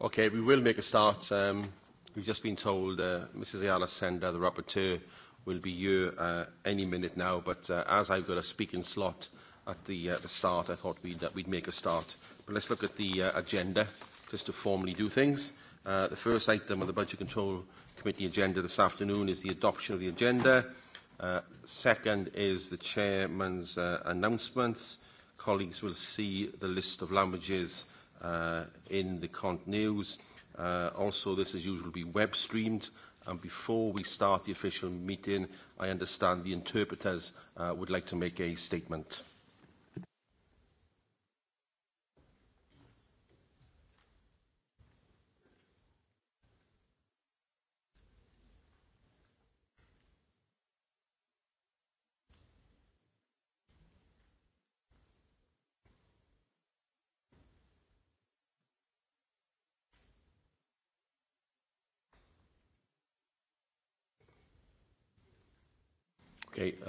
Okay, we will make a start. Um, we've just been told uh, Mrs. Ayala Sender, the rapporteur, will be here uh, any minute now, but uh, as I've got a speaking slot at the, uh, the start, I thought we'd, uh, we'd make a start. But let's look at the uh, agenda just to formally do things. Uh, the first item on the Budget Control Committee agenda this afternoon is the adoption of the agenda. Uh, second is the Chairman's uh, announcements. Colleagues will see the list of languages uh, uh, in the Cont News. Uh, also, this as usual will be web streamed and before we start the official meeting, I understand the interpreters uh, would like to make a statement.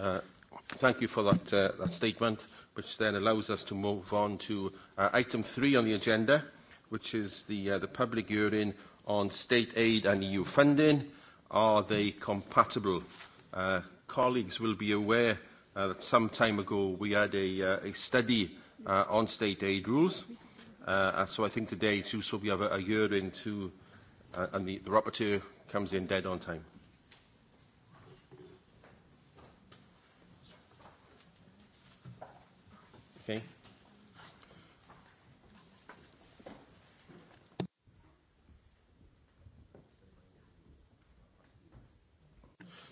Uh, thank you for that, uh, that statement, which then allows us to move on to uh, item three on the agenda, which is the, uh, the public hearing on state aid and EU funding. Are they compatible? Uh, colleagues will be aware uh, that some time ago we had a, uh, a study uh, on state aid rules. Uh, and so I think today it's useful we have a, a hearing to, uh, and the, the rapporteur comes in dead on time. Okay.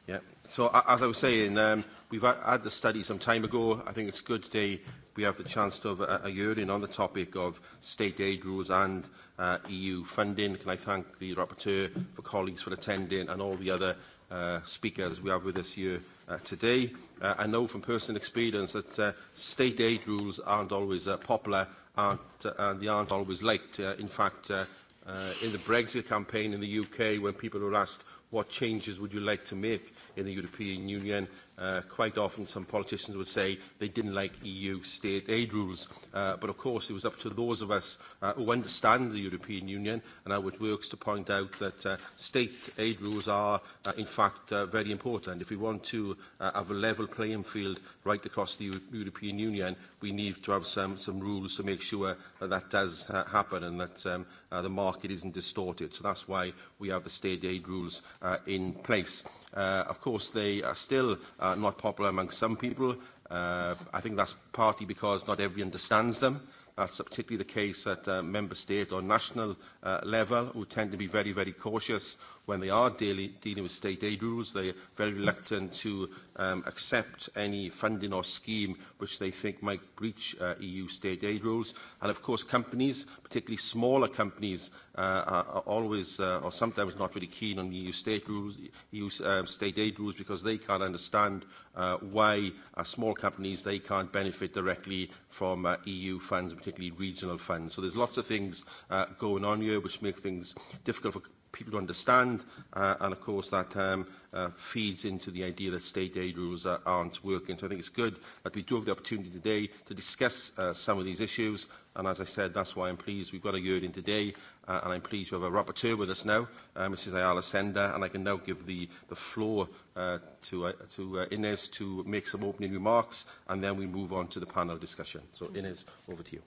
Yeah. So as I was saying, um, we've had the study some time ago. I think it's good today we have the chance to have a, a hearing on the topic of state aid rules and uh, EU funding. Can I thank the rapporteur for colleagues for attending and all the other uh, speakers we have with us here uh, today. Uh, I know from personal experience that uh, state aid rules aren't always uh, popular aren't, uh, and they aren't always liked. Uh, in fact, uh, uh, in the Brexit campaign in the UK, when people were asked what changes would you like to make in the European Union, Uh, quite often some politicians would say they didn't like EU state aid rules. Uh, but of course it was up to those of us uh, who understand the European Union and how it works to point out that uh, state aid rules are uh, in fact uh, very important. If we want to uh, have a level playing field right across the Euro European Union, we need to have some, some rules to make sure that that does uh, happen and that um, uh, the market isn't distorted. So that's why we have the state aid rules uh, in place. Uh, of course, they are still uh, uh, not popular among some people. Uh, I think that's partly because not everybody understands them. That's particularly the case at uh, member state or national uh, level, who tend to be very, very cautious when they are dealing, dealing with state aid rules, they are very reluctant to um, accept any funding or scheme which they think might breach uh, EU state aid rules. And of course, companies, particularly smaller companies, uh, are, are always uh, or sometimes not really keen on EU state rules, EU um, state aid rules, because they can't understand uh, why uh, small companies they can't benefit directly from uh, EU funds, particularly regional funds. So there's lots of things uh, going on here which make things difficult for people to understand, uh, and of course that um, uh, feeds into the idea that state aid rules uh, aren't working. So I think it's good that we do have the opportunity today to discuss uh, some of these issues, and as I said, that's why I'm pleased we've got a hearing today, uh, and I'm pleased we have a rapporteur with us now, uh, Mrs Ayala Sender, and I can now give the, the floor uh, to, uh, to uh, Ines to make some opening remarks, and then we move on to the panel discussion. So Ines, over to you.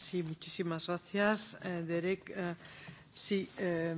Sí, muchísimas gracias, eh, Derek. Eh, sí, eh,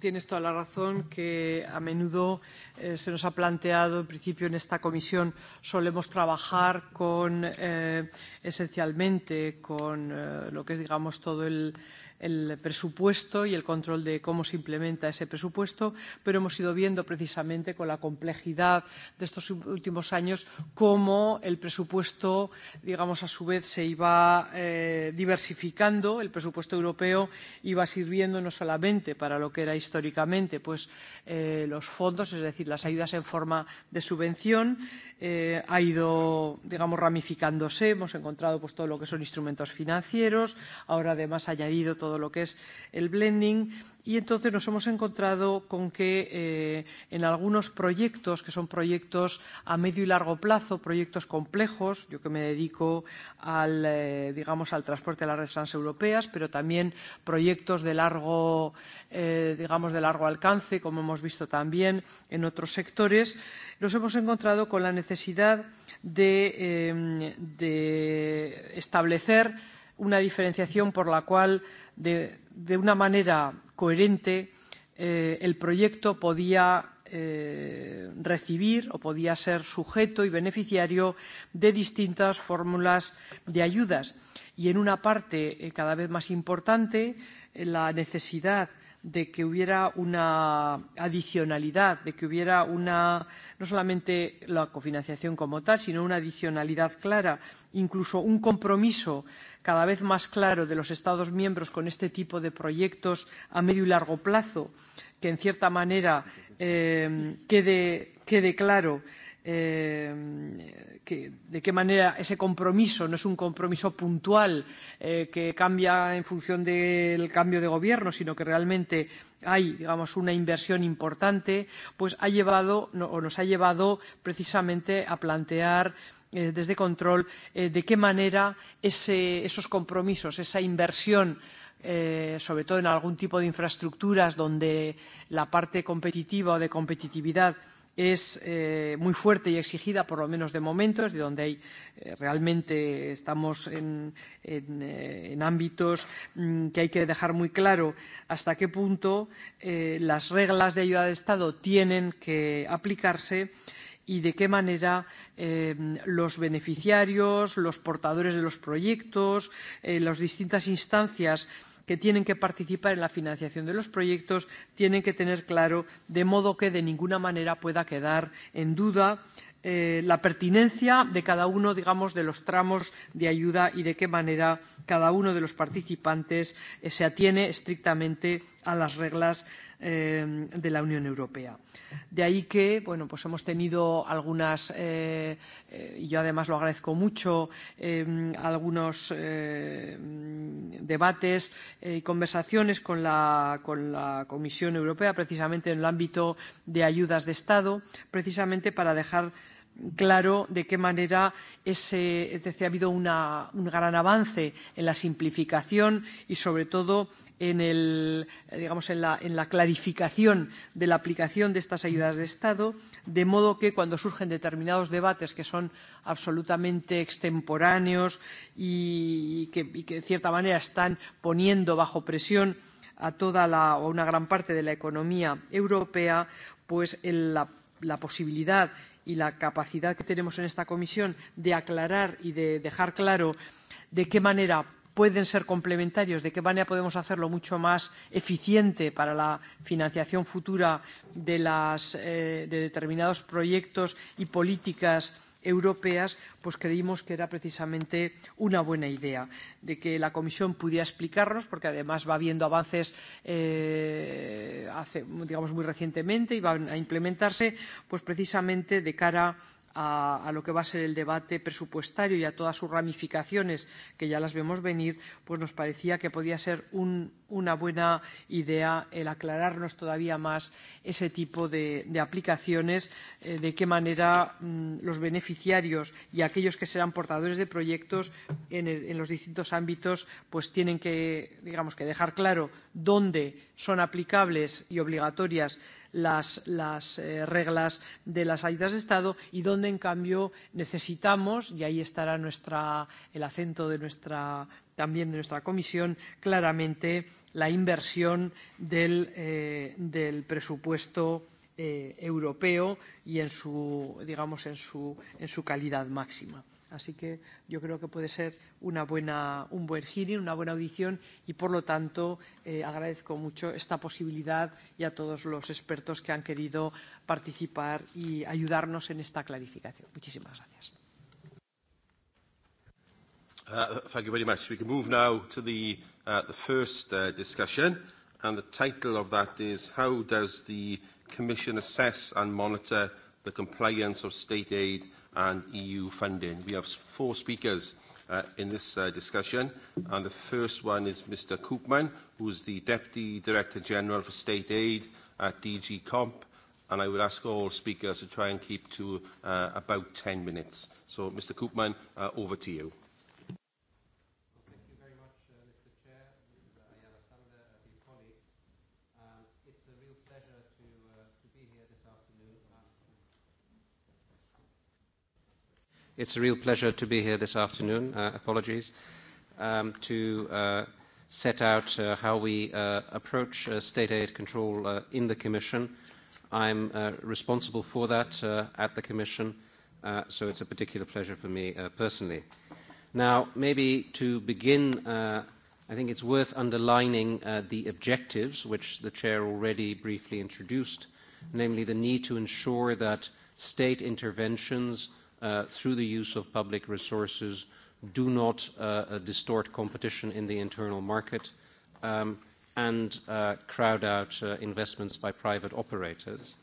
tienes toda la razón que a menudo eh, se nos ha planteado, en principio en esta comisión solemos trabajar con, eh, esencialmente con eh, lo que es, digamos, todo el el presupuesto y el control de cómo se implementa ese presupuesto, pero hemos ido viendo precisamente con la complejidad de estos últimos años cómo el presupuesto, digamos, a su vez se iba eh, diversificando, el presupuesto europeo iba sirviendo no solamente para lo que era históricamente pues, eh, los fondos, es decir, las ayudas en forma de subvención, eh, ha ido, digamos, ramificándose, hemos encontrado pues, todo lo que son instrumentos financieros, ahora además ha añadido todo todo lo que es el blending y entonces nos hemos encontrado con que eh, en algunos proyectos, que son proyectos a medio y largo plazo, proyectos complejos, yo que me dedico al, eh, digamos, al transporte de las redes transeuropeas, pero también proyectos de largo, eh, digamos, de largo alcance, como hemos visto también en otros sectores, nos hemos encontrado con la necesidad de, eh, de establecer una diferenciación por la cual de, de una manera coherente eh, el proyecto podía eh, recibir o podía ser sujeto y beneficiario de distintas fórmulas de ayudas. Y en una parte eh, cada vez más importante, eh, la necesidad de de que hubiera una adicionalidad, de que hubiera una, no solamente la cofinanciación como tal, sino una adicionalidad clara, incluso un compromiso cada vez más claro de los Estados miembros con este tipo de proyectos a medio y largo plazo, que en cierta manera eh, quede, quede claro eh, eh, que, de qué manera ese compromiso no es un compromiso puntual eh, que cambia en función del cambio de gobierno, sino que realmente hay, digamos, una inversión importante, pues ha llevado no, o nos ha llevado precisamente a plantear eh, desde control eh, de qué manera ese, esos compromisos, esa inversión eh, sobre todo en algún tipo de infraestructuras donde la parte competitiva o de competitividad eh, es eh, muy fuerte y exigida, por lo menos de momento, es de donde hay, eh, realmente estamos en, en, eh, en ámbitos mmm, que hay que dejar muy claro hasta qué punto eh, las reglas de ayuda de Estado tienen que aplicarse y de qué manera eh, los beneficiarios, los portadores de los proyectos, eh, las distintas instancias eh, que tienen que participar en la financiación de los proyectos tienen que tener claro, de modo que de ninguna manera pueda quedar en duda eh, la pertinencia de cada uno, digamos, de los tramos de ayuda y de qué manera cada uno de los participantes eh, se atiene estrictamente a las reglas eh, de la Unión Europea. De ahí que, bueno, pues hemos tenido algunas, eh, eh, yo además lo agradezco mucho, eh, algunos eh, debates y eh, conversaciones con la, con la Comisión Europea, precisamente en el ámbito de ayudas de Estado, precisamente para dejar claro de qué manera ese, es decir, ha habido una, un gran avance en la simplificación y, sobre todo, en, el, digamos, en, la, en la clarificación de la aplicación de estas ayudas de Estado, de modo que cuando surgen determinados debates que son absolutamente extemporáneos y, y, que, y que, de cierta manera, están poniendo bajo presión a toda la, o una gran parte de la economía europea, pues el, la, la posibilidad y la capacidad que tenemos en esta comisión de aclarar y de dejar claro de qué manera pueden ser complementarios, de qué manera podemos hacerlo mucho más eficiente para la financiación futura de, las, eh, de determinados proyectos y políticas europeas, pues creímos que era precisamente una buena idea de que la Comisión pudiera explicarnos, porque además va habiendo avances, eh, hace, digamos, muy recientemente y van a implementarse, pues precisamente de cara a a, a lo que va a ser el debate presupuestario y a todas sus ramificaciones, que ya las vemos venir, pues nos parecía que podía ser un, una buena idea el aclararnos todavía más ese tipo de, de aplicaciones, eh, de qué manera mmm, los beneficiarios y aquellos que serán portadores de proyectos en, el, en los distintos ámbitos, pues tienen que, digamos, que dejar claro dónde son aplicables y obligatorias las, las eh, reglas de las ayudas de Estado y donde, en cambio, necesitamos, y ahí estará nuestra, el acento de nuestra, también de nuestra comisión, claramente la inversión del, eh, del presupuesto eh, europeo y en su, digamos, en su, en su calidad máxima. Así que yo creo que puede ser una buena, un buen hearing, una buena audición y, por lo tanto, eh, agradezco mucho esta posibilidad y a todos los expertos que han querido participar y ayudarnos en esta clarificación. Muchísimas gracias. Uh, thank you very much. We can move now to the, uh, the first uh, discussion, and the title of that is How does the Commission assess and monitor the compliance of state aid and EU funding. We have four speakers uh, in this uh, discussion, and the first one is Mr. Koopman, who is the Deputy Director General for State Aid at DG Comp, and I would ask all speakers to try and keep to uh, about 10 minutes. So, Mr. Koopman, uh, over to you. It's a real pleasure to be here this afternoon, uh, apologies, um, to uh, set out uh, how we uh, approach uh, state aid control uh, in the Commission. I'm uh, responsible for that uh, at the Commission, uh, so it's a particular pleasure for me uh, personally. Now, maybe to begin, uh, I think it's worth underlining uh, the objectives, which the Chair already briefly introduced, namely the need to ensure that state interventions uh, through the use of public resources, do not uh, uh, distort competition in the internal market, um, and uh, crowd out uh, investments by private operators.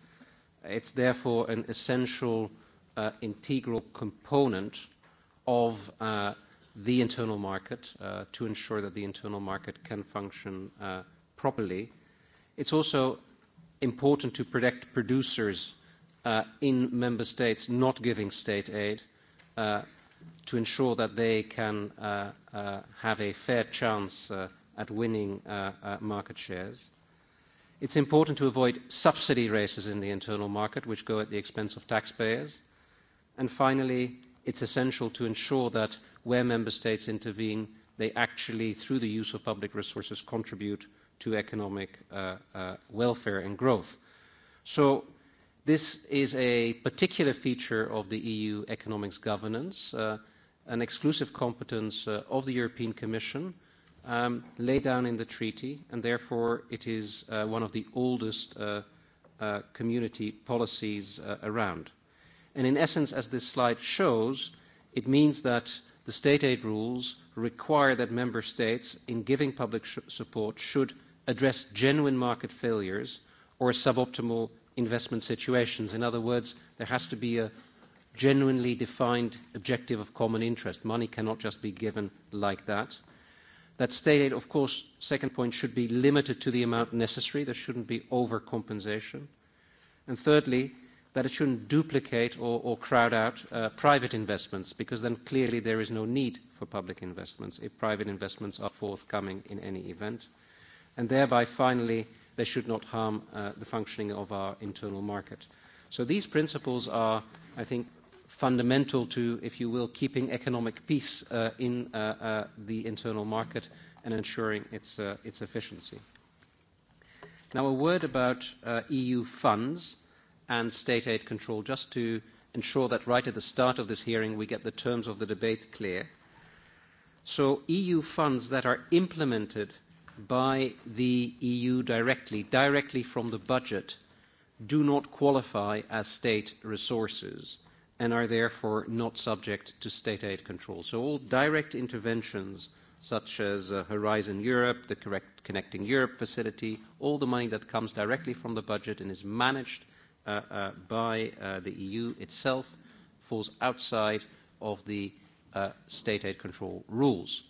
It's therefore an essential uh, integral component of uh, the internal market uh, to ensure that the internal market can function uh, properly. It's also important to protect producers uh, in member states not giving state aid uh, to ensure that they can uh, uh, have a fair chance uh, at winning uh, uh, market shares. It's important to avoid subsidy races in the internal market, which go at the expense of taxpayers. And finally, it's essential to ensure that where member states intervene, they actually, through the use of public resources, contribute to economic uh, uh, welfare and growth. So This is a particular feature of the EU economics governance, uh, an exclusive competence uh, of the European Commission, um, laid down in the treaty, and therefore it is uh, one of the oldest uh, uh, community policies uh, around. And in essence, as this slide shows, it means that the state aid rules require that member states, in giving public sh support, should address genuine market failures or suboptimal investment situations. In other words, there has to be a genuinely defined objective of common interest. Money cannot just be given like that. That state aid, of course, second point, should be limited to the amount necessary. There shouldn't be overcompensation. And thirdly, that it shouldn't duplicate or, or crowd out uh, private investments, because then clearly there is no need for public investments if private investments are forthcoming in any event. And thereby, finally, uh, They should not harm uh, the functioning of our internal market. So these principles are, I think, fundamental to, if you will, keeping economic peace uh, in uh, uh, the internal market and ensuring its, uh, its efficiency. Now, a word about uh, EU funds and state aid control, just to ensure that right at the start of this hearing we get the terms of the debate clear. So EU funds that are implemented by the EU directly, directly from the budget, do not qualify as state resources and are therefore not subject to state aid control. So all direct interventions such as uh, Horizon Europe, the correct Connecting Europe facility, all the money that comes directly from the budget and is managed uh, uh, by uh, the EU itself falls outside of the uh, state aid control rules.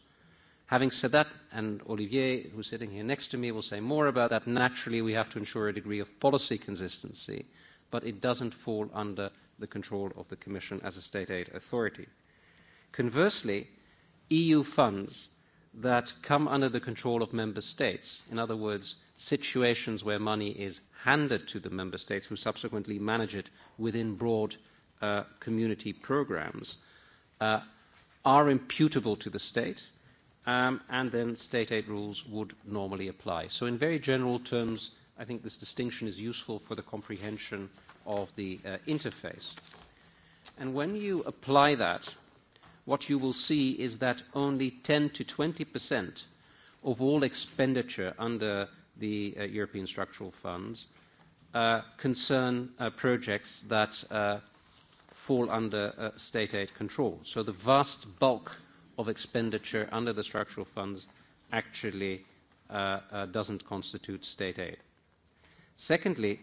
Having said that, and Olivier, who's sitting here next to me, will say more about that, naturally we have to ensure a degree of policy consistency, but it doesn't fall under the control of the Commission as a state aid authority. Conversely, EU funds that come under the control of member states, in other words, situations where money is handed to the member states who subsequently manage it within broad uh, community programs, uh, are imputable to the state um, and then state aid rules would normally apply. So in very general terms, I think this distinction is useful for the comprehension of the uh, interface. And when you apply that, what you will see is that only 10 to 20 percent of all expenditure under the uh, European structural funds uh, concern uh, projects that uh, fall under uh, state aid control. So the vast bulk uh, of expenditure under the structural funds actually uh, uh, doesn't constitute state aid. Secondly,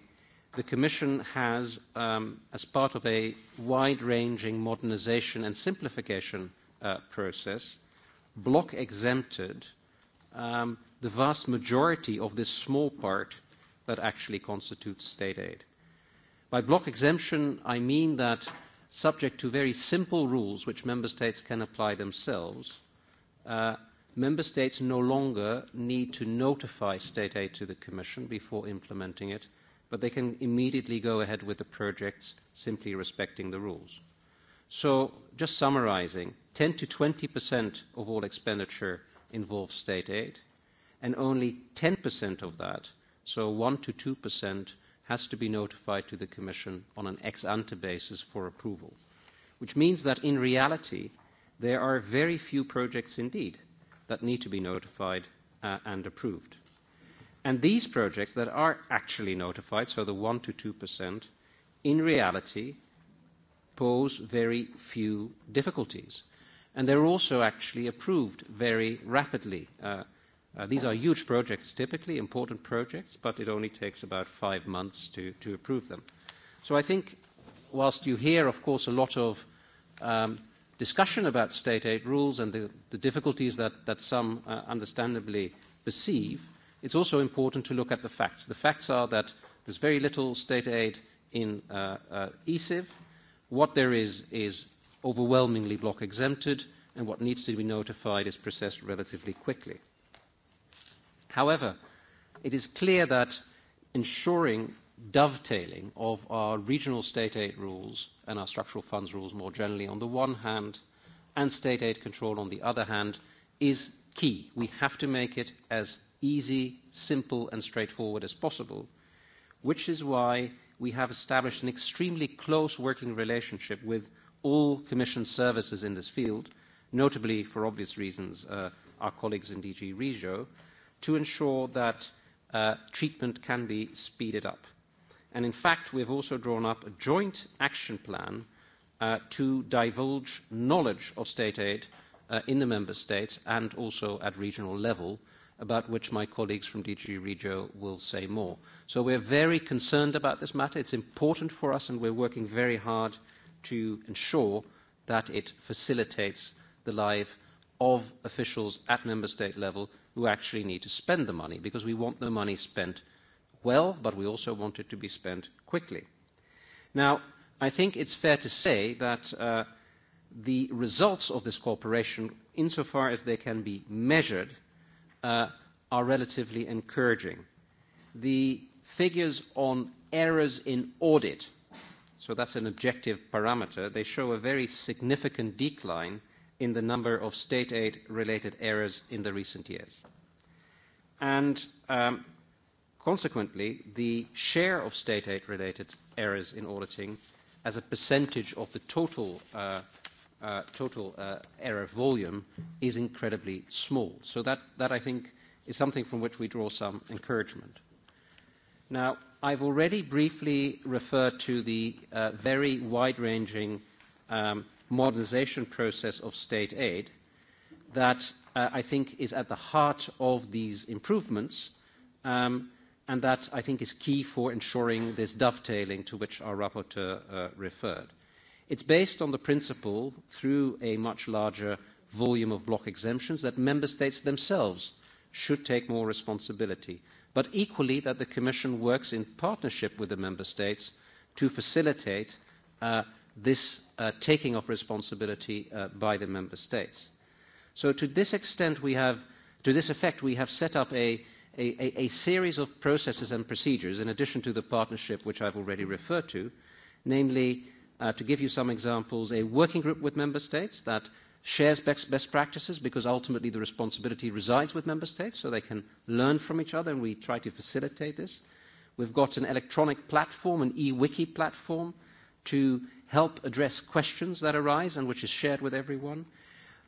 the Commission has, um, as part of a wide-ranging modernization and simplification uh, process, block-exempted um, the vast majority of this small part that actually constitutes state aid. By block exemption, I mean that subject to very simple rules which member states can apply themselves, uh, member states no longer need to notify state aid to the Commission before implementing it, but they can immediately go ahead with the projects simply respecting the rules. So just summarizing, 10 to 20% of all expenditure involves state aid, and only 10% of that, so 1 to 2%, has to be notified to the Commission on an ex ante basis for approval, which means that in reality, there are very few projects indeed that need to be notified uh, and approved. And these projects that are actually notified, so the 1 to 2%, in reality pose very few difficulties. And they're also actually approved very rapidly. Uh, Uh, these are huge projects, typically important projects, but it only takes about five months to, to approve them. So I think whilst you hear, of course, a lot of um, discussion about state aid rules and the, the difficulties that, that some uh, understandably perceive, it's also important to look at the facts. The facts are that there's very little state aid in uh, uh, ESIV. What there is is overwhelmingly block exempted, and what needs to be notified is processed relatively quickly. However, it is clear that ensuring dovetailing of our regional state aid rules and our structural funds rules more generally on the one hand and state aid control on the other hand is key. We have to make it as easy, simple and straightforward as possible, which is why we have established an extremely close working relationship with all Commission services in this field, notably, for obvious reasons, uh, our colleagues in DG Regio, to ensure that uh, treatment can be speeded up. And in fact, we've also drawn up a joint action plan uh, to divulge knowledge of state aid uh, in the member states and also at regional level, about which my colleagues from DG Regio will say more. So we're very concerned about this matter. It's important for us, and we're working very hard to ensure that it facilitates the life of officials at member state level who actually need to spend the money because we want the money spent well, but we also want it to be spent quickly. Now, I think it's fair to say that uh, the results of this cooperation, insofar as they can be measured, uh, are relatively encouraging. The figures on errors in audit, so that's an objective parameter, they show a very significant decline in the number of state aid-related errors in the recent years. And um, consequently, the share of state aid-related errors in auditing as a percentage of the total, uh, uh, total uh, error volume is incredibly small. So that, that, I think, is something from which we draw some encouragement. Now, I've already briefly referred to the uh, very wide-ranging um, modernization process of state aid that uh, I think is at the heart of these improvements um, and that I think is key for ensuring this dovetailing to which our rapporteur uh, referred. It's based on the principle, through a much larger volume of block exemptions, that member states themselves should take more responsibility, but equally that the Commission works in partnership with the member states to facilitate uh, this uh, taking of responsibility uh, by the member states. So to this extent we have, to this effect, we have set up a, a, a series of processes and procedures in addition to the partnership which I've already referred to, namely, uh, to give you some examples, a working group with member states that shares best, best practices because ultimately the responsibility resides with member states so they can learn from each other and we try to facilitate this. We've got an electronic platform, an e-wiki platform, uh, to help address questions that arise and which is shared with everyone.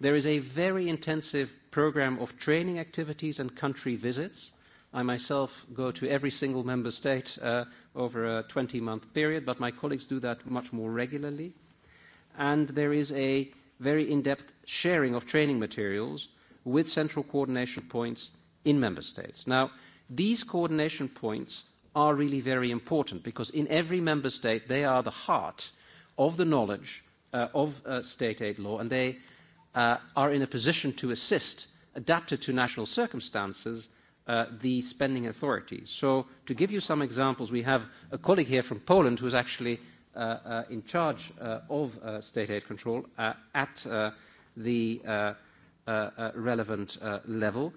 There is a very intensive program of training activities and country visits. I myself go to every single member state uh, over a 20-month period, but my colleagues do that much more regularly. And there is a very in-depth sharing of training materials with central coordination points in member states. Now, these coordination points are really very important because in every member state they are the heart of the knowledge uh, of uh, state aid law and they uh, are in a position to assist, adapted to national circumstances, uh, the spending authorities. So to give you some examples, we have a colleague here from Poland who is actually uh, uh, in charge uh, of uh, state aid control uh, at uh, the uh, uh, uh, relevant uh, level.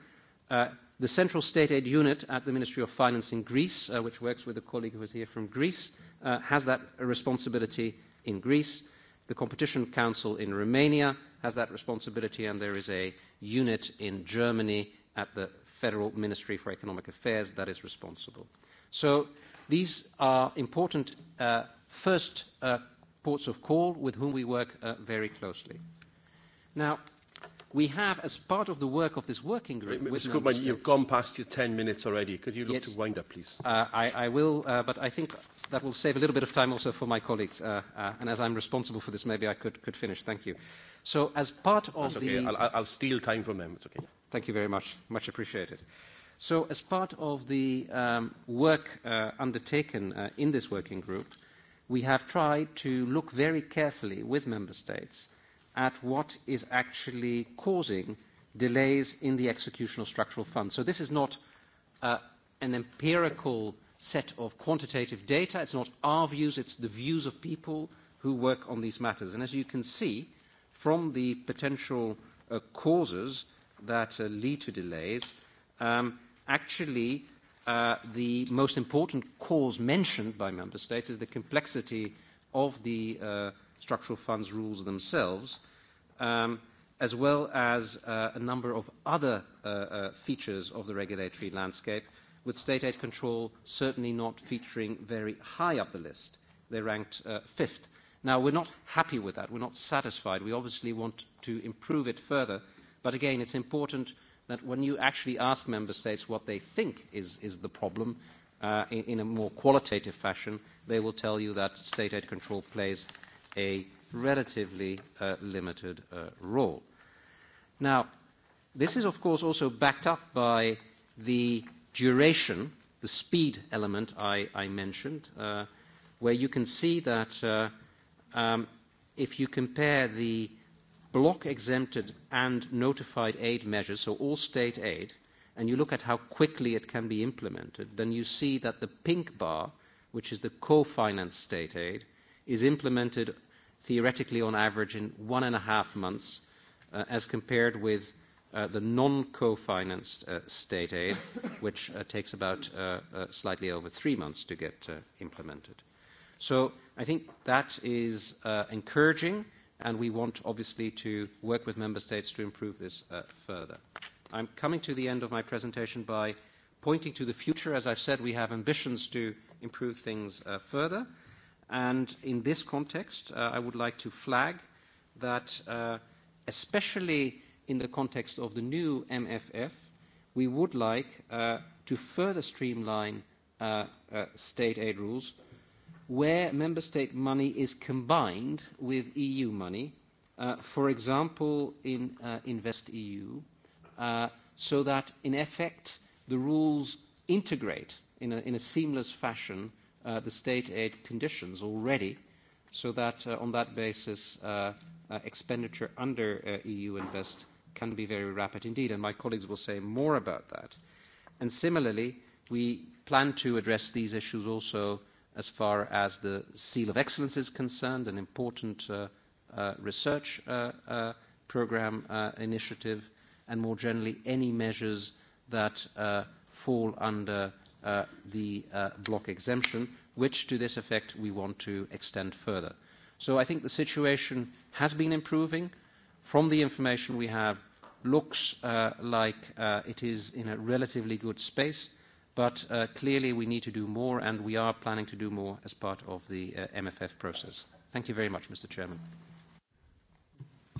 Uh, the central state aid unit at the Ministry of Finance in Greece, uh, which works with a colleague who is here from Greece, uh, has that responsibility in Greece. The Competition Council in Romania has that responsibility, and there is a unit in Germany at the Federal Ministry for Economic Affairs that is responsible. So these are important uh, first uh, ports of call with whom we work uh, very closely. Now, we have, as part of the work of this working group... Right, Mr Koopman, you've gone past your 10 minutes already. Could you look yes. to wind up, please? Uh, I, I will, uh, but I think that will save a little bit of time also for my colleagues. Uh, uh, and as I'm responsible for this, maybe I could, could finish. Thank you. So as part of That's okay. the... I'll, I'll steal time from them. It's okay. Thank you very much. Much appreciated. So as part of the um, work uh, undertaken uh, in this working group, we have tried to look very carefully with member states at what is actually causing delays in the execution of structural funds. So this is not uh, an empirical set of quantitative data. It's not our views, it's the views of people who work on these matters. And as you can see from the potential uh, causes that uh, lead to delays, um, actually uh, the most important cause mentioned by member states is the complexity of the uh, structural funds rules themselves, um, as well as uh, a number of other uh, uh, features of the regulatory landscape, with state aid control certainly not featuring very high up the list. They ranked uh, fifth. Now, we're not happy with that. We're not satisfied. We obviously want to improve it further. But again, it's important that when you actually ask member states what they think is, is the problem uh, in, in a more qualitative fashion, they will tell you that state aid control plays a relatively uh, limited uh, role. Now, this is of course also backed up by the duration, the speed element I, I mentioned, uh, where you can see that uh, um, if you compare the block exempted and notified aid measures, so all state aid, and you look at how quickly it can be implemented, then you see that the pink bar, which is the co-financed state aid, is implemented theoretically on average in one and a half months uh, as compared with uh, the non-co-financed uh, state aid, which uh, takes about uh, uh, slightly over three months to get uh, implemented. So I think that is uh, encouraging, and we want, obviously, to work with member states to improve this uh, further. I'm coming to the end of my presentation by pointing to the future. As I've said, we have ambitions to improve things uh, further. And in this context, uh, I would like to flag that, uh, especially in the context of the new MFF, we would like uh, to further streamline uh, uh, state aid rules where member state money is combined with EU money, uh, for example, in uh, InvestEU, uh, so that in effect the rules integrate in a, in a seamless fashion uh, uh, the state aid conditions already, so that uh, on that basis uh, uh, expenditure under uh, EU Invest can be very rapid indeed, and my colleagues will say more about that. And similarly, we plan to address these issues also as far as the Seal of Excellence is concerned, an important uh, uh, research uh, uh, program uh, initiative, and more generally any measures that uh, fall under uh, the uh, block exemption, which to this effect we want to extend further. So I think the situation has been improving. From the information we have, looks uh, like uh, it is in a relatively good space, but uh, clearly we need to do more, and we are planning to do more as part of the uh, MFF process. Thank you very much, Mr. Chairman.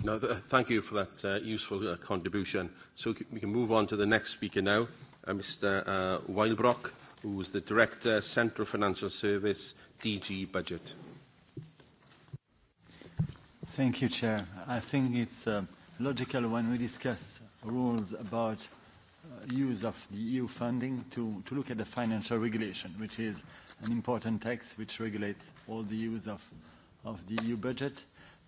No, th thank you for that uh, useful uh, contribution. So we can move on to the next speaker now uh, Mr uh, Weilbrock, who is the Director, Central Financial Service, DG Budget. Thank you, Chair. I think it's uh, logical when we discuss rules about uh, use of the EU funding to, to look at the financial regulation, which is an important text which regulates all the use of, of the EU budget.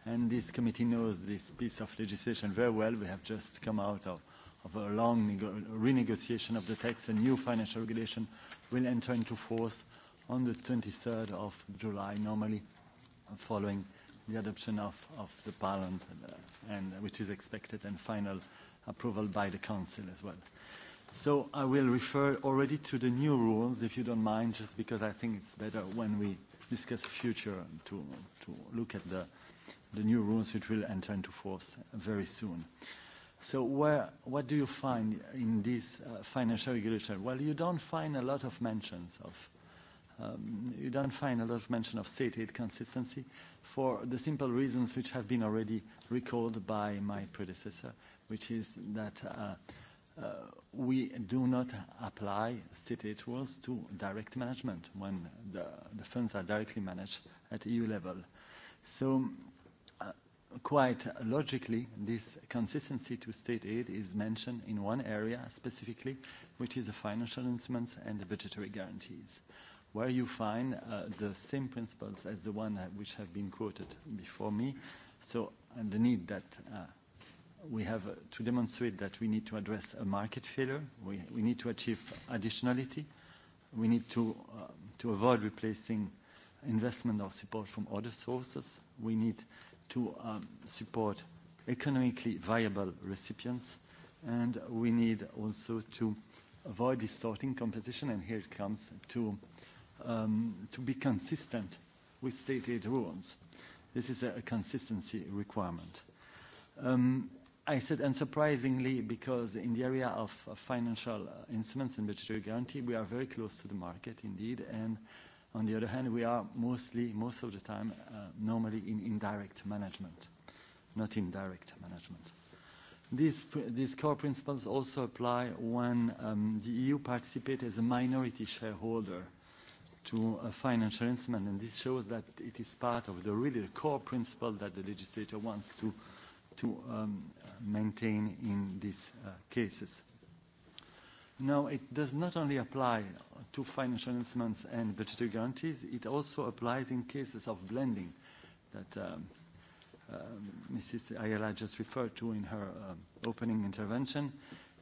And this committee knows this piece of legislation very well. We have just come out of of a long renegotiation of the text, a new financial regulation will enter into force on the 23rd of July, normally following the adoption of, of the Parliament, uh, and, uh, and which is expected, and final approval by the Council as well. So I will refer already to the new rules, if you don't mind, just because I think it's better when we discuss the future to, to look at the, the new rules which will enter into force very soon. Uh, So where, what do you find in this uh, financial regulation? Well, you don't find a lot of mentions of, um, you don't find a lot of mention of state aid consistency for the simple reasons which have been already recalled by my predecessor, which is that uh, uh, we do not apply state aid rules to direct management when the, the funds are directly managed at EU level. So quite logically, this consistency to state aid is mentioned in one area specifically, which is the financial instruments and the budgetary guarantees, where you find uh, the same principles as the one which have been quoted before me. So, and the need that uh, we have uh, to demonstrate that we need to address a market failure, we, we need to achieve additionality, we need to, uh, to avoid replacing investment or support from other sources, we need uh, to um, support economically viable recipients, and we need also to avoid distorting competition, and here it comes, to, um, to be consistent with state aid rules. This is a, a consistency requirement. Um, I said unsurprisingly, because in the area of, of financial uh, instruments and budgetary guarantee, we are very close to the market indeed, and uh, On the other hand, we are mostly, most of the time, uh, normally in indirect management, not in direct management. These, these core principles also apply when um, the EU participates as a minority shareholder to a financial instrument, and this shows that it is part of the really the core principle that the legislator wants to, to um, maintain in these uh, cases. Now, it does not only apply to financial instruments and budgetary guarantees, it also applies in cases of blending that um, uh, um, Mrs. Ayala just referred to in her um, opening intervention.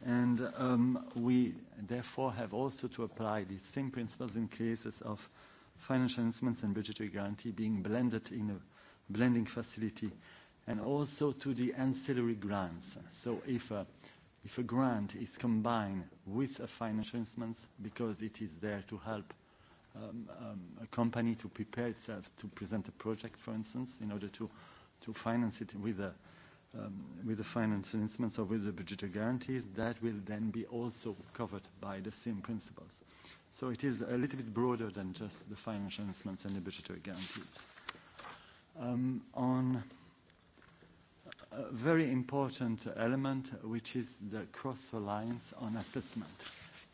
And um, we therefore have also to apply the same principles in cases of financial instruments and budgetary guarantee being blended in a blending facility and also to the ancillary grants. So if a uh, if a grant is combined with a financial instrument because it is there to help um, um, a company to prepare itself to present a project, for instance, in order to, to finance it with a, um, with the financial instruments or with the budgetary guarantees, that will then be also covered by the same principles. So it is a little bit broader than just the financial instruments and the budgetary guarantees. Um, on very important element, which is the cross-reliance on assessment.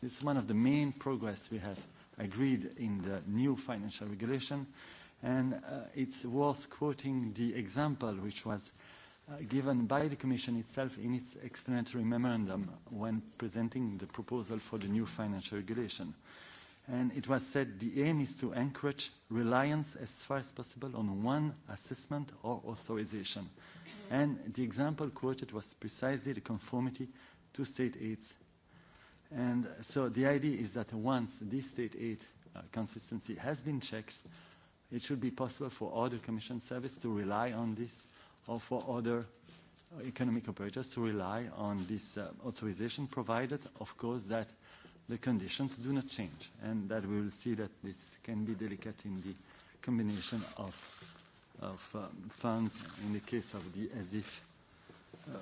It's one of the main progress we have agreed in the new financial regulation, and uh, it's worth quoting the example which was uh, given by the Commission itself in its explanatory memorandum when presenting the proposal for the new financial regulation. And it was said the aim is to encourage reliance as far as possible on one assessment or authorization. Uh, And the example quoted was precisely the conformity to state aids. And so the idea is that once this state aid uh, consistency has been checked, it should be possible for other commission service to rely on this or for other uh, economic operators to rely on this uh, authorization provided, of course, that the conditions do not change and that we will see that this can be delicate in the combination of of uh, funds in the case of the ESIF. Uh,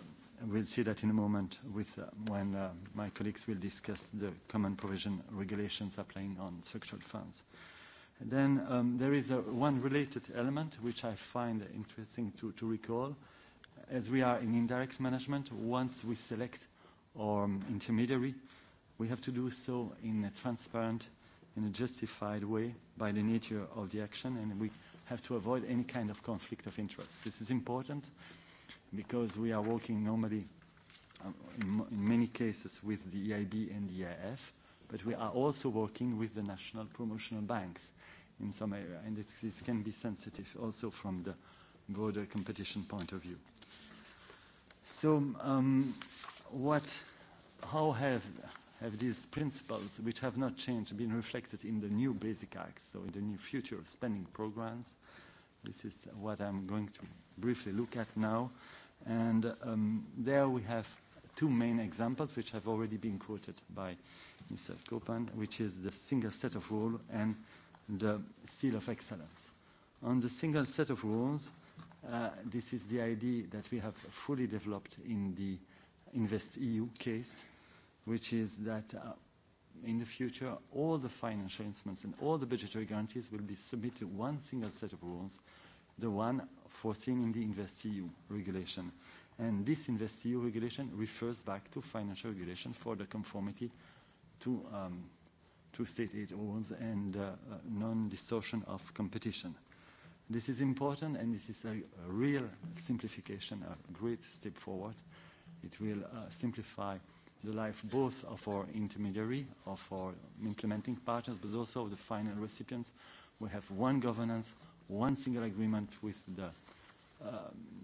we'll see that in a moment with, uh, when uh, my colleagues will discuss the common provision regulations applying on structural funds. And then um, there is a, uh, one related element which I find interesting to, to recall. As we are in indirect management, once we select our um, intermediary, we have to do so in a transparent, in a justified way by the nature of the action, and we have to avoid any kind of conflict of interest. This is important because we are working normally um, in many cases with the EIB and the EIF, but we are also working with the national promotional banks in some area, and it, this can be sensitive also from the broader competition point of view. So, um, what, how have, have these principles, which have not changed, been reflected in the new Basic Acts, so in the new future spending programs? This is what I'm going to briefly look at now. And um, there we have two main examples which have already been quoted by Mr. Copan, which is the single set of rules and the seal of excellence. On the single set of rules, uh, this is the idea that we have fully developed in the InvestEU case, which is that uh, in the future, all the financial instruments and all the budgetary guarantees will be submitted to one single set of rules, the one foreseen in the InvestEU regulation. And this InvestEU regulation refers back to financial regulation for the conformity to, um, to state aid rules and uh, non-distortion of competition. This is important, and this is a, a real simplification, a great step forward. It will uh, simplify the life both of our intermediary, of our implementing partners, but also of the final recipients. We have one governance, one single agreement with the, uh,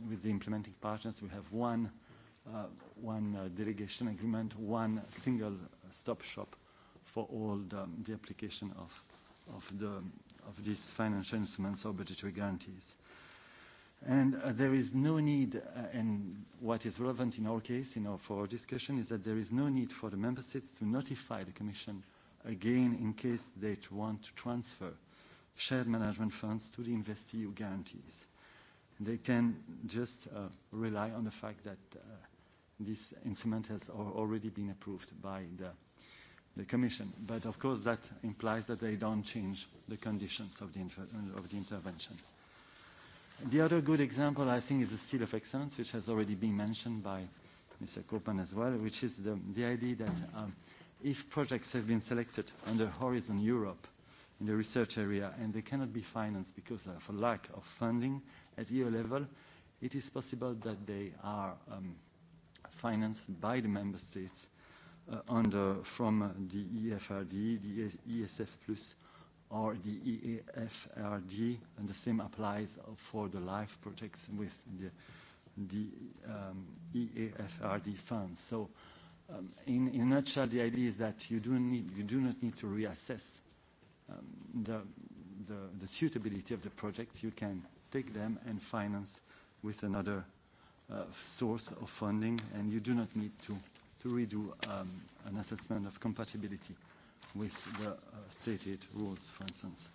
with the implementing partners. We have one, uh, one uh, delegation agreement, one single stop shop for all the, the application of, of, the, of these financial instruments or budgetary guarantees. And uh, there is no need, uh, and what is relevant in our case, in our, for our discussion, is that there is no need for the member states to notify the Commission again in case they want to transfer shared management funds to the InvestEU guarantees. They can just uh, rely on the fact that uh, this instrument has already been approved by the, the Commission. But of course, that implies that they don't change the conditions of the, inter of the intervention. Uh, The other good example, I think, is the seal of excellence, which has already been mentioned by Mr. Koopman as well, which is the, the idea that um, if projects have been selected under Horizon Europe in the research area and they cannot be financed because of a lack of funding at EU level, it is possible that they are um, financed by the member states uh, under, from the EFRD, the ESF+, or the EAFRD, and the same applies for the life protection with the, the um, EAFRD funds. So um, in, in a nutshell, the idea is that you do, need, you do not need to reassess um, the, the, the suitability of the projects. You can take them and finance with another uh, source of funding, and you do not need to, to redo um, an assessment of compatibility with the uh, stated rules, for instance.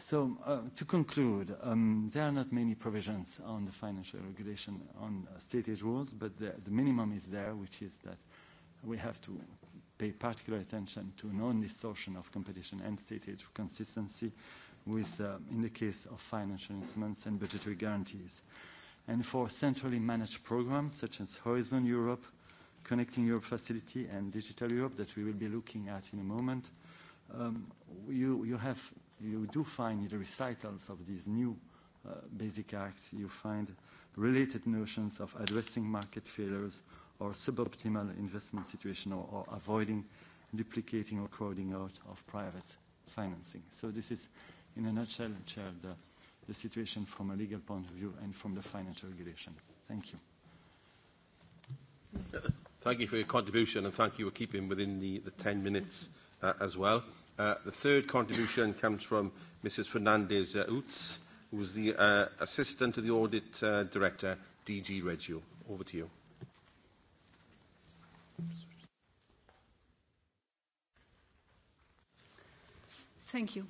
So uh, to conclude, um, there are not many provisions on the financial regulation on uh, stated rules, but the, the minimum is there, which is that we have to pay particular attention to non-distortion of competition and stated consistency with, uh, in the case of financial instruments and budgetary guarantees. And for centrally managed programs such as Horizon Europe, Connecting Europe Facility and Digital Europe that we will be looking at in a moment, um, you, you, have, you do find in the recitals of these new uh, basic acts, you find related notions of addressing market failures or suboptimal investment situation or, or avoiding duplicating or crowding out of private financing. So this is, in a nutshell, Chair, the, the situation from a legal point of view and from the financial regulation. Thank you. Thank you for your contribution and thank you for keeping within the, the 10 minutes uh, as well. Uh, the third contribution comes from Mrs Fernandez uh, Utz, who is the uh, Assistant to the Audit uh, Director, DG Regio. Over to you. Thank you.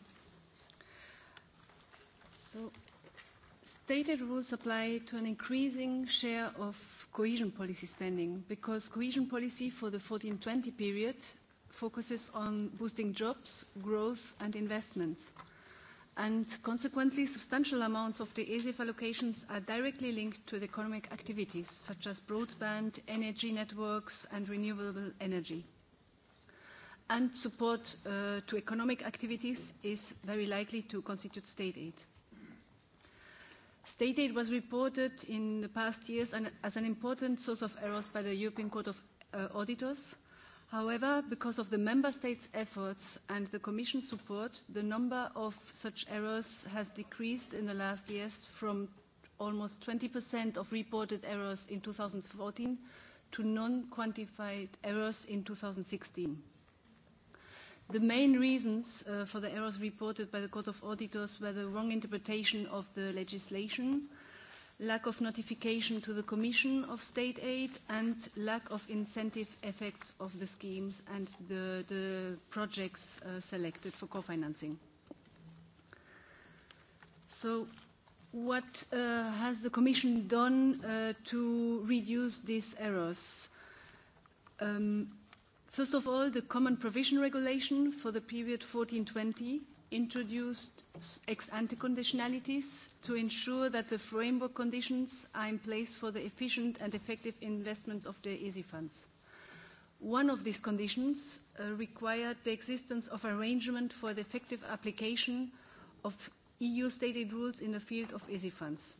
So stated rules apply to an increasing share of cohesion policy spending because cohesion policy for the 14-20 period focuses on boosting jobs, growth and investments. And consequently, substantial amounts of the ESIF allocations are directly linked to the economic activities such as broadband, energy networks and renewable energy and support uh, to economic activities is very likely to constitute state aid. State aid was reported in the past years an, as an important source of errors by the European Court of uh, Auditors. However, because of the Member States' efforts and the Commission support, the number of such errors has decreased in the last years from almost 20% of reported errors in 2014 to non-quantified errors in 2016. The main reasons uh, for the errors reported by the Court of Auditors were the wrong interpretation of the legislation, lack of notification to the Commission of state aid, and lack of incentive effects of the schemes and the, the projects uh, selected for co-financing. So what uh, has the Commission done uh, to reduce these errors? Um, First of all, the Common Provision Regulation for the period 1420 introduced ex ante conditionalities to ensure that the framework conditions are in place for the efficient and effective investment of the ESI funds. One of these conditions uh, required the existence of arrangement for the effective application of EU stated rules in the field of ESI funds.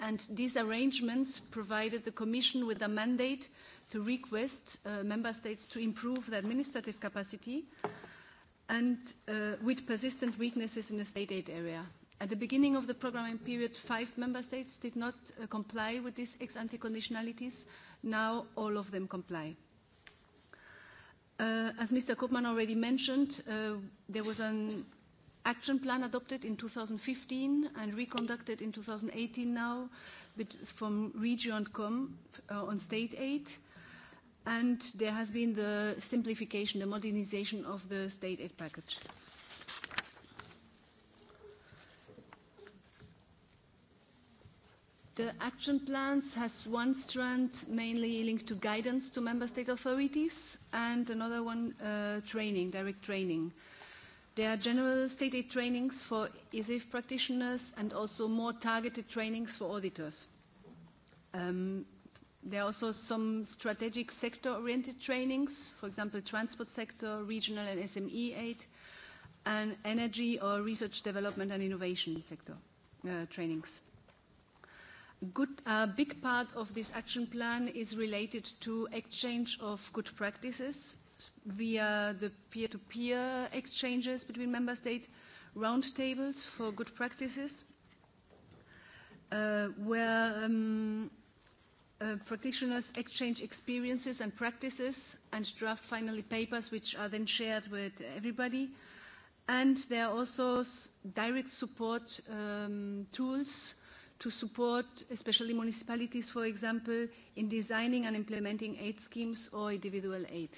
And these arrangements provided the Commission with a mandate to request uh, member states to improve their administrative capacity and uh, with persistent weaknesses in the state aid area. At the beginning of the programming period, five member states did not uh, comply with these ex-ante conditionalities. Now all of them comply. Uh, as Mr. Koopman already mentioned, uh, there was an action plan adopted in 2015 and reconducted in 2018 now with, from Regio and COM uh, on state aid. Uh, and there has been the simplification, the modernization of the state aid package. The action plans has one strand mainly linked to guidance to member state authorities and another one uh, training, direct training. There are general state aid trainings for ESIF practitioners and also more targeted trainings for auditors. Um, There are also some strategic sector-oriented trainings, for example, transport sector, regional and SME aid, and energy or research development and innovation sector uh, trainings. Good, a uh, big part of this action plan is related to exchange of good practices via the peer-to-peer -peer exchanges between member state roundtables for good practices, uh, where um, uh, practitioners exchange experiences and practices and draft finally papers which are then shared with everybody. And there are also s direct support um, tools to support especially municipalities, for example, in designing and implementing aid schemes or individual aid.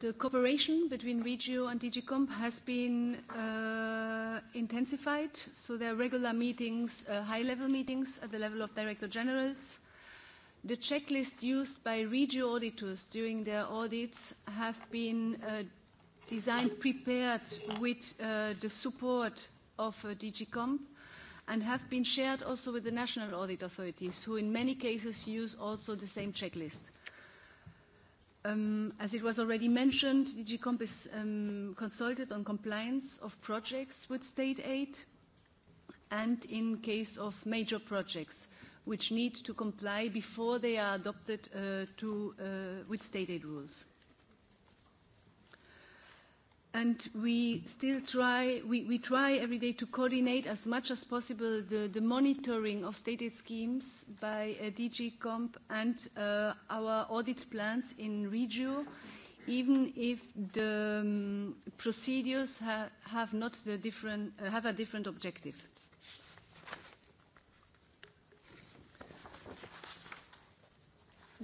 The cooperation between Regio and DG Comp has been uh, intensified, so there are regular meetings, uh, high-level meetings at the level of Director Generals. The checklist used by Regio auditors during their audits have been uh, designed, prepared with uh, the support of uh, DG Comp, and have been shared also with the national audit authorities, who in many cases use also the same checklist. Um, as it was already mentioned, DG Comp is um, consulted on compliance of projects with state aid and in case of major projects which need to comply before they are adopted uh, to, uh, with state aid rules. Uh, and we still try, we, we try every day to coordinate as much as possible the, the monitoring of state aid schemes by uh, DG Comp and uh, our audit plans in Regio, even if the um, procedures ha have, not the different, uh, have a different objective.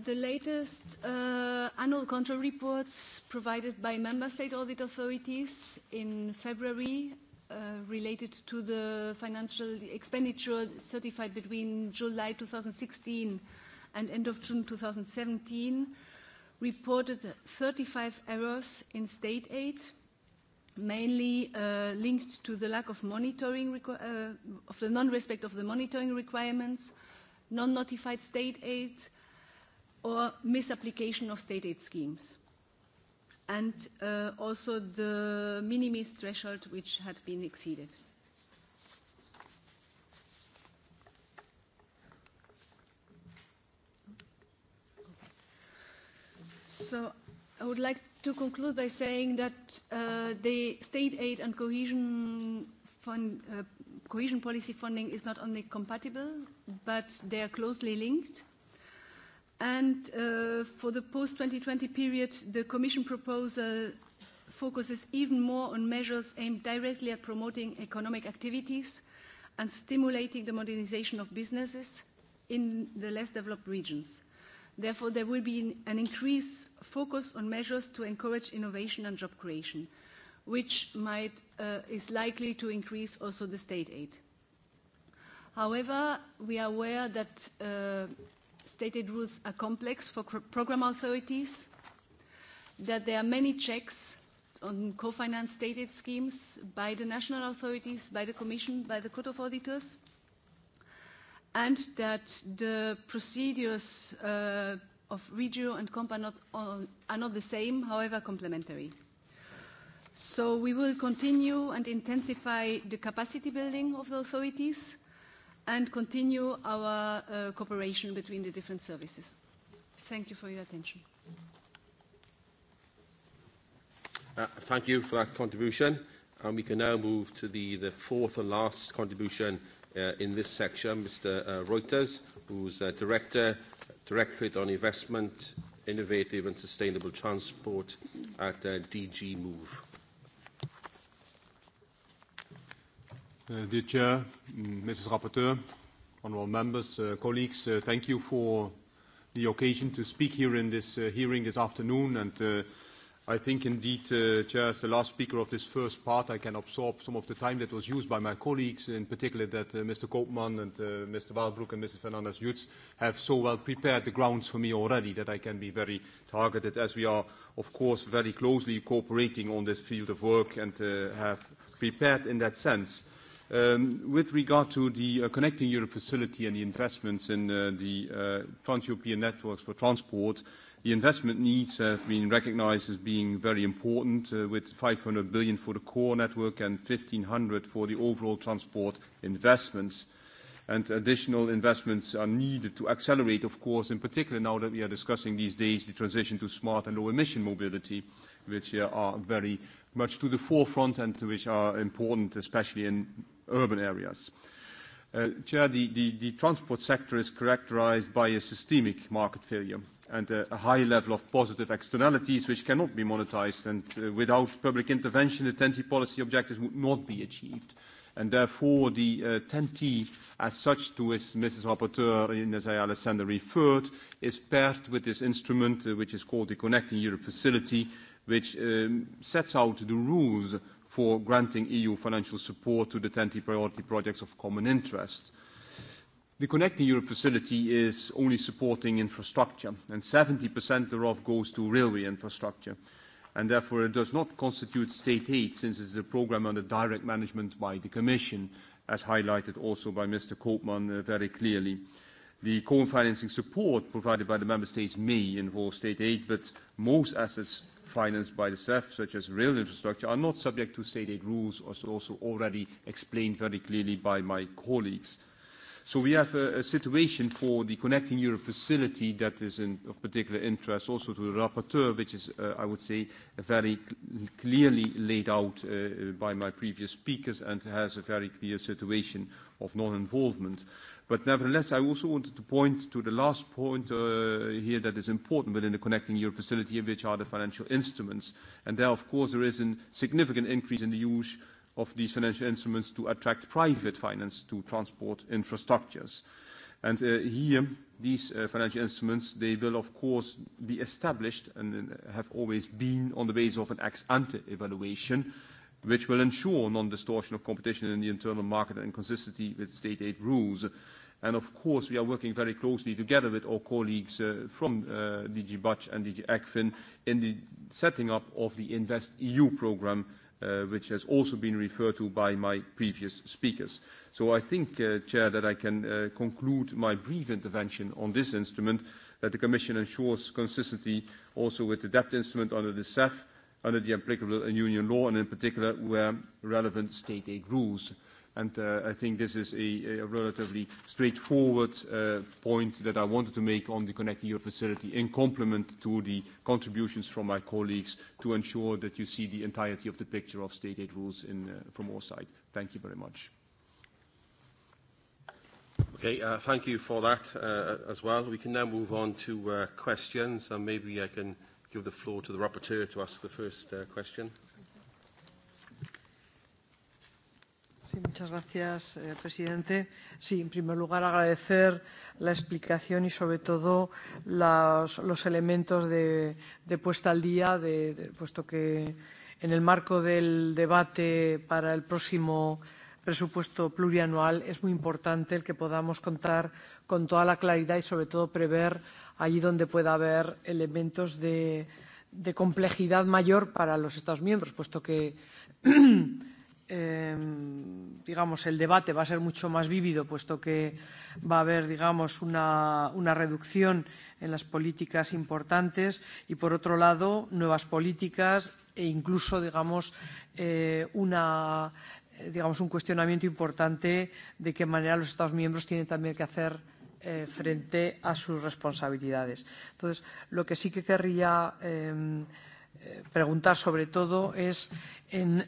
The latest uh, annual control reports provided by member state audit authorities in February uh, related to the financial expenditure certified between July 2016 and end of June 2017 reported 35 errors in state aid, mainly uh, linked to the lack of monitoring requ- uh, of the non-respect of the monitoring requirements, non-notified state aid, uh, or misapplication of state aid schemes. And uh, also the minimis threshold which had been exceeded. So I would like to conclude by saying that uh, the state aid and cohesion fund, uh, cohesion policy funding is not only compatible, but they are closely linked. Uh, And uh, for the post-2020 period, the Commission proposal focuses even more on measures aimed directly at promoting economic activities and stimulating the modernization of businesses in the less developed regions. Therefore, there will be an increased focus on measures to encourage innovation and job creation, which might, uh, is likely to increase also the state aid. However, we are aware that uh, stated rules are complex for program authorities, that there are many checks on co-finance stated schemes by the national authorities, by the Commission, by the Court of Auditors, and that the procedures uh, of Regio and Comp are not, are not the same, however complementary. So we will continue and intensify the capacity building of the authorities and continue our uh, cooperation between the different services. Thank you for your attention. Uh, thank you for that contribution. And we can now move to the, the fourth and last contribution uh, in this section, Mr. Uh, Reuters, who's uh, Director, Directorate on Investment, Innovative and Sustainable Transport at uh, DG Move. Uh, dear Chair, mm, Mrs. Rapporteur, honourable members, uh, colleagues, uh, thank you for the occasion to speak here in this uh, hearing this afternoon. And uh, I think indeed, uh, Chair, as the last speaker of this first part, I can absorb some of the time that was used by my colleagues, in particular that uh, Mr. Koopman and uh, Mr. Waalbroek and Mrs. Fernandez-Jutz have so well prepared the grounds for me already that I can be very targeted as we are, of course, very closely cooperating on this field of work and uh, have prepared in that sense. Uh, Um, with regard to the uh, Connecting Europe facility and the investments in uh, the uh, trans-European networks for transport, the investment needs have been recognized as being very important, uh, with 500 billion for the core network and 1,500 for the overall transport investments. And additional investments are needed to accelerate, of course, in particular now that we are discussing these days the transition to smart and low-emission mobility, which uh, are very much to the forefront and which are important, especially in urban areas. Uh, Chair, the, the, the transport sector is characterized by a systemic market failure and a, uh, a high level of positive externalities which cannot be monetized, and uh, without public intervention, the 10T policy objectives would not be achieved. And therefore, the uh, 10T, as such, to which Mrs. Rapporteur Ines Ayala-Sender referred, is paired with this instrument, uh, which is called the Connecting Europe Facility, which um, sets out the rules for granting EU financial support to the 10T priority projects of common interest. The Connecting Europe facility is only supporting infrastructure, and 70% thereof goes to railway infrastructure, and therefore it does not constitute state aid since it's a program under direct management by the Commission, as highlighted also by Mr. Koopman uh, very clearly. The co-financing support provided by the member states may involve state aid, but most assets financed by the CEF, such as rail infrastructure, are not subject to state aid rules, as also already explained very clearly by my colleagues. So we have a, a situation for the Connecting Europe facility that is in, of particular interest also to the rapporteur, which is, uh, I would say, very cl clearly laid out uh, by my previous speakers and has a very clear situation of non-involvement. Uh, But nevertheless, I also wanted to point to the last point uh, here that is important within the Connecting Europe facility, which are the financial instruments. And there, of course, there is a significant increase in the use of these financial instruments to attract private finance to transport infrastructures. And uh, here, these uh, financial instruments, they will of course be established and uh, have always been on the basis of an ex-ante evaluation, uh, which will ensure non-distortion of competition in the internal market and consistency with state aid rules. And of course, we are working very closely together with our colleagues uh, from uh, DG Budge and DG ECFIN in the setting up of the InvestEU program, uh, which has also been referred to by my previous speakers. So I think, uh, Chair, that I can uh, conclude my brief intervention on this instrument, that the Commission ensures consistency also with the debt instrument under the CEF, under the applicable union law, and in particular, where relevant state aid rules. And uh, I think this is a, a relatively straightforward uh, point that I wanted to make on the Connecting Europe facility in complement to the contributions from my colleagues to ensure that you see the entirety of the picture of state aid rules in, uh, from our side. Thank you very much. Okay, uh, thank you for that uh, as well. We can now move on to uh, questions, and maybe I can uh, give the floor to the rapporteur to ask the first uh, question. Sí, muchas gracias, eh, presidente. Sí, en primer lugar, agradecer la explicación y, sobre todo, las, los elementos de, de puesta al día, de, de, puesto que en el marco del debate para el próximo presupuesto plurianual es muy importante el que podamos contar con toda la claridad y, sobre todo, prever allí donde pueda haber elementos de, de complejidad mayor para los Estados miembros, puesto que eh, digamos, el debate va a ser mucho más vívido, puesto que va a haber, digamos, una, una reducción en las políticas importantes y, por otro lado, nuevas políticas e incluso, digamos, eh, una, eh, digamos un cuestionamiento importante de qué manera los Estados miembros tienen también que hacer eh, frente a sus responsabilidades. Entonces, lo que sí que querría eh, eh preguntar sobre todo es en,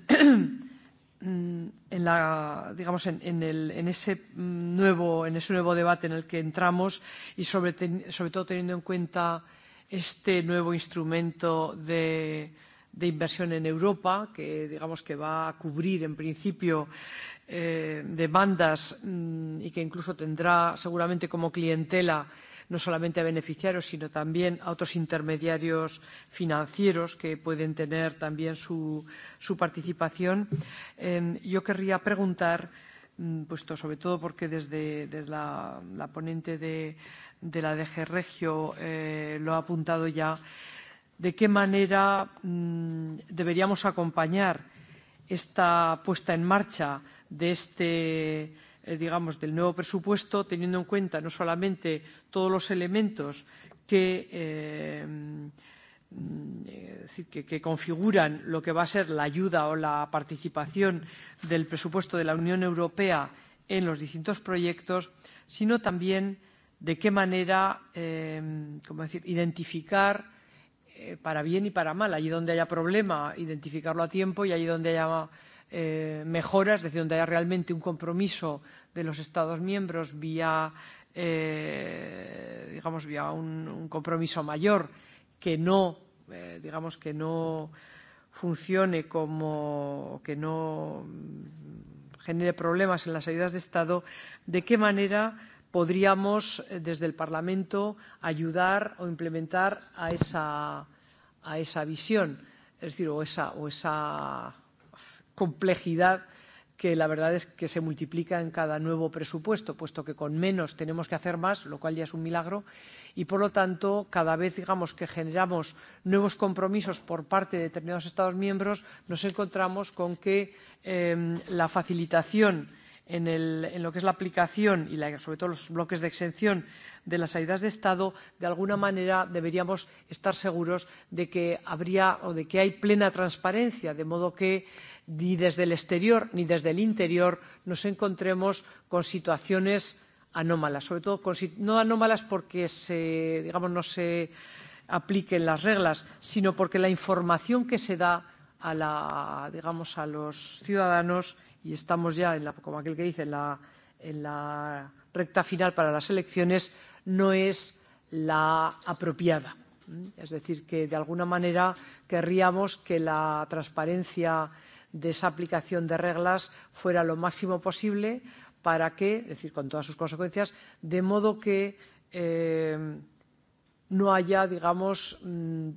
en, la, digamos, en, en, el, en, ese nuevo, en ese nuevo debate en el que entramos y sobre, ten, sobre todo teniendo en cuenta este nuevo instrumento de, de inversión en Europa, que digamos que va a cubrir en principio eh, demandas mmm, y que incluso tendrá seguramente como clientela no solamente a beneficiarios, sino también a otros intermediarios financieros que pueden tener también su, su participación. Eh, yo querría preguntar, mmm, puesto sobre todo porque desde, desde la, la ponente de, de la DG Regio eh, lo ha apuntado ya, de qué manera mmm, deberíamos acompañar esta puesta en marcha eh, de este eh, digamos, del nuevo presupuesto, teniendo en cuenta no solamente todos los elementos que, eh, mm, eh decir, que, que configuran lo que va a ser la ayuda o la participación del presupuesto de la Unión Europea en los distintos proyectos, sino también de qué manera eh, ¿cómo decir? identificar eh, para bien y para mal, allí donde haya problema, identificarlo a tiempo y allí donde haya eh, mejoras, desde donde haya realmente un compromiso de los Estados miembros vía, eh, digamos, vía un, un compromiso mayor que no, eh, digamos, que no funcione como, que no mm, genere problemas en las ayudas de Estado, de qué manera podríamos eh, desde el Parlamento ayudar o implementar a esa, a esa visión, es decir, o esa, o esa complejidad que la verdad es que se multiplica en cada nuevo presupuesto, puesto que con menos tenemos que hacer más, lo cual ya es un milagro, y por lo tanto, cada vez digamos que generamos nuevos compromisos por parte de determinados Estados miembros, nos encontramos con que eh, la facilitación en, el, en lo que es la aplicación y la, sobre todo los bloques de exención de las ayudas de Estado, de alguna manera deberíamos estar seguros de que habría o de que hay plena transparencia, de modo que ni desde el exterior ni desde el interior nos encontremos con situaciones anómalas, sobre todo con, no anómalas porque se, digamos, no se apliquen las reglas, sino porque la información que se da a, la, digamos, a los ciudadanos y estamos ya, en la, como aquel que dice, en la, en la recta final para las elecciones, no es la apropiada. ¿Mm? Es decir, que de alguna manera querríamos que la transparencia de esa aplicación de reglas fuera lo máximo posible para que, es decir, con todas sus consecuencias, de modo que eh, no haya, digamos, mm,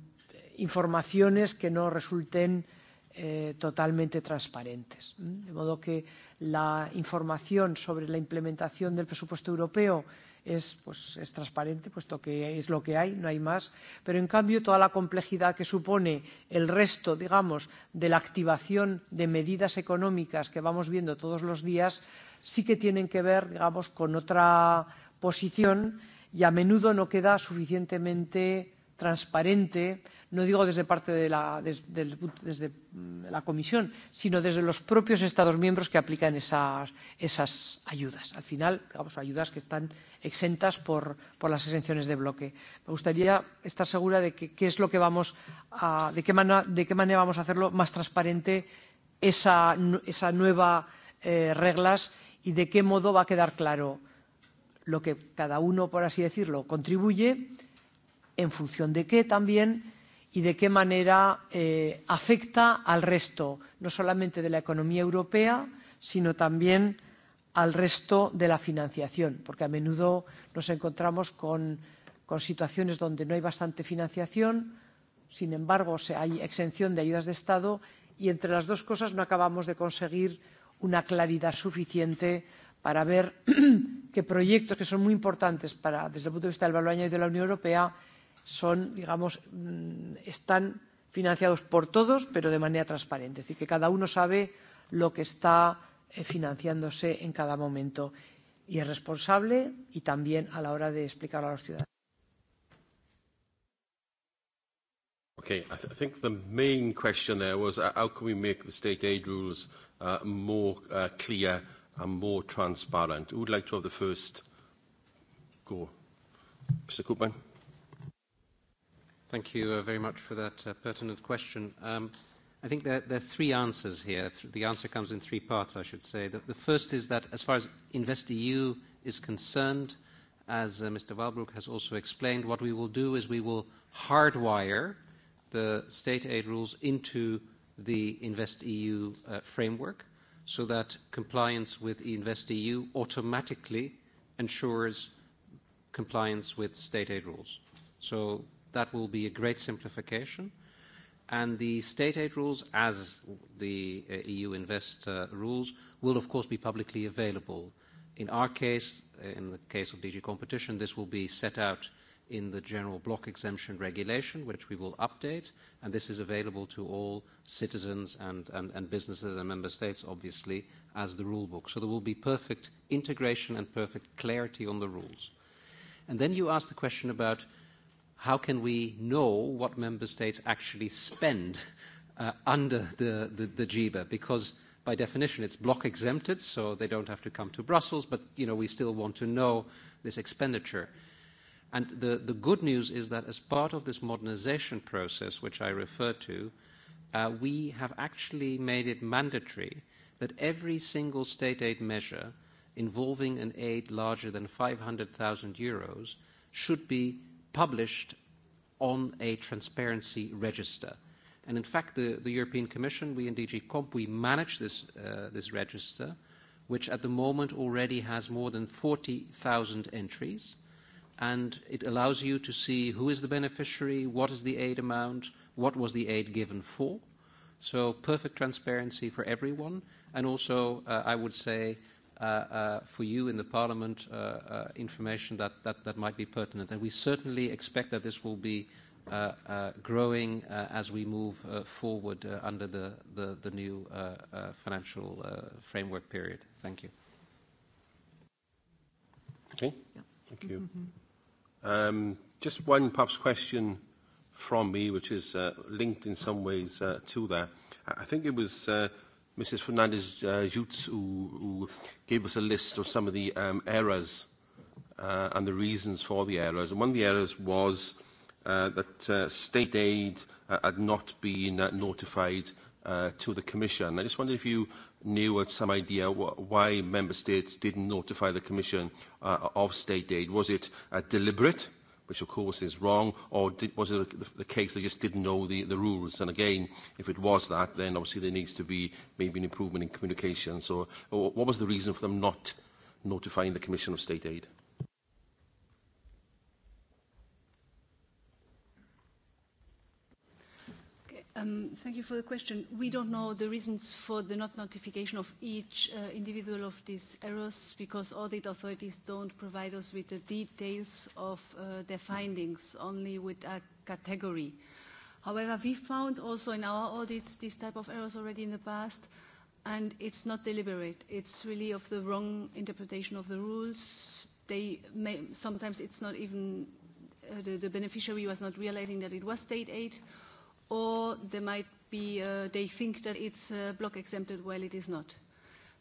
informaciones que no resulten eh, eh, totalmente transparentes. De modo que la información sobre la implementación del presupuesto europeo es, pues, es transparente, puesto que es lo que hay, no hay más. Pero, en cambio, toda la complejidad que supone el resto, digamos, de la activación de medidas económicas que vamos viendo todos los días, sí que tienen que ver, digamos, con otra posición y a menudo no queda suficientemente transparente, no digo desde parte de la, desde, el, desde la Comisión, sino desde los propios Estados miembros que aplican esas, esas ayudas. Al final, digamos, ayudas que están exentas por, por las exenciones de bloque. Me gustaría estar segura de que, qué es lo que vamos a, de qué, manera, de qué manera vamos a hacerlo más transparente esa, esa nueva eh, reglas y de qué modo va a quedar claro lo que cada uno, por así decirlo, contribuye en función de qué también y de qué manera eh, afecta al resto, no solamente de la economía europea, sino también al resto de la financiación, porque a menudo nos encontramos con, con situaciones donde no hay bastante financiación, sin embargo, se, hay exención de ayudas de Estado y entre las dos cosas no acabamos de conseguir una claridad suficiente para ver que proyectos que son muy importantes para, desde el punto de vista del valor añadido de la Unión Europea son, digamos, mm, están financiados por todos, pero de manera transparente. Es decir, que cada uno sabe lo que está eh, financiándose en cada momento y es responsable y también a la hora de explicarlo a los ciudadanos. Okay, I, th I think the main question there was uh, how can we make the state aid rules uh, more uh, clear and more transparent? Who would like to have the first go? Mr. Koopman? Thank you uh, very much for that uh, pertinent question. Um, I think there, there are three answers here. The answer comes in three parts, I should say. The, the first is that as far as InvestEU is concerned, as uh, Mr. Walbrook has also explained, what we will do is we will hardwire the state aid rules into the InvestEU uh, framework so that compliance with InvestEU automatically ensures compliance with state aid rules. So That will be a great simplification. And the state aid rules, as the uh, EU Invest uh, rules, will of course be publicly available. In our case, uh, in the case of DG Competition, this will be set out in the general block exemption regulation, which we will update, and this is available to all citizens and, and, and businesses and member states, obviously, as the rule book. So there will be perfect integration and perfect clarity on the rules. And then you asked the question about how can we know what member states actually spend uh, under the, the, the GBA? Because by definition, it's block exempted, so they don't have to come to Brussels, but you know, we still want to know this expenditure. And the, the good news is that as part of this modernization process, which I referred to, uh, we have actually made it mandatory that every single state aid measure involving an aid larger than 500,000 euros should be published on a transparency register. And in fact, the, the European Commission, we in DG Comp, we manage this, uh, this register, which at the moment already has more than 40,000 entries. And it allows you to see who is the beneficiary, what is the aid amount, what was the aid given for. So perfect transparency for everyone. And also, uh, I would say, uh, uh, for you in the Parliament uh, uh, information that, that, that might be pertinent. And we certainly expect that this will be uh, uh, growing uh, as we move uh, forward uh, under the, the, the new uh, uh, financial uh, framework period. Thank you. Okay. Yeah. Thank you. Mm-hmm. Um, just one perhaps question from me, which is uh, linked in some ways uh, to that. I think it was uh, Mrs Fernandez-Jutz, uh, who, who gave us a list of some of the um, errors uh, and the reasons for the errors. And one of the errors was uh, that uh, state aid uh, had not been uh, notified uh, to the Commission. I just wondered if you knew or had some idea wh why Member States didn't notify the Commission uh, of state aid. Was it uh, deliberate? Uh, which of course is wrong, or did, was it the, the case they just didn't know the, the rules? And again, if it was that, then obviously there needs to be maybe an improvement in communication. So what was the reason for them not notifying the Commission of state aid? Um, thank you for the question. We don't know the reasons for the not notification of each uh, individual of these errors because audit authorities don't provide us with the details of uh, their findings, only with a category. However, we found also in our audits this type of errors already in the past, and it's not deliberate. It's really of the wrong interpretation of the rules. They may, sometimes it's not even uh, the, the beneficiary was not realizing that it was state aid. Uh, or they might be, uh, they think that it's uh, block exempted while it is not.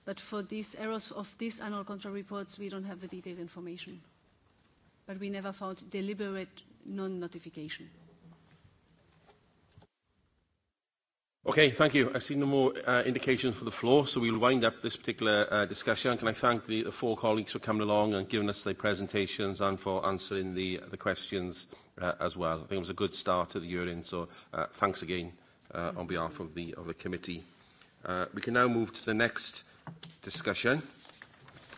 But for these errors of these annual control reports, we don't have the detailed information. But we never found deliberate non-notification. Okay, thank you. I see no more uh, indications for the floor, so we'll wind up this particular uh, discussion. Can I thank the, the four colleagues for coming along and giving us their presentations and for answering the, the questions uh, as well. I think it was a good start to the year in, so uh, thanks again uh, on behalf of the, of the committee. Uh, we can now move to the next discussion.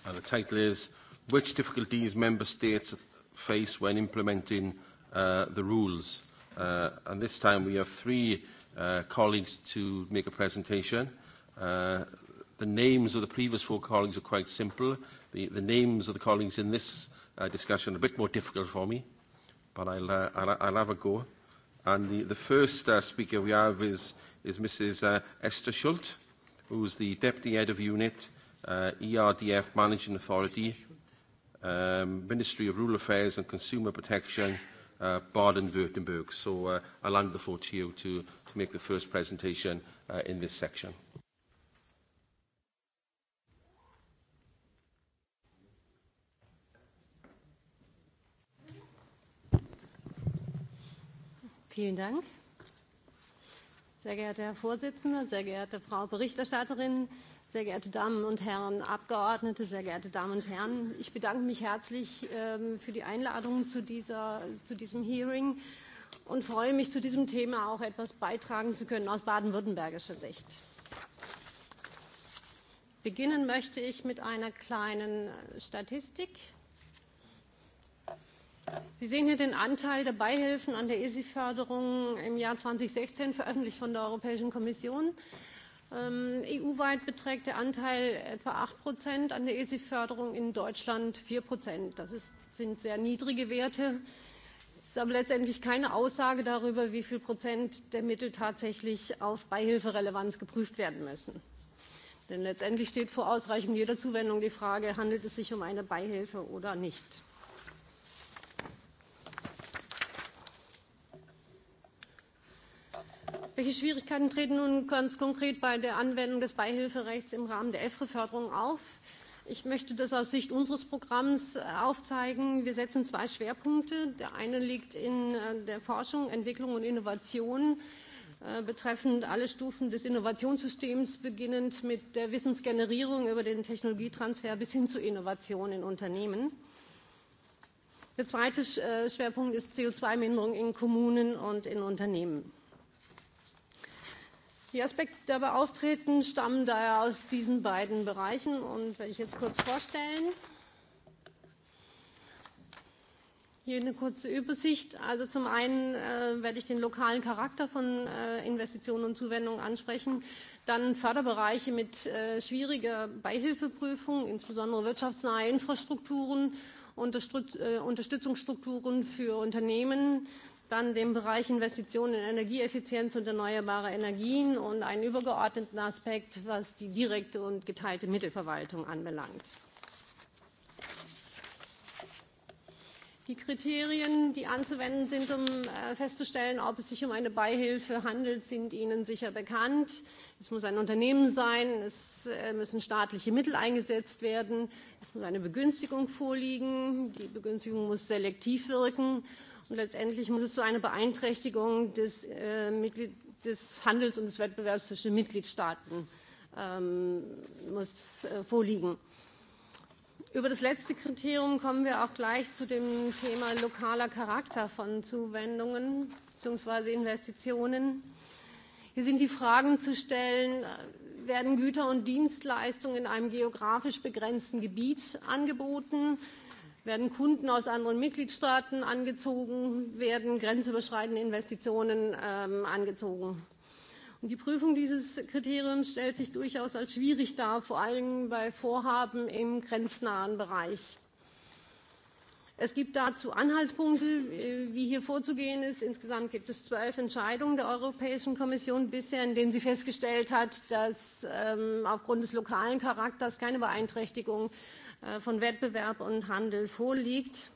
And the title is Which difficulties member states face when implementing uh, the rules? Uh, and this time we have three uh, colleagues to make a presentation. Uh, the names of the previous four colleagues are quite simple. The, the names of the colleagues in this uh, discussion are a bit more difficult for me but I'll, uh, I'll, I'll have a go. And the, the first uh, speaker we have is, is Mrs. Uh, Esther Schult, who's the Deputy Head of Unit, uh, ERDF Managing Authority, um, Ministry of Rural Affairs and Consumer Protection, uh, Baden-Württemberg. So uh, I'll hand the floor to you to, to make the first presentation uh, in this section. Vielen Dank. Sehr geehrter Herr Vorsitzender, sehr geehrte Frau Berichterstatterin, sehr geehrte Damen und Herren Abgeordnete, sehr geehrte Damen und Herren, ich bedanke mich herzlich ähm, für die Einladung zu, dieser, zu diesem Hearing und freue mich, zu diesem Thema auch etwas beitragen zu können aus baden-württembergischer Sicht. Beginnen möchte ich mit einer kleinen Statistik. Sie sehen hier den Anteil der Beihilfen an der ESI-Förderung im Jahr 2016, veröffentlicht von der Europäischen Kommission. Ähm, EU-weit beträgt der Anteil etwa 8 Prozent, an der ESI-Förderung in Deutschland 4 Prozent. Das ist, sind sehr niedrige Werte. Es ist aber letztendlich keine Aussage darüber, wie viel Prozent der Mittel tatsächlich auf Beihilferelevanz geprüft werden müssen. Denn letztendlich steht vor Ausreichung jeder Zuwendung die Frage, handelt es sich um eine Beihilfe oder nicht. Welche Schwierigkeiten treten nun ganz konkret bei der Anwendung des Beihilferechts im Rahmen der EFRE-Förderung auf? Ich möchte das aus Sicht unseres Programms äh, aufzeigen. Wir setzen zwei Schwerpunkte. Der eine liegt in äh, der Forschung, Entwicklung und Innovation äh, betreffend alle Stufen des Innovationssystems, beginnend mit der Wissensgenerierung über den Technologietransfer bis hin zu Innovation in Unternehmen. Der zweite Schwerpunkt ist CO2-Minderung in Kommunen und in Unternehmen. Die Aspekte, die dabei auftreten, stammen daher aus diesen beiden Bereichen und werde ich jetzt kurz vorstellen. Hier eine kurze Übersicht. Also zum einen äh, werde ich den lokalen Charakter von äh, Investitionen und Zuwendungen ansprechen. Dann Förderbereiche mit äh, schwieriger Beihilfeprüfung, insbesondere wirtschaftsnahe Infrastrukturen, äh, Unterstützungsstrukturen für Unternehmen, äh, dann dem Bereich Investitionen in Energieeffizienz und erneuerbare Energien und einen übergeordneten Aspekt, was die direkte und geteilte Mittelverwaltung anbelangt. Die Kriterien, die anzuwenden sind, um äh, festzustellen, ob es sich um eine Beihilfe handelt, sind Ihnen sicher bekannt. Es muss ein Unternehmen sein, es äh, müssen staatliche Mittel eingesetzt werden, es muss eine Begünstigung vorliegen, die Begünstigung muss selektiv wirken Und letztendlich muss es zu einer Beeinträchtigung des, äh, Mitglied, des Handels und des Wettbewerbs zwischen den Mitgliedstaaten ähm, muss, äh, vorliegen. Über das letzte Kriterium kommen wir auch gleich zu dem Thema lokaler Charakter von Zuwendungen bzw. Investitionen. Hier sind die Fragen zu stellen, äh, werden Güter und Dienstleistungen in einem geografisch begrenzten Gebiet angeboten? werden Kunden aus anderen Mitgliedstaaten angezogen, werden grenzüberschreitende Investitionen ähm, angezogen. Und die Prüfung dieses Kriteriums stellt sich durchaus als schwierig dar, vor allem bei Vorhaben im grenznahen Bereich. Es gibt dazu Anhaltspunkte, äh, wie hier vorzugehen ist. Insgesamt gibt es zwölf Entscheidungen der Europäischen Kommission bisher, in denen sie festgestellt hat, dass ähm, aufgrund des lokalen Charakters keine Beeinträchtigung Äh, von Wettbewerb und Handel vorliegt.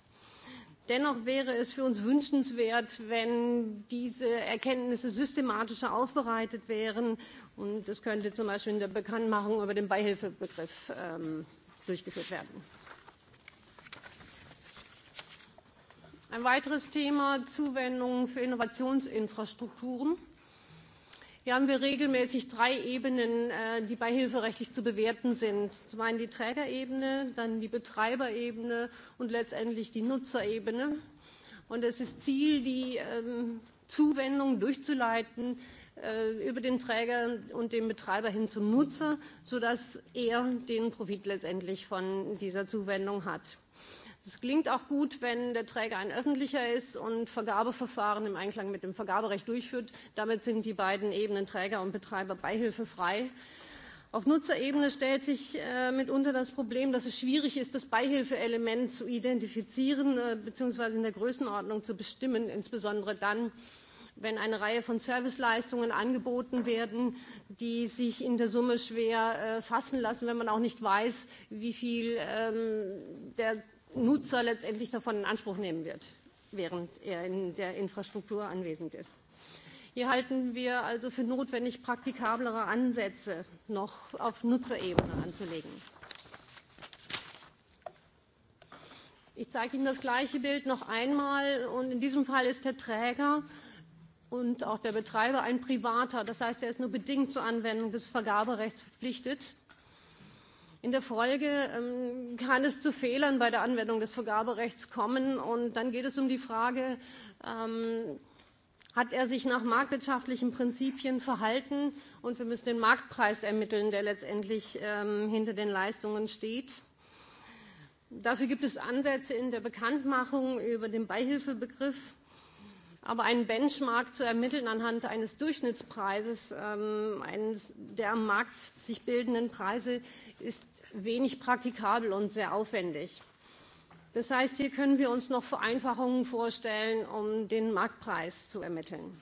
Dennoch wäre es für uns wünschenswert, wenn diese Erkenntnisse systematischer aufbereitet wären. Und das könnte zum Beispiel in der Bekanntmachung über den Beihilfebegriff ähm, durchgeführt werden. Ein weiteres Thema Zuwendungen für Innovationsinfrastrukturen. Hier haben wir regelmäßig drei Ebenen, äh, die beihilferechtlich zu bewerten sind. Zum einen die Trägerebene, dann die Betreiberebene und letztendlich die Nutzerebene. Und es ist Ziel, die ähm, Zuwendung durchzuleiten äh, über den Träger und den Betreiber hin zum Nutzer, sodass er den Profit letztendlich von dieser Zuwendung hat. Es klingt auch gut, wenn der Träger ein öffentlicher ist und Vergabeverfahren im Einklang mit dem Vergaberecht durchführt. Damit sind die beiden Ebenen Träger und Betreiber beihilfefrei. Auf Nutzerebene stellt sich äh, mitunter das Problem, dass es schwierig ist, das Beihilfeelement zu identifizieren äh, bzw. in der Größenordnung zu bestimmen, insbesondere dann, wenn eine Reihe von Serviceleistungen angeboten werden, die sich in der Summe schwer äh, fassen lassen, wenn man auch nicht weiß, wie viel ähm, der Nutzer letztendlich davon in Anspruch nehmen wird, während er in der Infrastruktur anwesend ist. Hier halten wir also für notwendig, praktikablere Ansätze noch auf Nutzerebene anzulegen. Ich zeige Ihnen das gleiche Bild noch einmal und in diesem Fall ist der Träger und auch der Betreiber ein Privater. Das heißt, er ist nur bedingt zur Anwendung des Vergaberechts verpflichtet In der Folge ähm, kann es zu Fehlern bei der Anwendung des Vergaberechts kommen. Und dann geht es um die Frage, ähm, hat er sich nach marktwirtschaftlichen Prinzipien verhalten? Und wir müssen den Marktpreis ermitteln, der letztendlich ähm, hinter den Leistungen steht. Dafür gibt es Ansätze in der Bekanntmachung über den Beihilfebegriff. Aber einen Benchmark zu ermitteln anhand eines Durchschnittspreises, ähm, eines der am Markt sich bildenden Preise, ist wenig praktikabel und sehr aufwendig. Das heißt, hier können wir uns noch Vereinfachungen vorstellen, um den Marktpreis zu ermitteln.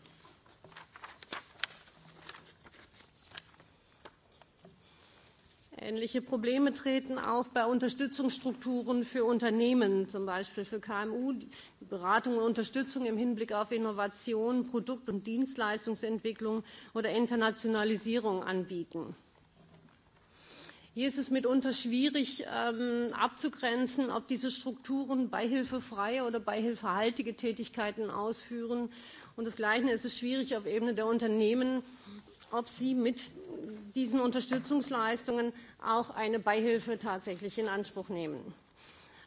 Ähnliche Probleme treten auf bei Unterstützungsstrukturen für Unternehmen, zum Beispiel für KMU. Die Beratung und Unterstützung im Hinblick auf Innovation, Produkt- und Dienstleistungsentwicklung oder Internationalisierung anbieten. Hier ist es mitunter schwierig ähm, abzugrenzen, ob diese Strukturen beihilfefreie oder beihilfehaltige Tätigkeiten ausführen. Und das Gleiche ist es schwierig auf Ebene der Unternehmen, ob sie mit diesen Unterstützungsleistungen auch eine Beihilfe tatsächlich in Anspruch nehmen.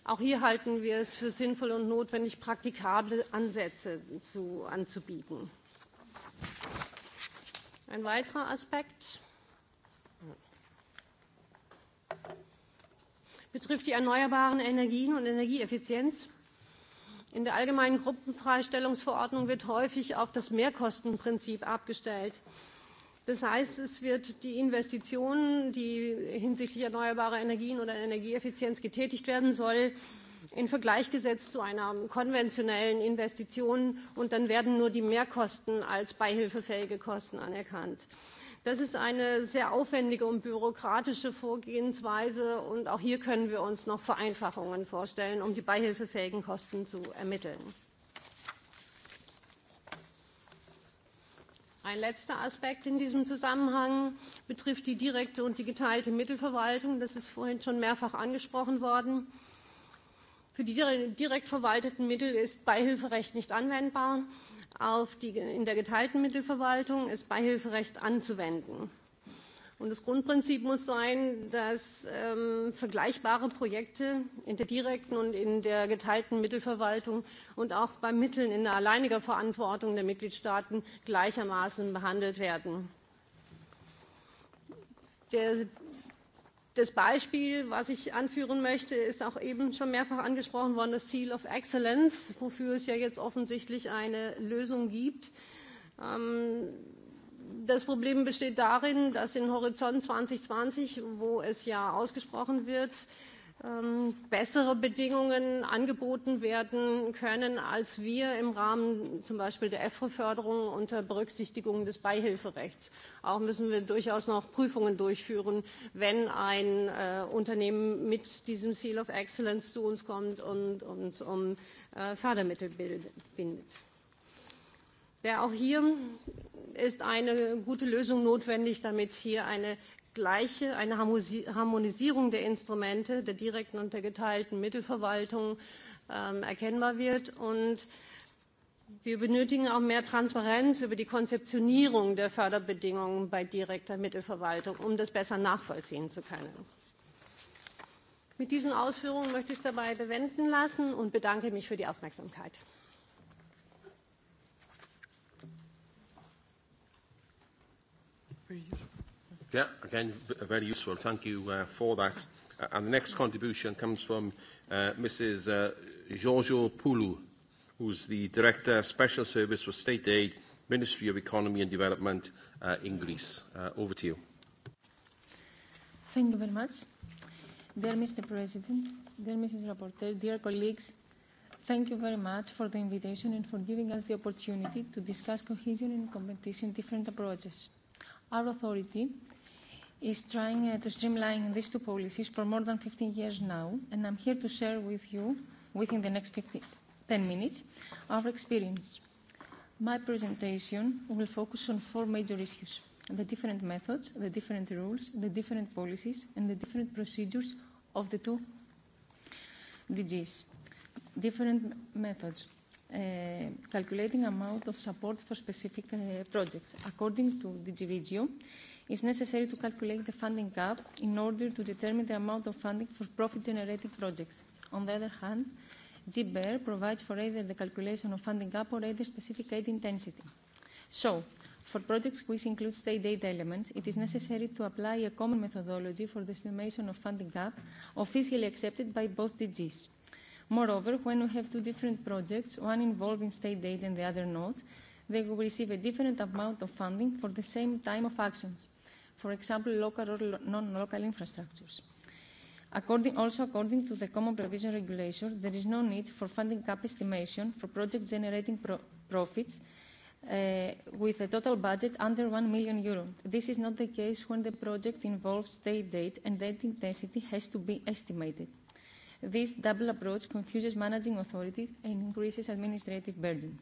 Auch hier halten wir es für sinnvoll und notwendig, praktikable Ansätze zu, anzubieten. Ein weiterer Aspekt betrifft die erneuerbaren Energien und Energieeffizienz. In der allgemeinen Gruppenfreistellungsverordnung wird häufig auf das Mehrkostenprinzip abgestellt. Das heißt, es wird die Investitionen, die hinsichtlich erneuerbarer Energien oder Energieeffizienz getätigt werden soll, in Vergleich gesetzt zu einer konventionellen Investition und dann werden nur die Mehrkosten als beihilfefähige Kosten anerkannt. Das ist eine sehr aufwendige und bürokratische Vorgehensweise. Und auch hier können wir uns noch Vereinfachungen vorstellen, um die beihilfefähigen Kosten zu ermitteln. Ein letzter Aspekt in diesem Zusammenhang betrifft die direkte und die geteilte Mittelverwaltung. Das ist vorhin schon mehrfach angesprochen worden. Für die direkt verwalteten Mittel ist Beihilferecht nicht anwendbar auf die, in der geteilten Mittelverwaltung ist Beihilferecht anzuwenden. Und das Grundprinzip muss sein, dass ähm, vergleichbare Projekte in der direkten und in der geteilten Mittelverwaltung und auch bei Mitteln in alleiniger Verantwortung der Mitgliedstaaten gleichermaßen behandelt werden. Der Das Beispiel, was ich anführen möchte, ist auch eben schon mehrfach angesprochen worden, das Seal of Excellence, wofür es ja jetzt offensichtlich eine Lösung gibt. Ähm, das Problem besteht darin, dass in Horizont 2020, wo es ja ausgesprochen wird, äh, ähm, bessere Bedingungen angeboten werden können, als wir im Rahmen zum Beispiel der EFRE-Förderung unter Berücksichtigung des Beihilferechts. Auch müssen wir durchaus noch Prüfungen durchführen, wenn ein äh, Unternehmen mit diesem Seal of Excellence zu uns kommt und uns um äh, Fördermittel bildet, bindet. Ja, auch hier ist eine gute Lösung notwendig, damit hier eine Gleiche, eine Harmonisierung der Instrumente der direkten und der geteilten Mittelverwaltung ähm, erkennbar wird. Und wir benötigen auch mehr Transparenz über die Konzeptionierung der Förderbedingungen bei direkter Mittelverwaltung, um das besser nachvollziehen zu können. Mit diesen Ausführungen möchte ich es dabei bewenden lassen und bedanke mich für die Aufmerksamkeit. Where are you? Yeah, again, very useful. Thank you uh, for that. Uh, and the next contribution comes from uh, Mrs. Uh, Giorgio Poulou, who's the Director, Special Service for State Aid, Ministry of Economy and Development uh, in Greece. Uh, over to you. Thank you very much. Dear Mr. President, dear Mrs. Rapporteur, dear colleagues, thank you very much for the invitation and for giving us the opportunity to discuss cohesion and competition different approaches. Our authority is trying uh, to streamline these two policies for more than 15 years now, and I'm here to share with you, within the next 15, 10 minutes, our experience. My presentation will focus on four major issues, the different methods, the different rules, the different policies, and the different procedures of the two DGs. Different methods. Uh, calculating amount of support for specific uh, projects. According to DG Regio, is necessary to calculate the funding gap in order to determine the amount of funding for profit-generating projects. On the other hand, GBER provides for either the calculation of funding gap or either specific aid intensity. So, for projects which include state aid elements, it is necessary to apply a common methodology for the estimation of funding gap, officially accepted by both DGs. Moreover, when we have two different projects, one involving state aid and the other not, they will receive a different amount of funding for the same time of actions for example, local or non-local infrastructures. According, also, according to the Common Provision Regulation, there is no need for funding cap estimation for projects generating pro profits uh, with a total budget under 1 million euro. This is not the case when the project involves state aid and that intensity has to be estimated. This double approach confuses managing authorities and increases administrative burden.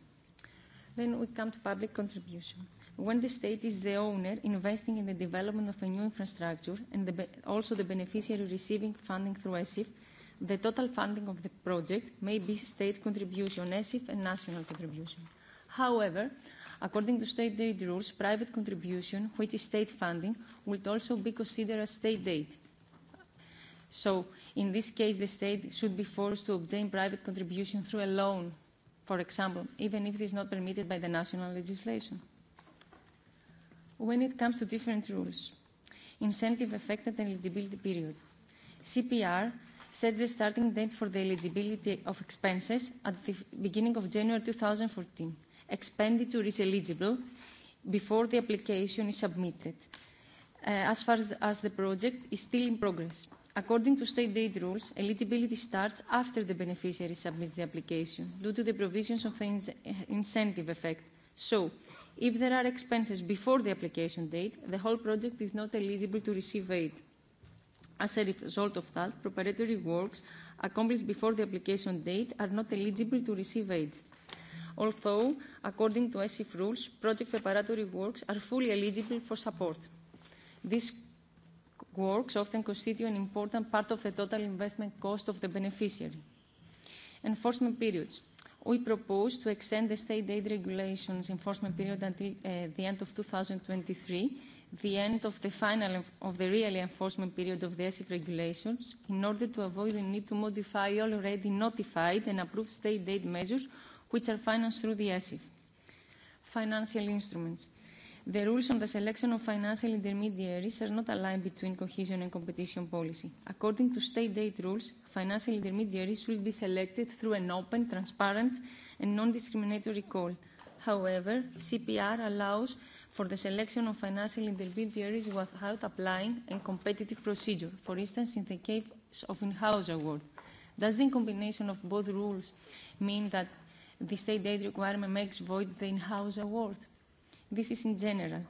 Then we come to public contribution. Uh, when the state is the owner investing in the development of a new infrastructure and the be also the beneficiary receiving funding through ESIF, the total funding of the project may be state contribution, ESIF, and national contribution. However, according to state aid rules, private contribution, which is state funding, will also be considered as state aid. So in this case, the state should be forced to obtain private contribution through a loan, for example, even if it is not permitted by the national legislation when it comes to different rules. Incentive effect and eligibility period. CPR set the starting date for the eligibility of expenses at the beginning of January 2014. Expenditure is eligible before the application is submitted, uh, as far as, as the project is still in progress. According to state aid rules, eligibility starts after the beneficiary submits the application due to the provisions of the in incentive effect. So, If there are expenses before the application date, the whole project is not eligible to receive aid. As a result of that, preparatory works accomplished before the application date are not eligible to receive aid. Although, according to ESIF rules, project preparatory works are fully eligible for support. These works often constitute an important part of the total investment cost of the beneficiary. Enforcement periods we propose to extend the state aid regulations enforcement period until uh, the end of 2023, the end of the final of the real enforcement period of the ESIF regulations, in order to avoid the need to modify already notified and approved state aid measures which are financed through the ESIF. Financial instruments the rules on the selection of financial intermediaries are not aligned between cohesion and competition policy. According to state aid rules, financial intermediaries should be selected through an open, transparent and non-discriminatory call. However, CPR allows for the selection of financial intermediaries without applying a competitive procedure, for instance in the case of in-house award. Does the combination of both rules mean that the state aid requirement makes void the in-house award? This is in general.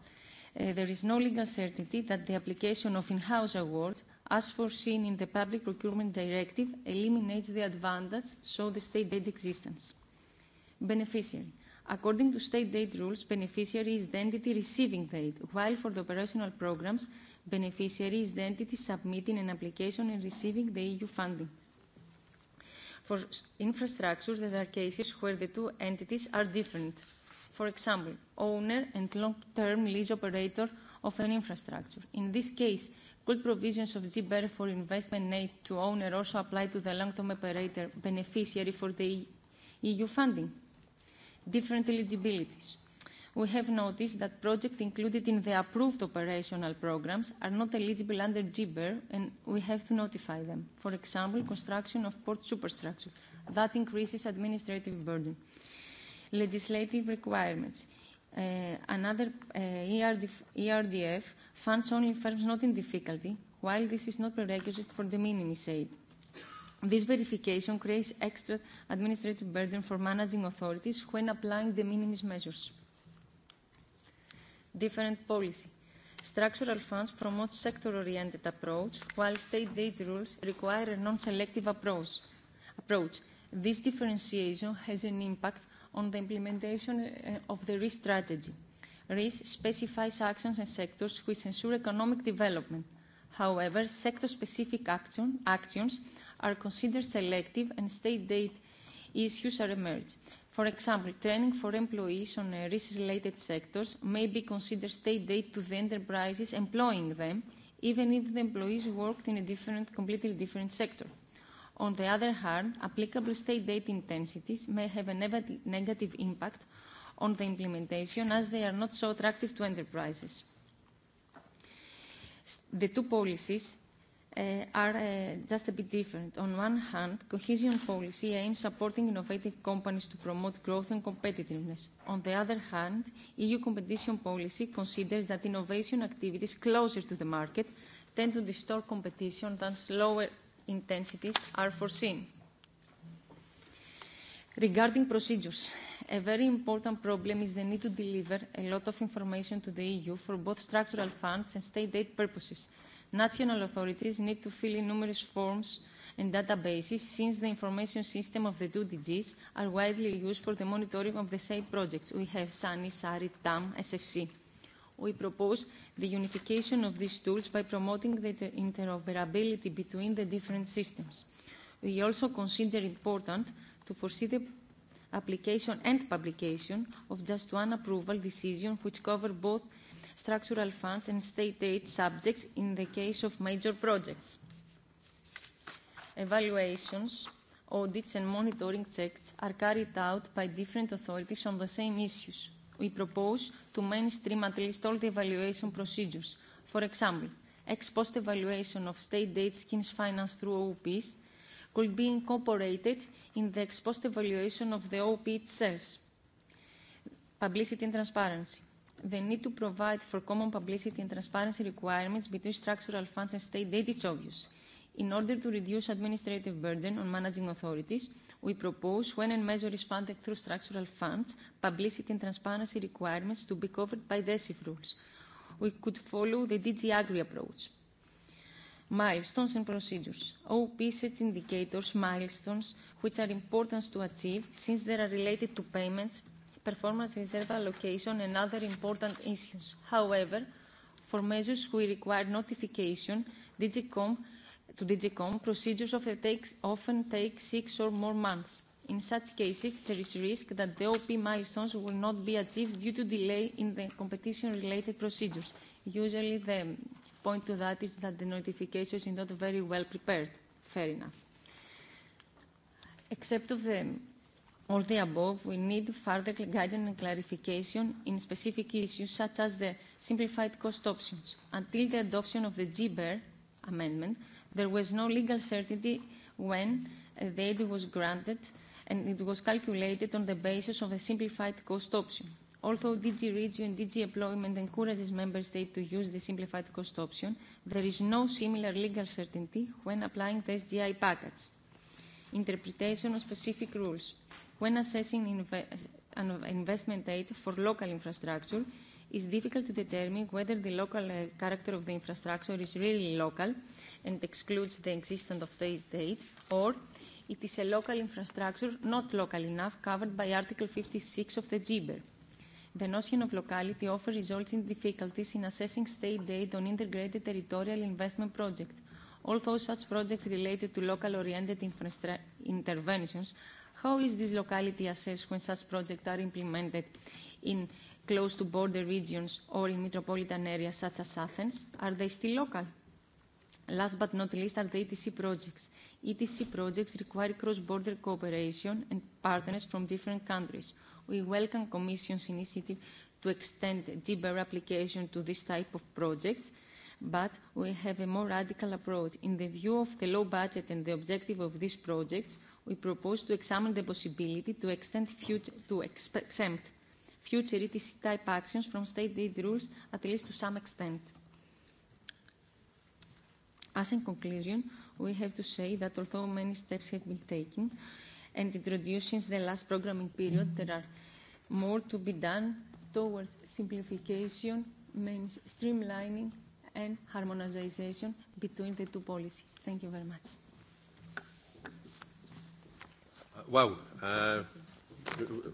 Uh, there is no legal certainty that the application of in-house award, as foreseen in the Public Procurement Directive, eliminates the advantage, so the state aid existence. Beneficiary. According to state aid rules, beneficiary is the entity receiving the aid, while for the operational programs, beneficiary is the entity submitting an application and receiving the EU funding. For infrastructures, there are cases where the two entities are different for example, owner and long-term lease operator of an infrastructure. In this case, could provisions of GBER for investment aid to owner also apply to the long-term operator beneficiary for the EU funding? Different eligibilities. We have noticed that projects included in the approved operational programs are not eligible under GBER, and we have to notify them. For example, construction of port superstructure. That increases administrative burden. Uh, legislative requirements. Uh, another uh, ERD, ERDF funds only firms not in difficulty, while this is not prerequisite for the minimis aid. This verification creates extra administrative burden for managing authorities when applying the minimis measures. Different policy. Structural funds promote sector-oriented approach, while state aid rules require a non-selective approach. approach. This differentiation has an impact on the implementation eh, of the REACH strategy. REACH specifies actions and sectors which ensure economic development. However, sector-specific action, actions are considered selective and state date issues are emerged. For example, training for employees on uh, risk-related sectors may be considered state aid to the enterprises employing them, even if the employees worked in a different, completely different sector. On the other hand, applicable state data intensities may have a neg negative impact on the implementation as they are not so attractive to enterprises. The two policies uh, are uh, just a bit different. On one hand, cohesion policy aims supporting innovative companies to promote growth and competitiveness. On the other hand, EU competition policy considers that innovation activities closer to the market tend to distort competition than slower intensities are foreseen. Regarding procedures, a very important problem is the need to deliver a lot of information to the EU for both structural funds and state aid purposes. National authorities need to fill in numerous forms and databases since the information system of the two DGs are widely used for the monitoring of the same projects. We have SANI, SARI, TAM, SFC we propose the unification of these tools by promoting the interoperability between the different systems. We also consider important to foresee the application and publication of just one approval decision which cover both structural funds and state aid subjects in the case of major projects. Evaluations, audits and monitoring checks are carried out by different authorities on the same issues we propose to mainstream at least all the evaluation procedures. For example, ex post evaluation of state aid schemes financed through OPs could be incorporated in the ex post evaluation of the OP itself. Publicity and transparency. The need to provide for common publicity and transparency requirements between structural funds and state aid is obvious. In order to reduce administrative burden on managing authorities, we propose when a measure is funded through structural funds, publicity and transparency requirements to be covered by the ESIF rules. We could follow the DG Agri approach. Milestones and procedures. OP sets indicators, milestones, which are important to achieve since they are related to payments, performance reserve allocation and other important issues. However, for measures we require notification, DG COMP to DG COM, procedures often, takes, often take six or more months. In such cases, there is risk that the OP milestones will not be achieved due to delay in the competition-related procedures. Usually, the point to that is that the notification is not very well prepared. Fair enough. Except of the, all the above, we need further guidance and clarification in specific issues such as the simplified cost options. Until the adoption of the GBER amendment, there was no legal certainty when uh, the aid was granted and it was calculated on the basis of a simplified cost option. Although DG Regio and DG Employment encourages Member States to use the simplified cost option, there is no similar legal certainty when applying the SGI package. Interpretation of specific rules. When assessing inve investment aid for local infrastructure, it's difficult to determine whether the local uh, character of the infrastructure is really local and excludes the existence of the state, or it is a local infrastructure not local enough covered by Article 56 of the GBER. The notion of locality often results in difficulties in assessing state aid on integrated territorial investment projects, although such projects related to local-oriented interventions how is this locality assessed when such projects are implemented in close to border regions or in metropolitan areas such as Athens? Are they still local? Last but not least are the ETC projects. ETC projects require cross-border cooperation and partners from different countries. We welcome Commission's initiative to extend GBER application to this type of projects, but we have a more radical approach. In the view of the low budget and the objective of these projects, we propose to examine the possibility to, extend future, to exempt future ETC type actions from state aid rules, at least to some extent. As in conclusion, we have to say that although many steps have been taken and introduced since the last programming period, there are more to be done towards simplification, means streamlining and harmonization between the two policies. Thank you very much. Uh, wow. Uh,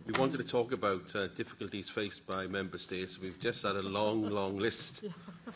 we wanted to talk about uh, difficulties faced by member states. We've just had a long, long list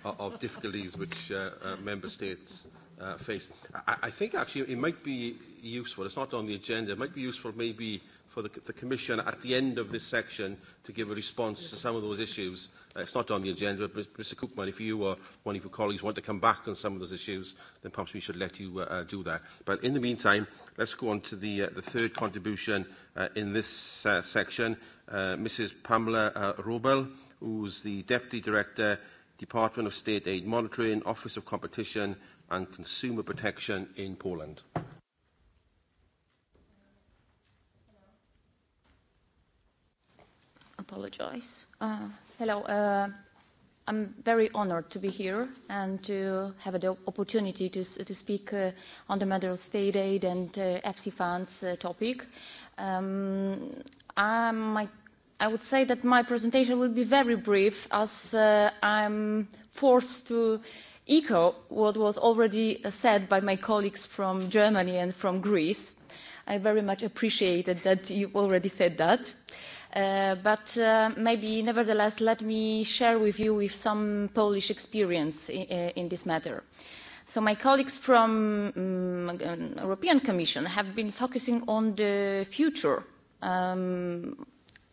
of, of difficulties which uh, uh, member states uh, face. I, I think actually it might be useful. It's not on the agenda. It might be useful maybe uh, for the, the Commission at the end of this section to give a response to some of those issues. Uh, it's not on the agenda, but Mr Cookman, if you or one of your colleagues want to come back on some of those issues, then perhaps we should let you uh, uh, do that. But in the meantime, let's go on to the, uh, the third contribution uh, in this uh, section. Uh, Mrs Pamela uh, Robel, who's the Deputy Director, Department of State Aid Monitoring, Office of Competition and Consumer Protection in Poland. Thank you. apologize. Uh, hello. Uh, I'm very honored to be here and to have the opportunity to, to speak uh, on the matter of state aid and uh, EFSI funds uh, topic. Um, I'm, um, my, I would say that my presentation will be very brief as uh, I'm forced to echo what was already uh, said by my colleagues from Germany and from Greece. I very much appreciated that you've already said that. Uh, Uh, but uh, maybe nevertheless let me share with you with some Polish experience in, uh, in this matter. So my colleagues from um, European Commission have been focusing on the future. Um,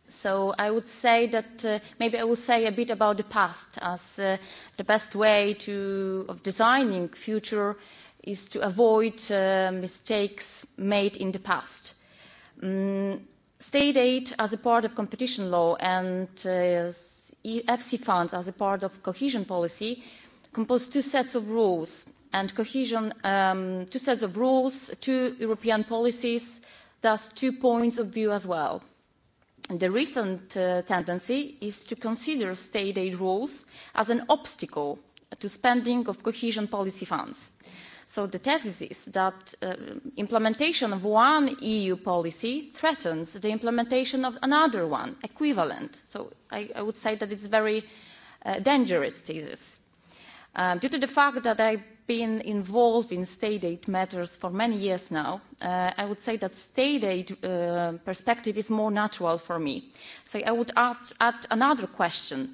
so I would say that uh, maybe I will say a bit about the past as uh, the best way to, of designing future is to avoid uh, mistakes made in the past. Um, State aid as a part of competition law and uh, EFC funds as a part of cohesion policy compose two sets of rules and cohesion, um, two sets of rules, two European policies, thus two points of view as well. And the recent uh, tendency is to consider state aid rules as an obstacle to spending of cohesion policy funds. So the thesis is that uh, implementation of one EU policy threatens the implementation of another one, equivalent. So I, I would say that it's very uh, dangerous thesis. Um, due to the fact that I've been involved in state aid matters for many years now, uh, I would say that state aid uh, perspective is more natural for me. So I would add, add another question. Uh,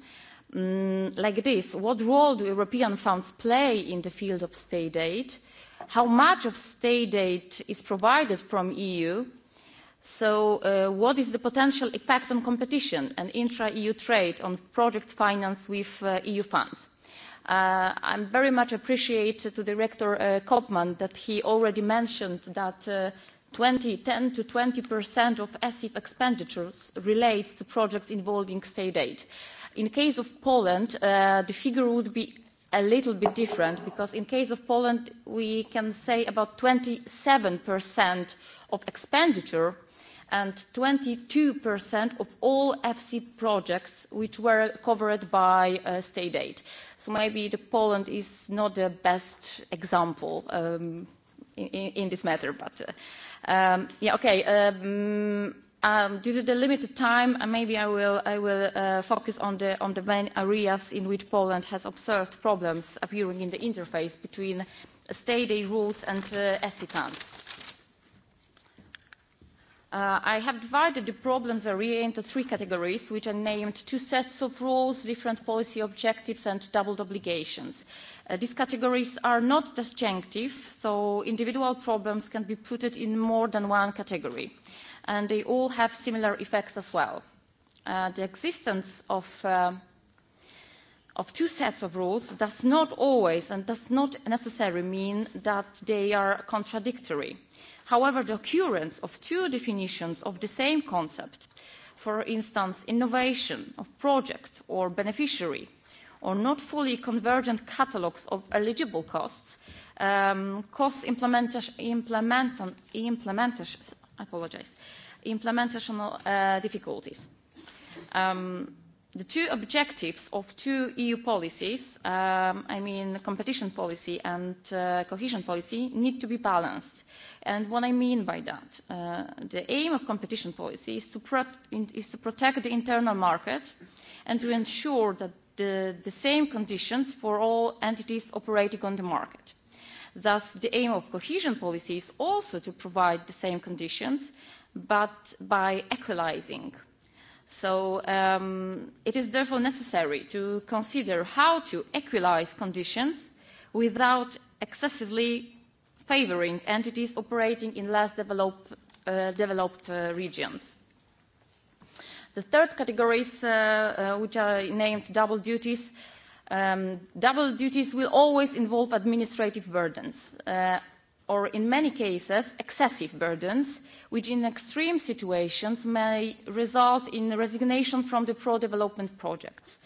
um, like this. What role do European funds play in the field of state aid? How much of state aid is provided from EU? So uh, what is the potential effect on competition and intra-EU trade on project finance with uh, EU funds? Uh, I very much appreciate to Director uh, Kopman that he already mentioned that uh, 20, 10 to 20% of ESIF expenditures relates to projects involving state aid. Uh, In case of Poland, uh, the figure would be a little bit different because in case of Poland, we can say about 27% of expenditure and 22% of all FC projects which were covered by uh, state aid. So maybe the Poland is not the best example um, in, in this matter, but uh, um, yeah, okay. Um, Um, due to the limited time, uh, maybe I will, I will uh, focus on the, on the main areas in which Poland has observed problems appearing in the interface between state aid rules and uh, ESI funds. Uh, I have divided the problems area into three categories, which are named two sets of rules, different policy objectives, and doubled obligations. Uh, these categories are not disjunctive, so individual problems can be put in more than one category. Uh, and they all have similar effects as well. Uh, the existence of, uh, of two sets of rules does not always and does not necessarily mean that they are contradictory. However, the occurrence of two definitions of the same concept, for instance, innovation of project or beneficiary, or not fully convergent catalogues of eligible costs, um, cost implementation, implementation, implementation, I apologize, implementational uh, difficulties. Um, the two objectives of two EU policies, um, I mean competition policy and uh, cohesion policy, need to be balanced. And what I mean by that, uh, the aim of competition policy is to, pro is to protect the internal market and to ensure that the, the same conditions for all entities operating on the market. Thus, the aim of cohesion policy is also to provide the same conditions but by equalizing. So um, it is therefore necessary to consider how to equalize conditions without excessively favoring entities operating in less developed, uh, developed uh, regions. The third category is, uh, uh, which are named double duties, um, double duties will always involve administrative burdens. Uh, or in many cases excessive burdens, which in extreme situations may result in resignation from the pro-development projects.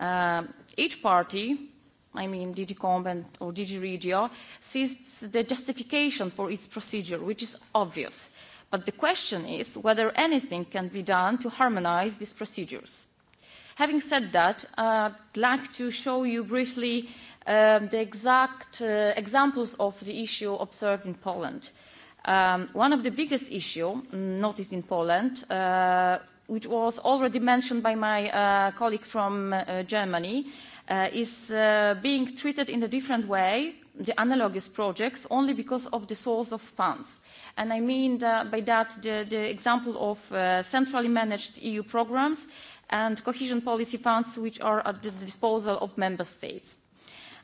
Uh, each party, I mean DG Comben or DG Regio, sees the justification for its procedure, which is obvious. But the question is whether anything can be done to harmonize these procedures. Having said that, uh, I'd like to show you briefly uh, um, the exact uh, examples of the issue observed in Poland. Um, one of the biggest issues mm, noticed in Poland, uh, which was already mentioned by my uh, colleague from uh, Germany, uh, is uh, being treated in a different way the analogous projects only because of the source of funds. And I mean that by that the, the example of uh, centrally managed EU programs and cohesion policy funds which are at the disposal of member states. Uh,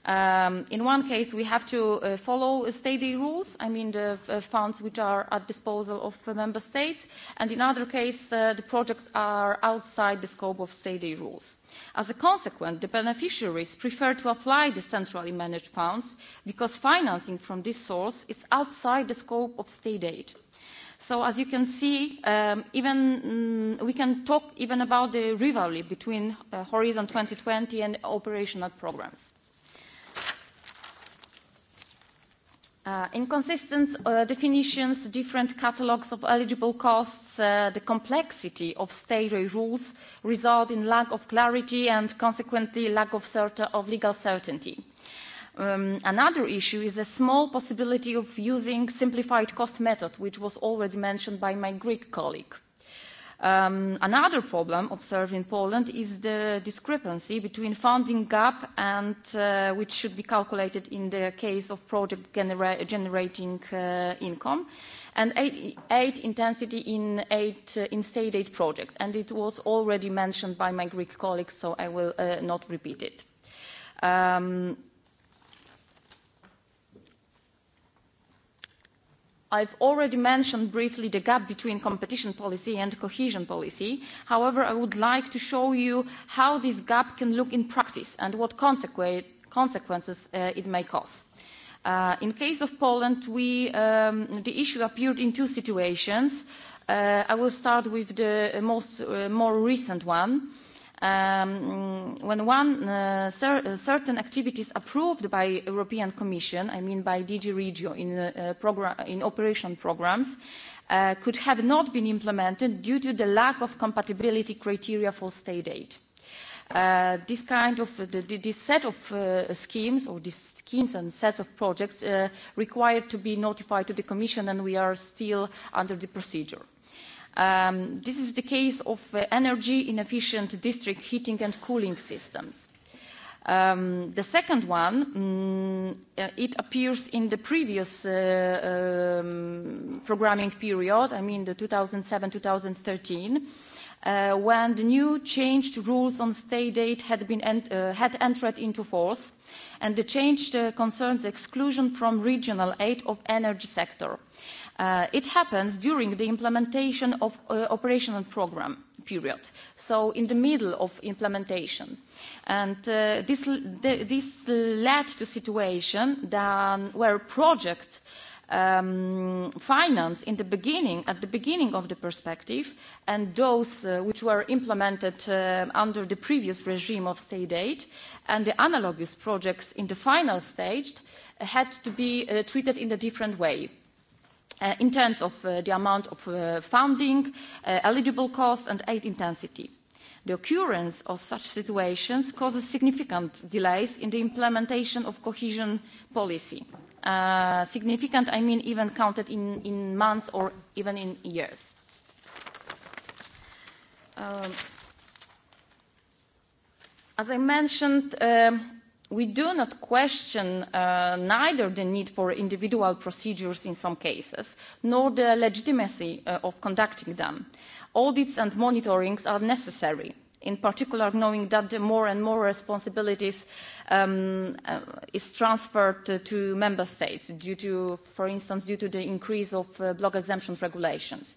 Um, in one case, we have to uh, follow state aid rules, I mean the uh, funds which are at disposal of uh, member states, and in other case, uh, the projects are outside the scope of state aid rules. As a consequence, the beneficiaries prefer to apply the centrally managed funds because financing from this source is outside the scope of state aid. So as you can see, um, even mm, we can talk even about the rivalry between uh, Horizon 2020 and operational programs. Uh, inconsistent uh, definitions, different catalogues of eligible costs, uh, the complexity of statutory rules result in lack of clarity and consequently lack of, certain, of legal certainty. Um, another issue is a small possibility of using simplified cost method, which was already mentioned by my Greek colleague. Um, another problem observed in Poland is the discrepancy between funding gap and uh, which should be calculated in the case of project genera generating uh, income and aid, aid intensity in, aid, uh, in state aid project. And it was already mentioned by my Greek colleagues, so I will uh, not repeat it. Um, I've already mentioned briefly the gap between competition policy and cohesion policy. However, I would like to show you how this gap can look in practice and what consequ consequences uh, it may cause. Uh, in case of Poland, we, um, the issue appeared in two situations. Uh, I will start with the most, uh, more recent one. Uh, um, when one uh, cer uh, certain activities approved by European Commission, I mean by DG Regio in, uh, program, in operation programs, uh, could have not been implemented due to the lack of compatibility criteria for state aid. Uh, this kind of uh, the, this set of uh, schemes or these schemes and sets of projects uh, required to be notified to the Commission and we are still under the procedure. Um, this is the case of uh, energy inefficient district heating and cooling systems. Um, the second one, mm, uh, it appears in the previous uh, um, programming period, I mean the 2007-2013, uh, when the new changed rules on stay date had, been ent uh, had entered into force, and the change uh, concerns exclusion from regional aid of energy sector. Uh, Uh, it happens during the implementation of uh, operational program period, so in the middle of implementation. And uh, this, the, this led to situation that, where project um, finance in the beginning, at the beginning of the perspective, and those uh, which were implemented uh, under the previous regime of state aid, and the analogous projects in the final stage had to be uh, treated in a different way. Uh, uh, in terms of uh, the amount of uh, funding, uh, eligible costs and aid intensity. The occurrence of such situations causes significant delays in the implementation of cohesion policy. Uh, significant, I mean even counted in, in months or even in years. Um, as I mentioned, um, we do not question uh, neither the need for individual procedures in some cases, nor the legitimacy uh, of conducting them. Audits and monitorings are necessary, in particular knowing that the more and more responsibilities um, uh, is transferred to, to member states due to, for instance, due to the increase of uh, block exemption regulations.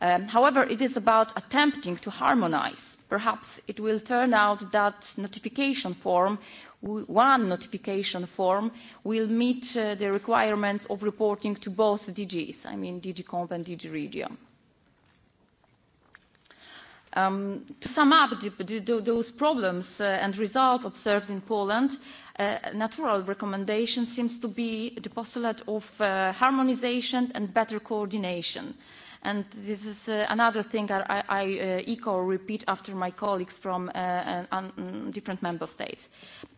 Um, however, it is about attempting to harmonize. Perhaps it will turn out that notification form one notification form will meet uh, the requirements of reporting to both DGs, I mean DG Comp and DG Regio. Um, to sum up the, the, those problems uh, and results observed in Poland, uh, natural recommendation seems to be the postulate of uh, harmonization and better coordination. Uh, And this is uh, another thing I, I uh, echo or repeat after my colleagues from uh, um, different member states.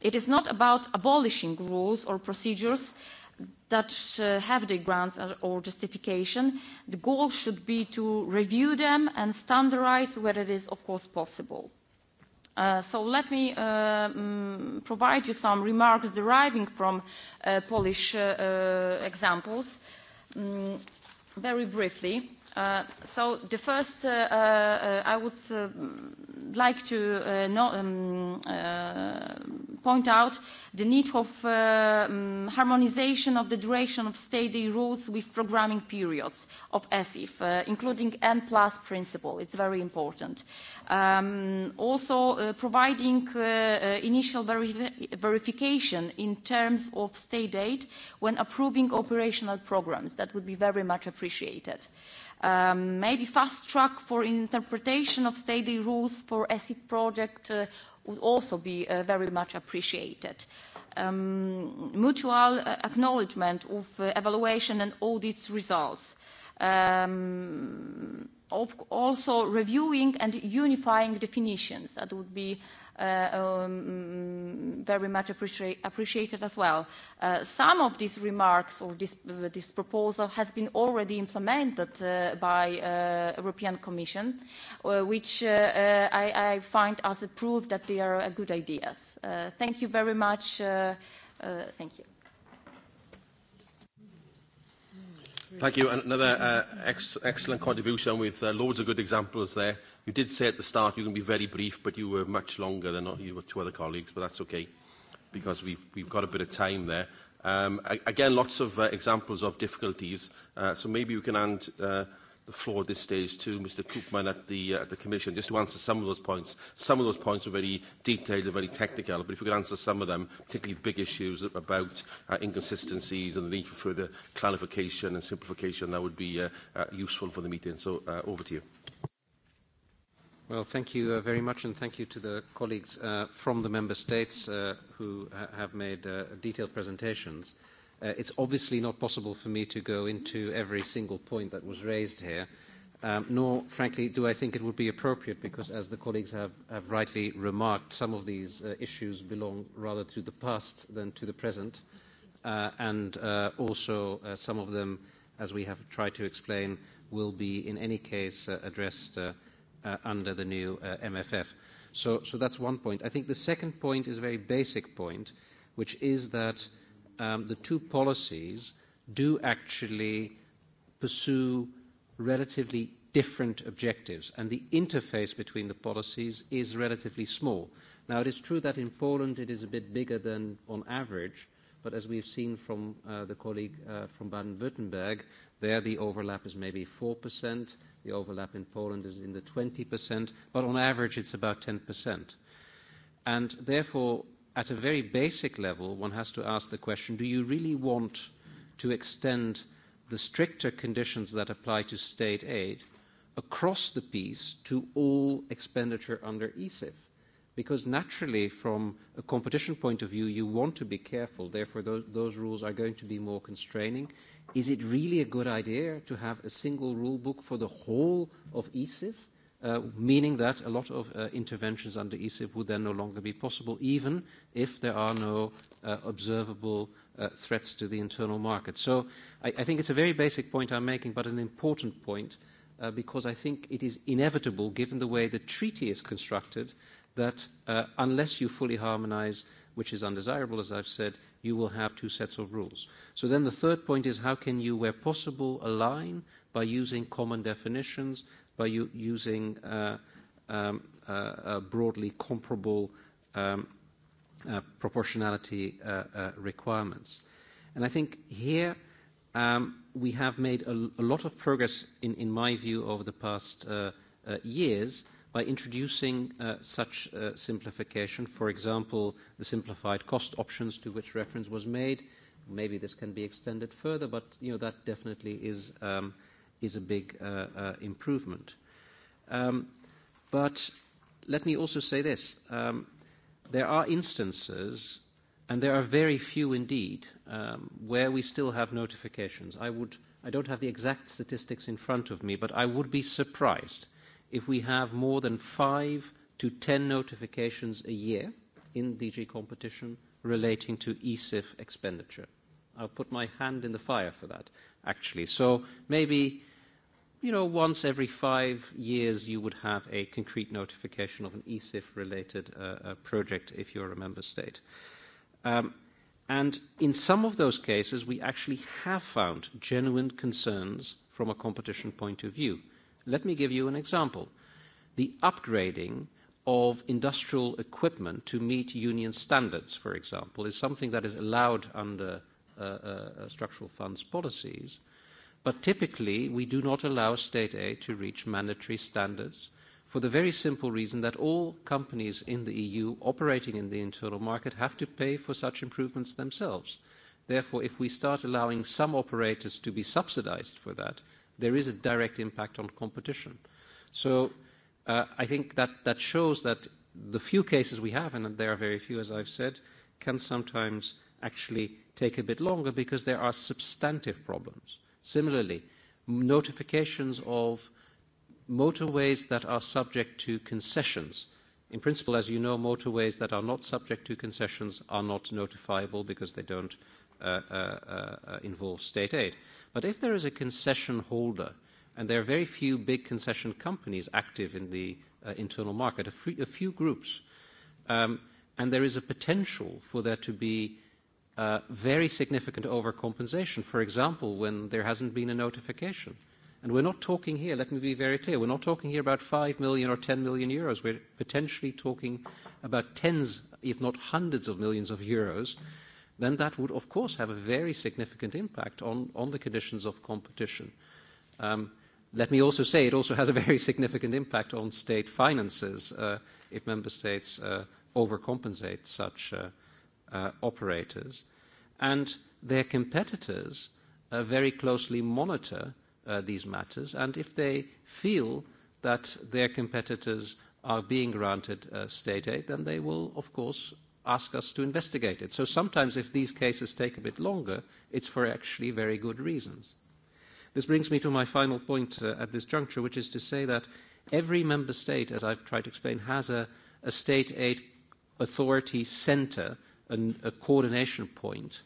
It is not about abolishing rules or procedures that uh, have the grounds or justification. The goal should be to review them and standardize where it is, of course, possible. Uh, so let me uh, um, provide you some remarks deriving from uh, Polish uh, uh, examples um, very briefly. Uh, so the first, uh, uh, I would uh, like to uh, no, um, uh, point out the need of uh, um, harmonization of the duration of steady rules with programming periods of ESIF, uh, including N plus principle. It's very important. Um, also, uh, providing uh, uh, initial verifi verification in terms of state aid when approving operational programs. That would be very much appreciated. Uh, um, maybe fast track for interpretation of state aid rules for ESIF project uh, would also be uh, very much appreciated. Um, mutual uh, acknowledgement of uh, evaluation and audits results. Um, of also reviewing and unifying definitions. That would be uh, uh, um, mm, very much appreciate, appreciated as well. Uh, some of these remarks or this, uh, this proposal has been already implemented uh, by uh, European Commission, uh, which uh, uh, I, I find as a proof that they are uh, good ideas. Uh, thank you very much. Uh, uh, thank you. Thank you. And another uh, ex excellent contribution with uh, loads of good examples there. You did say at the start you're going to be very brief, but you were much longer than you were two other colleagues, but that's okay because we've, we've got a bit of time there. Um, again, lots of uh, examples of difficulties, uh, so maybe we can hand uh, the floor at this stage to Mr. Koopman at the, uh, at the Commission, just to answer some of those points. Some of those points are very detailed and very technical, but if we could answer some of them, particularly big issues about uh, inconsistencies and the need for further clarification and simplification, that would be uh, uh, useful for the meeting. So uh, over to you. Well, thank you uh, very much, and thank you to the colleagues uh, from the member states uh, who ha have made uh, detailed presentations. Uh, Uh, it's obviously not possible for me to go into every single point that was raised here, um, nor, frankly, do I think it would be appropriate because, as the colleagues have, have rightly remarked, some of these uh, issues belong rather to the past than to the present, uh, and uh, also uh, some of them, as we have tried to explain, will be in any case uh, addressed uh, uh, under the new uh, MFF. So, so that's one point. I think the second point is a very basic point, which is that uh, um, the two policies do actually pursue relatively different objectives, and the interface between the policies is relatively small. Now, it is true that in Poland it is a bit bigger than on average, but as we've seen from uh, the colleague uh, from Baden-Württemberg, there the overlap is maybe 4%. The overlap in Poland is in the 20%, but on average, it's about 10%. And therefore, at a very basic level, one has to ask the question, do you really want to extend the stricter conditions that apply to state aid across the piece to all expenditure under ESIF? Because naturally, from a competition point of view, you want to be careful. Therefore, those, those rules are going to be more constraining. Is it really a good idea to have a single rule book for the whole of ESIF? Uh, uh, meaning that a lot of uh, interventions under ESIF would then no longer be possible, even if there are no uh, observable uh, threats to the internal market. So I, I think it's a very basic point I'm making, but an important point, uh, because I think it is inevitable, given the way the treaty is constructed, that uh, unless you fully harmonize, which is undesirable, as I've said, you will have two sets of rules. So then the third point is how can you, where possible, align by using common definitions by u- using uh, um, uh, uh, broadly comparable um, uh, proportionality uh, uh, requirements. And I think here um, we have made a, a lot of progress, in, in my view, over the past uh, uh, years by introducing uh, such uh, simplification. For example, the simplified cost options to which reference was made. Maybe this can be extended further, but you know, that definitely is um, uh, is a big uh, uh, improvement. Um, but let me also say this. Um, there are instances, and there are very few indeed, um, where we still have notifications. I, would, I don't have the exact statistics in front of me, but I would be surprised if we have more than five to 10 notifications a year in DG competition relating to ESIF expenditure. I'll put my hand in the fire for that, actually. So maybe you know, once every five years you would have a concrete notification of an ESIF-related uh, uh, project if you're a member state. Um, and in some of those cases, we actually have found genuine concerns from a competition point of view. Let me give you an example. The upgrading of industrial equipment to meet union standards, for example, is something that is allowed under uh, uh, uh structural funds policies – But typically, we do not allow state aid to reach mandatory standards for the very simple reason that all companies in the EU operating in the internal market have to pay for such improvements themselves. Therefore, if we start allowing some operators to be subsidized for that, there is a direct impact on competition. So uh, I think that, that shows that the few cases we have, and there are very few, as I've said, can sometimes actually take a bit longer because there are substantive problems. Uh, Similarly, notifications of motorways that are subject to concessions. In principle, as you know, motorways that are not subject to concessions are not notifiable because they don't uh, uh, uh, involve state aid. But if there is a concession holder, and there are very few big concession companies active in the uh, internal market, a, free, a few groups, um, and there is a potential for there to be uh, very significant overcompensation. For example, when there hasn't been a notification. And we're not talking here, let me be very clear, we're not talking here about 5 million or 10 million euros. We're potentially talking about tens, if not hundreds of millions of euros. Then that would, of course, have a very significant impact on, on the conditions of competition. Um, let me also say it also has a very significant impact on state finances uh, if member states uh, overcompensate such uh, uh, operators and their competitors uh, very closely monitor uh, these matters. And if they feel that their competitors are being granted uh, state aid, then they will, of course, ask us to investigate it. So sometimes if these cases take a bit longer, it's for actually very good reasons. This brings me to my final point uh, at this juncture, which is to say that every member state, as I've tried to explain, has a, a state aid authority center, an, a coordination point,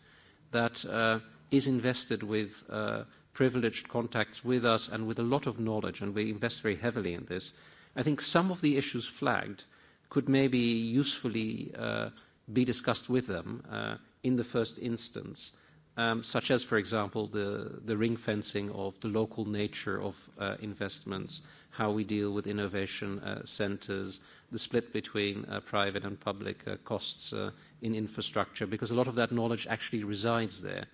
that uh, is invested with uh, privileged contacts with us and with a lot of knowledge, and we invest very heavily in this. I think some of the issues flagged could maybe usefully uh, be discussed with them uh, in the first instance, um, such as, for example, the, the ring fencing of the local nature of uh, investments, how we deal with innovation uh, centers, the split between uh, private and public uh, costs uh, in infrastructure because a lot of that knowledge actually resides there.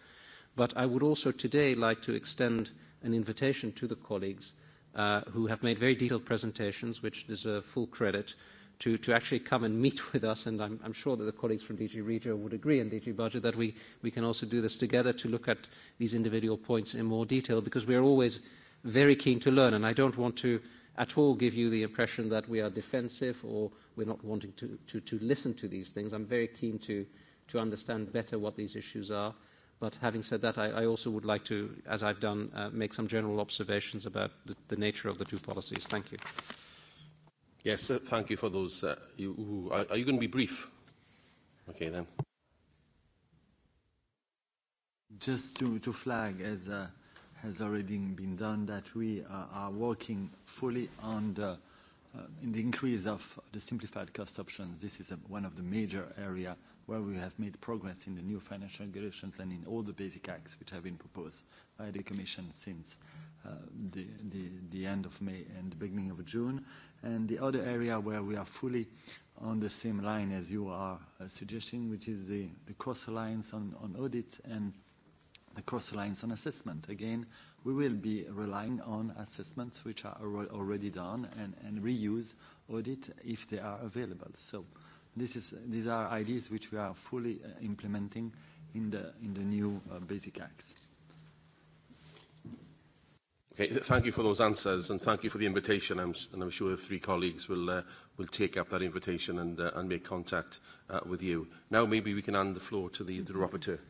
But I would also today like to extend an invitation to the colleagues uh, who have made very detailed presentations, which deserve full credit, to, to actually come and meet with us. And I'm, I'm sure that the colleagues from DG Regio would agree and DG Budget that we, we can also do this together to look at these individual points in more detail because we're always very keen to learn. And I don't want to uh, at all give you the impression that we are defensive or we're not wanting to, to, to listen to these things. I'm very keen to, to understand better what these issues are. But having said that, I, I also would like to, as I've done, uh, make some general observations about the, the nature of the two policies. Thank you. Yes, uh, thank you for those. Uh, you, ooh, are, are you going to be brief? Okay, then. Just to, to flag as a uh, has already been done, that we uh, are working fully on the uh, in the increase of the simplified cost options. This is a, one of the major area where we have made progress in the new financial regulations and in all the basic acts which have been proposed by the Commission since uh, the, the, the end of May and the beginning of June. And the other area where we are fully on the same line as you are uh, suggesting, which is the, the cross-alliance on, on audit and the cross-reliance on assessment. Again, we will be relying on assessments which are already done and, and reuse audit if they are available. So this is, these are ideas which we are fully uh, implementing in the, in the new uh, basic acts. Okay, thank you for those answers and thank you for the invitation. I'm, and I'm sure the three colleagues will, uh, will take up that invitation and, uh, and make contact uh, with you. Now maybe we can hand the floor to the, the rapporteur. Mm -hmm.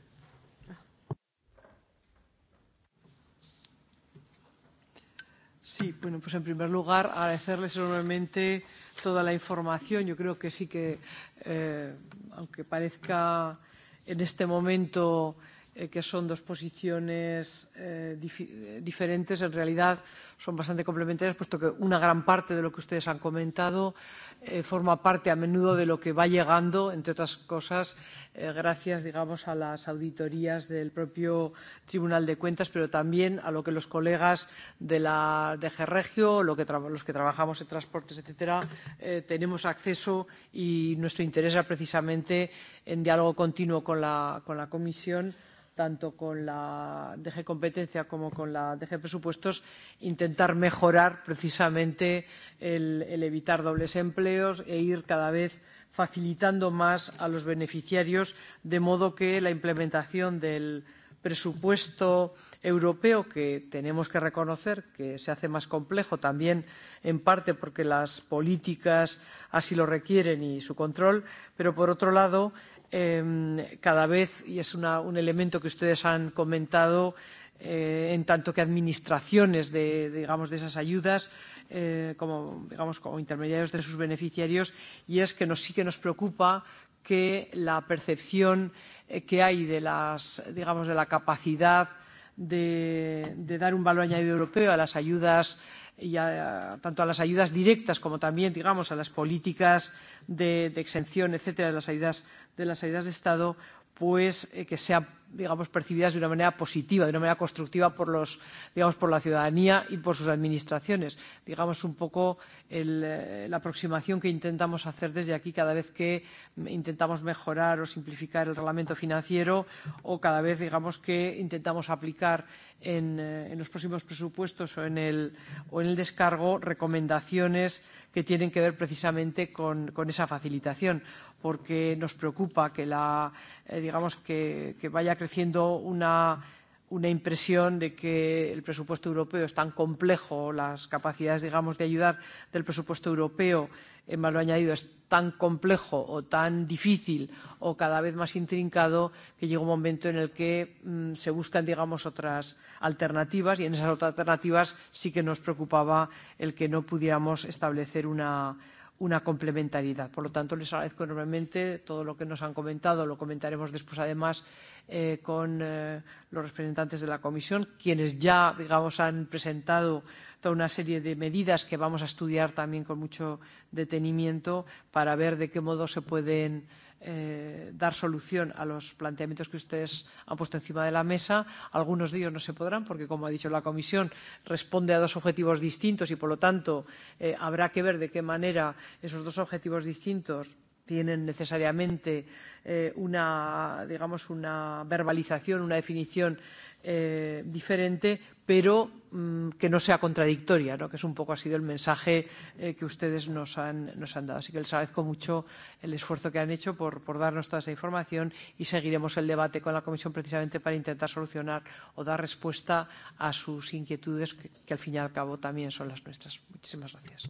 Sí, bueno, pues en primer lugar agradecerles enormemente toda la información. Yo creo que sí que, eh, aunque parezca en este momento eh, que son dos posiciones eh, dif eh, diferentes, en realidad son bastante complementarias, puesto que una gran parte de lo que ustedes han comentado eh, eh, forma parte a menudo de lo que va llegando, entre otras cosas, eh, gracias, digamos, a las auditorías del propio Tribunal de Cuentas, pero también a lo que los colegas de la de Gerregio, lo que los que trabajamos en transportes, etcétera, eh, tenemos acceso y nuestro interés era precisamente en diálogo continuo con la, con la Comisión tanto con la DG Competencia como con la DG Presupuestos, intentar mejorar precisamente el, el evitar dobles empleos e ir cada vez facilitando más a los beneficiarios, de modo que la implementación del presupuesto europeo, que tenemos que reconocer que se hace más complejo también en parte porque las políticas así lo requieren y su control, pero por otro lado eh, cada vez, y es una, un elemento que ustedes han comentado, eh, en tanto que administraciones de, digamos, de esas ayudas, eh, como, digamos, como intermediarios de sus beneficiarios, y es que nos, sí que nos preocupa que la percepción eh, que hay de, las, digamos, de la capacidad de, de dar un valor añadido europeo a las ayudas eh, y a, tanto a las ayudas directas como también, digamos, a las políticas de, de exención, etcétera, de las ayudas de las ayudas de Estado, pues eh, que sean digamos percibidas de una manera positiva, de una manera constructiva por los digamos por la ciudadanía y por sus administraciones. Digamos un poco el, eh, la aproximación que intentamos hacer desde aquí cada vez que intentamos mejorar o simplificar el reglamento financiero o cada vez digamos que intentamos aplicar en, eh, en los próximos presupuestos o en el o en el descargo recomendaciones que tienen que ver precisamente con, con esa facilitación porque nos preocupa que, la, eh, digamos que, que vaya creciendo una, una impresión de que el presupuesto europeo es tan complejo, las capacidades digamos, de ayudar del presupuesto europeo en valor añadido es tan complejo o tan difícil o cada vez más intrincado que llega un momento en el que mmm, se buscan digamos otras alternativas y en esas otras alternativas sí que nos preocupaba el que no pudiéramos establecer una, una complementariedad. Por lo tanto, les agradezco enormemente todo lo que nos han comentado. Lo comentaremos después, además, eh, con eh, los representantes de la Comisión, quienes ya, digamos, han presentado toda una serie de medidas que vamos a estudiar también con mucho detenimiento para ver de qué modo se pueden eh, dar solución a los planteamientos que ustedes han puesto encima de la mesa. Algunos de ellos no se podrán porque, como ha dicho la Comisión, responde a dos objetivos distintos y, por lo tanto, eh, habrá que ver de qué manera esos dos objetivos distintos tienen necesariamente eh, una, digamos, una verbalización, una definición eh, eh, diferente, pero mmm, que no sea contradictoria, ¿no? que es un poco ha sido el mensaje eh, que ustedes nos han, nos han dado. Así que les agradezco mucho el esfuerzo que han hecho por, por darnos toda esa información y seguiremos el debate con la Comisión precisamente para intentar solucionar o dar respuesta a sus inquietudes, que, que al fin y al cabo también son las nuestras. Muchísimas gracias.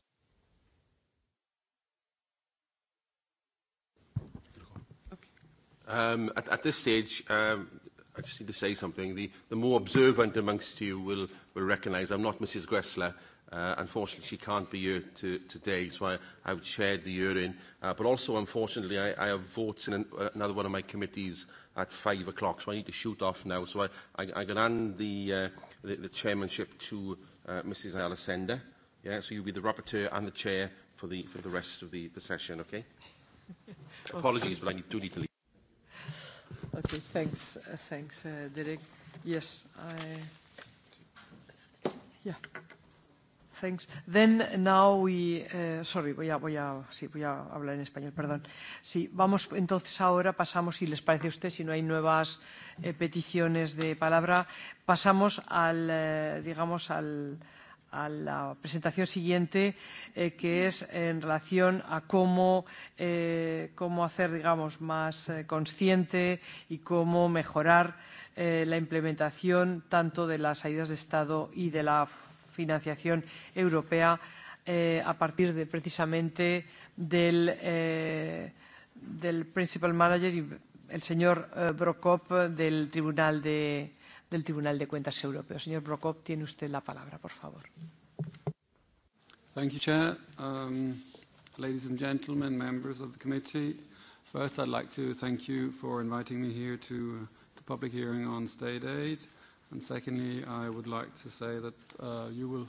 Um, at, at this stage, um, I just need to say something. The, the more observant amongst you will, will recognise I'm not Mrs Gressler. Uh, unfortunately, she can't be here to, today, so I, I've chaired the hearing. Uh, but also, unfortunately, I, I have votes in an, another one of my committees at five o'clock, so I need to shoot off now. So I, I, I can hand the, uh, the, the chairmanship to uh, Mrs Alessandra. Yeah, so you'll be the rapporteur and the chair for the, for the rest of the, the session, okay? Apologies, but I need, do need to leave. Okay, thanks. Uh, thanks, uh, Derek. Yes, I... Yeah. Thanks. Then now we... Eh, sorry, voy a, voy, a, sí, voy a hablar en español, perdón. Sí, vamos entonces ahora, pasamos, si les parece a usted, si no hay nuevas eh, peticiones de palabra, pasamos al, eh, digamos, al... Eh, a la presentación siguiente, eh, que es en relación a cómo, eh, cómo hacer, digamos, más eh, consciente y cómo mejorar eh, la implementación tanto de las ayudas de Estado y de la financiación europea eh, a partir de precisamente del, eh, del principal manager, el señor eh, Brokop eh, del Tribunal de del Tribunal de Cuentas Europeo. Señor Brokop, tiene usted la palabra, por favor. Thank you, Chair. Um, ladies and gentlemen, members of the committee, first I'd like to thank you for inviting me here to uh, the public hearing on state aid. And secondly, I would like to say that uh, you will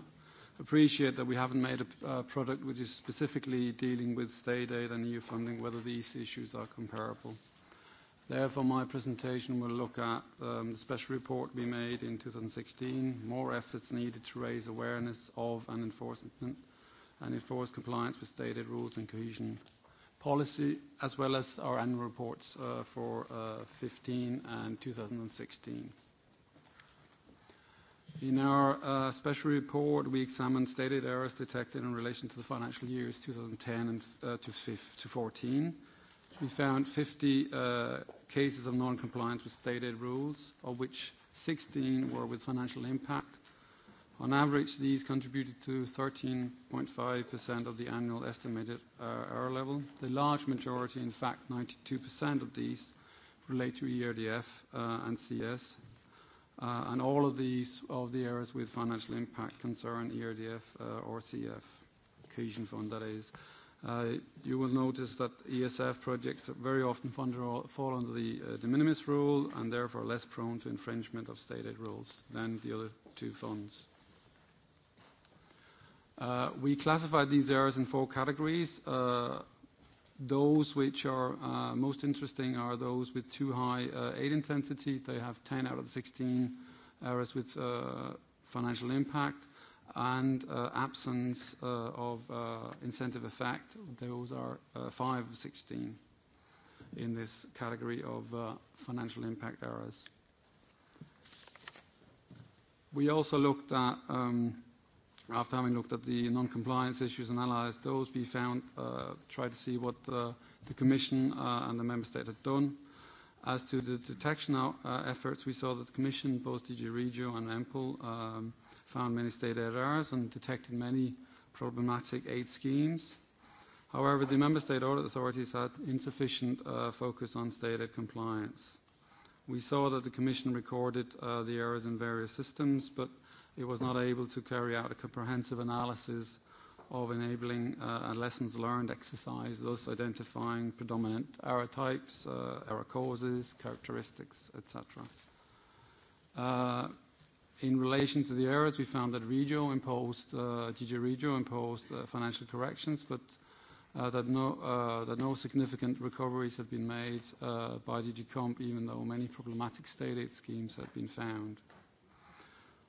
appreciate that we haven't made a, a product which is specifically dealing with state aid and EU funding, whether these issues are comparable. Therefore, my presentation will look at um, the special report we made in 2016, more efforts needed to raise awareness of and enforcement and enforce compliance with stated rules and cohesion policy, as well as our annual reports uh, for 2015 uh, and 2016. In our uh, special report, we examined stated errors detected in relation to the financial years 2010 and uh, to 2014 we found 50 uh, cases of non-compliance with state aid rules, of which 16 were with financial impact. On average, these contributed to 13.5% of the annual estimated uh, error level. The large majority, in fact, 92% of these, relate to ERDF uh, and CS. Uh, and all of these, of the errors with financial impact concern ERDF uh, or CF, cohesion fund that is. Uh, you will notice that ESF projects very often fall under the uh, de minimis rule and therefore less prone to infringement of state aid rules than the other two funds. Uh, we classify these areas in four categories. Uh, those which are uh, most interesting are those with too high uh, aid intensity. They have 10 out of 16 areas with financial impact and uh, absence uh, of uh, incentive effect. Those are uh, 5 of 16 in this category of uh, financial impact errors. We also looked at, um, after having looked at the non-compliance issues and analyzed those, we found, uh, tried to see what uh, the Commission uh, and the Member State had done. As to the detection uh, efforts, we saw that the Commission, both DG Regio and EMPL, um, found many state aid errors and detected many problematic aid schemes. However, the member state audit authorities had insufficient uh, focus on state aid compliance. We saw that the Commission recorded uh, the errors in various systems, but it was not able to carry out a comprehensive analysis of enabling uh, a lessons learned exercise, thus identifying predominant error types, uh, error causes, characteristics, etc. Uh, In relation to the errors, we found that Regio imposed, TG uh, Regio imposed uh, financial corrections, but uh, that no, that no significant recoveries had been made by DG Comp, even though many problematic state aid schemes had been found.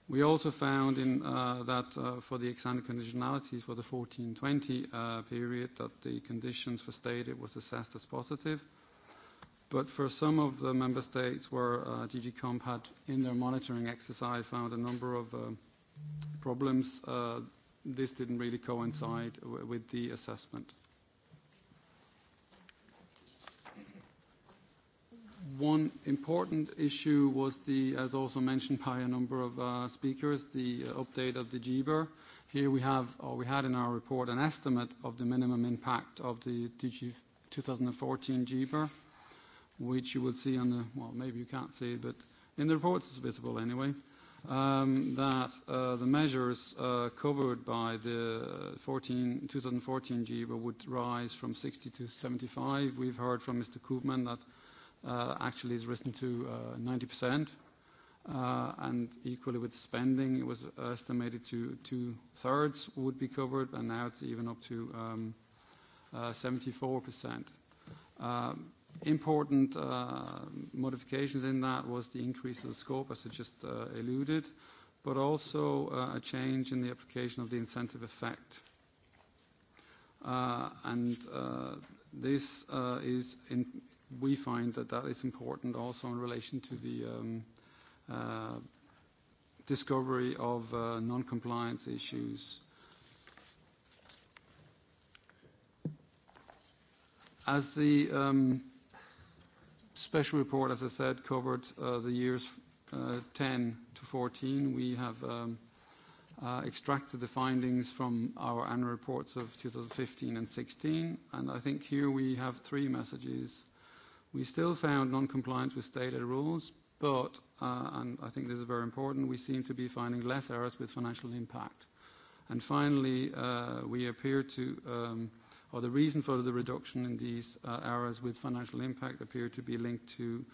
We also found in uh, that uh, for the ex-ante conditionalities for the 14/20 uh, period, that the conditions for state aid was assessed as positive, But for some of the member states where uh, DG Comp had in their monitoring exercise found a number of uh, problems, uh, this didn't really coincide w- with the assessment. One important issue was the, as also mentioned by a number of uh, speakers, the uh, update of the GBER. Here we have, or we had in our report, an estimate of the minimum impact of the DG 2014 GBER which you will see on the, well, maybe you can't see it, but in the reports it's visible anyway, um, that uh, the measures uh, covered by the 14, 2014 GEBA would rise from 60 to 75. We've heard from Mr. Koopman that uh, actually is risen to uh, 90%. Uh, and equally with spending, it was estimated to two-thirds would be covered, and now it's even up to um, uh, 74%. Um, Important uh, modifications in that was the increase of the scope, as I just uh, alluded, but also uh, a change in the application of the incentive effect. Uh, and uh, this uh, is in... We find that that is important also in relation to the um, discovery of non-compliance issues. As the um, special report, as I said, covered uh, the years uh, 10 to 14. We have um, uh, extracted the findings from our annual reports of 2015 and 16, and I think here we have three messages. We still found non-compliance with stated rules, but, uh, and I think this is very important, we seem to be finding less errors with financial impact. And finally, uh, we appear to um, or the reason for the reduction in these uh, errors with financial impact appear to be linked to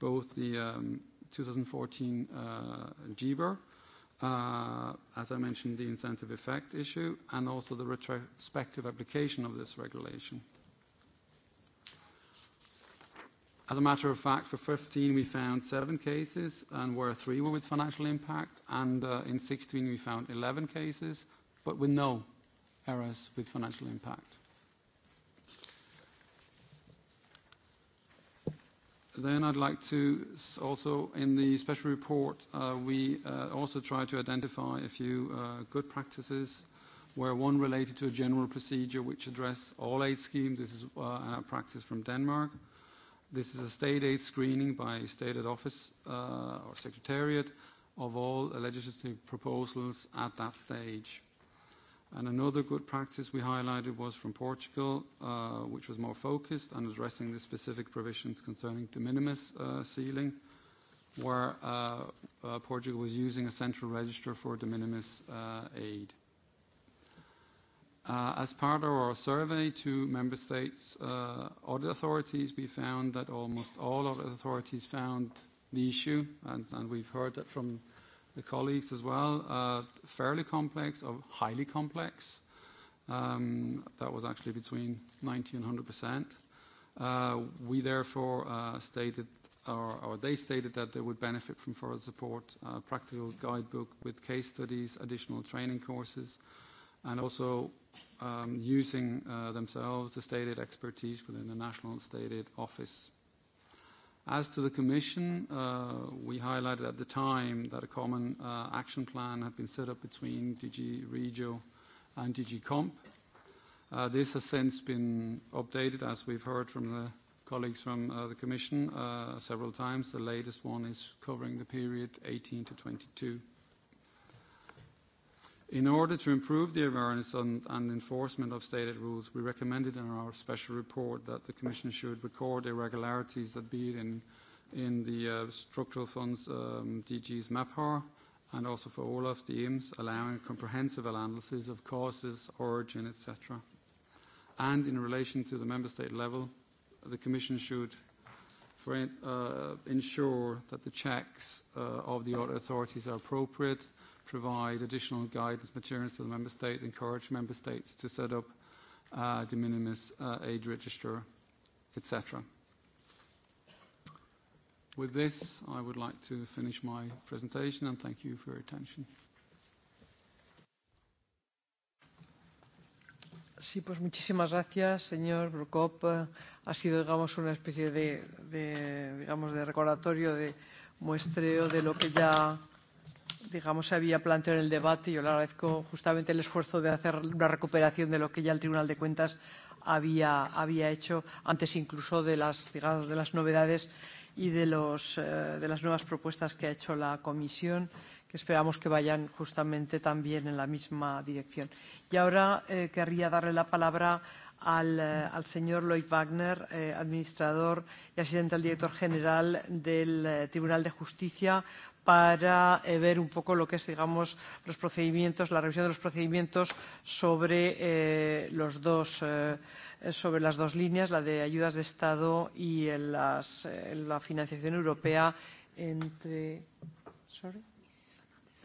both the um, 2014 uh, GBER, uh, as I mentioned, the incentive effect issue, and also the retrospective application of this regulation. As a matter of fact, for 15, we found seven cases, and where three were with financial impact, and uh, in 16, we found 11 cases, but with no errors with financial impact. Then I'd like to also, in the special report, uh, we uh, also try to identify a few uh, good practices, where one related to a general procedure which address all aid schemes. This is a uh, practice from Denmark. This is a state aid screening by state aid office uh, or secretariat of all legislative proposals at that stage. And another good practice we highlighted was from Portugal, uh, which was more focused on addressing the specific provisions concerning de minimis uh, sealing, where uh, uh, Portugal was using a central register for de minimis uh, aid. Uh, as part of our survey to member states' uh, audit authorities, we found that almost all audit authorities found the issue, and, and we've heard that from uh, the colleagues as well. Uh, fairly complex or highly complex. Um, that was actually between 90 and 100 percent. Uh, we therefore uh, stated, or, or they stated that they would benefit from further support, a uh, practical guidebook with case studies, additional training courses, and also um, using uh, themselves the stated expertise within the national stated office As to the Commission, uh, we highlighted at the time that a common uh, action plan had been set up between DG Regio and DG Comp. Uh, this has since been updated, as we've heard from the colleagues from uh, the Commission uh, several times. The latest one is covering the period 18 to 22. In order to improve the awareness on, and enforcement of stated rules, we recommended in our special report that the Commission should record irregularities that be in, in the uh, structural funds um, DG's MAPAR and also for Olaf, the IMS, allowing comprehensive analysis of causes, origin, etc. And in relation to the member state level, the Commission should for, uh, ensure that the checks uh, of the audit authorities are appropriate – provide additional guidance materials to the member state, encourage member states to set up uh, de minimis uh, aid register, etc. With this, I would like to finish my presentation, and thank you for your attention. Sí, pues muchísimas gracias, señor Brokop. Ha sido, digamos, una especie de, de, digamos, de recordatorio, de muestreo de lo que ya digamos, se había planteado en el debate. Yo le agradezco justamente el esfuerzo de hacer una recuperación de lo que ya el Tribunal de Cuentas había, había hecho antes incluso de las, digamos, de las novedades y de, los, eh, de las nuevas propuestas que ha hecho la Comisión, que esperamos que vayan justamente también en la misma dirección. Y ahora eh, querría darle la palabra al, eh, al señor Lloyd Wagner, eh, administrador y asistente al director general del eh, Tribunal de Justicia, para eh, ver un poco lo que es, digamos, los procedimientos, la revisión de los procedimientos sobre eh, los dos. Eh, sobre las dos líneas, la de ayudas de Estado y en las, en la financiación europea entre. Sorry.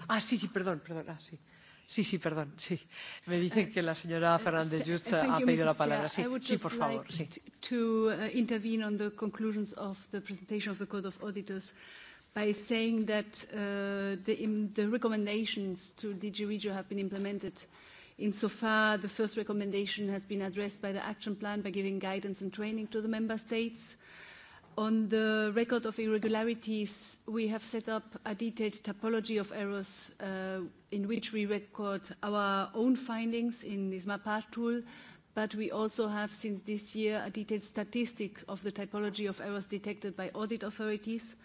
Ah, sí, sí, perdón, perdón. Ah, sí. Sí, sí, perdón, sí. Me dicen que la señora eh, Fernández Just eh, ha pedido la palabra. Sí, sí, por favor. Sí. To uh, intervene on the conclusions of the presentation of the Code of Auditors. Uh, by saying that uh, the, in the recommendations to DG Regio have been implemented. Insofar, the first recommendation has been addressed by the action plan by giving guidance and training to the member states. On the record of irregularities, we have set up a detailed typology of errors uh, in which we record our own findings in ISMA part tool, but we also have, since this year, a detailed statistics of the typology of errors detected by audit authorities. Uh,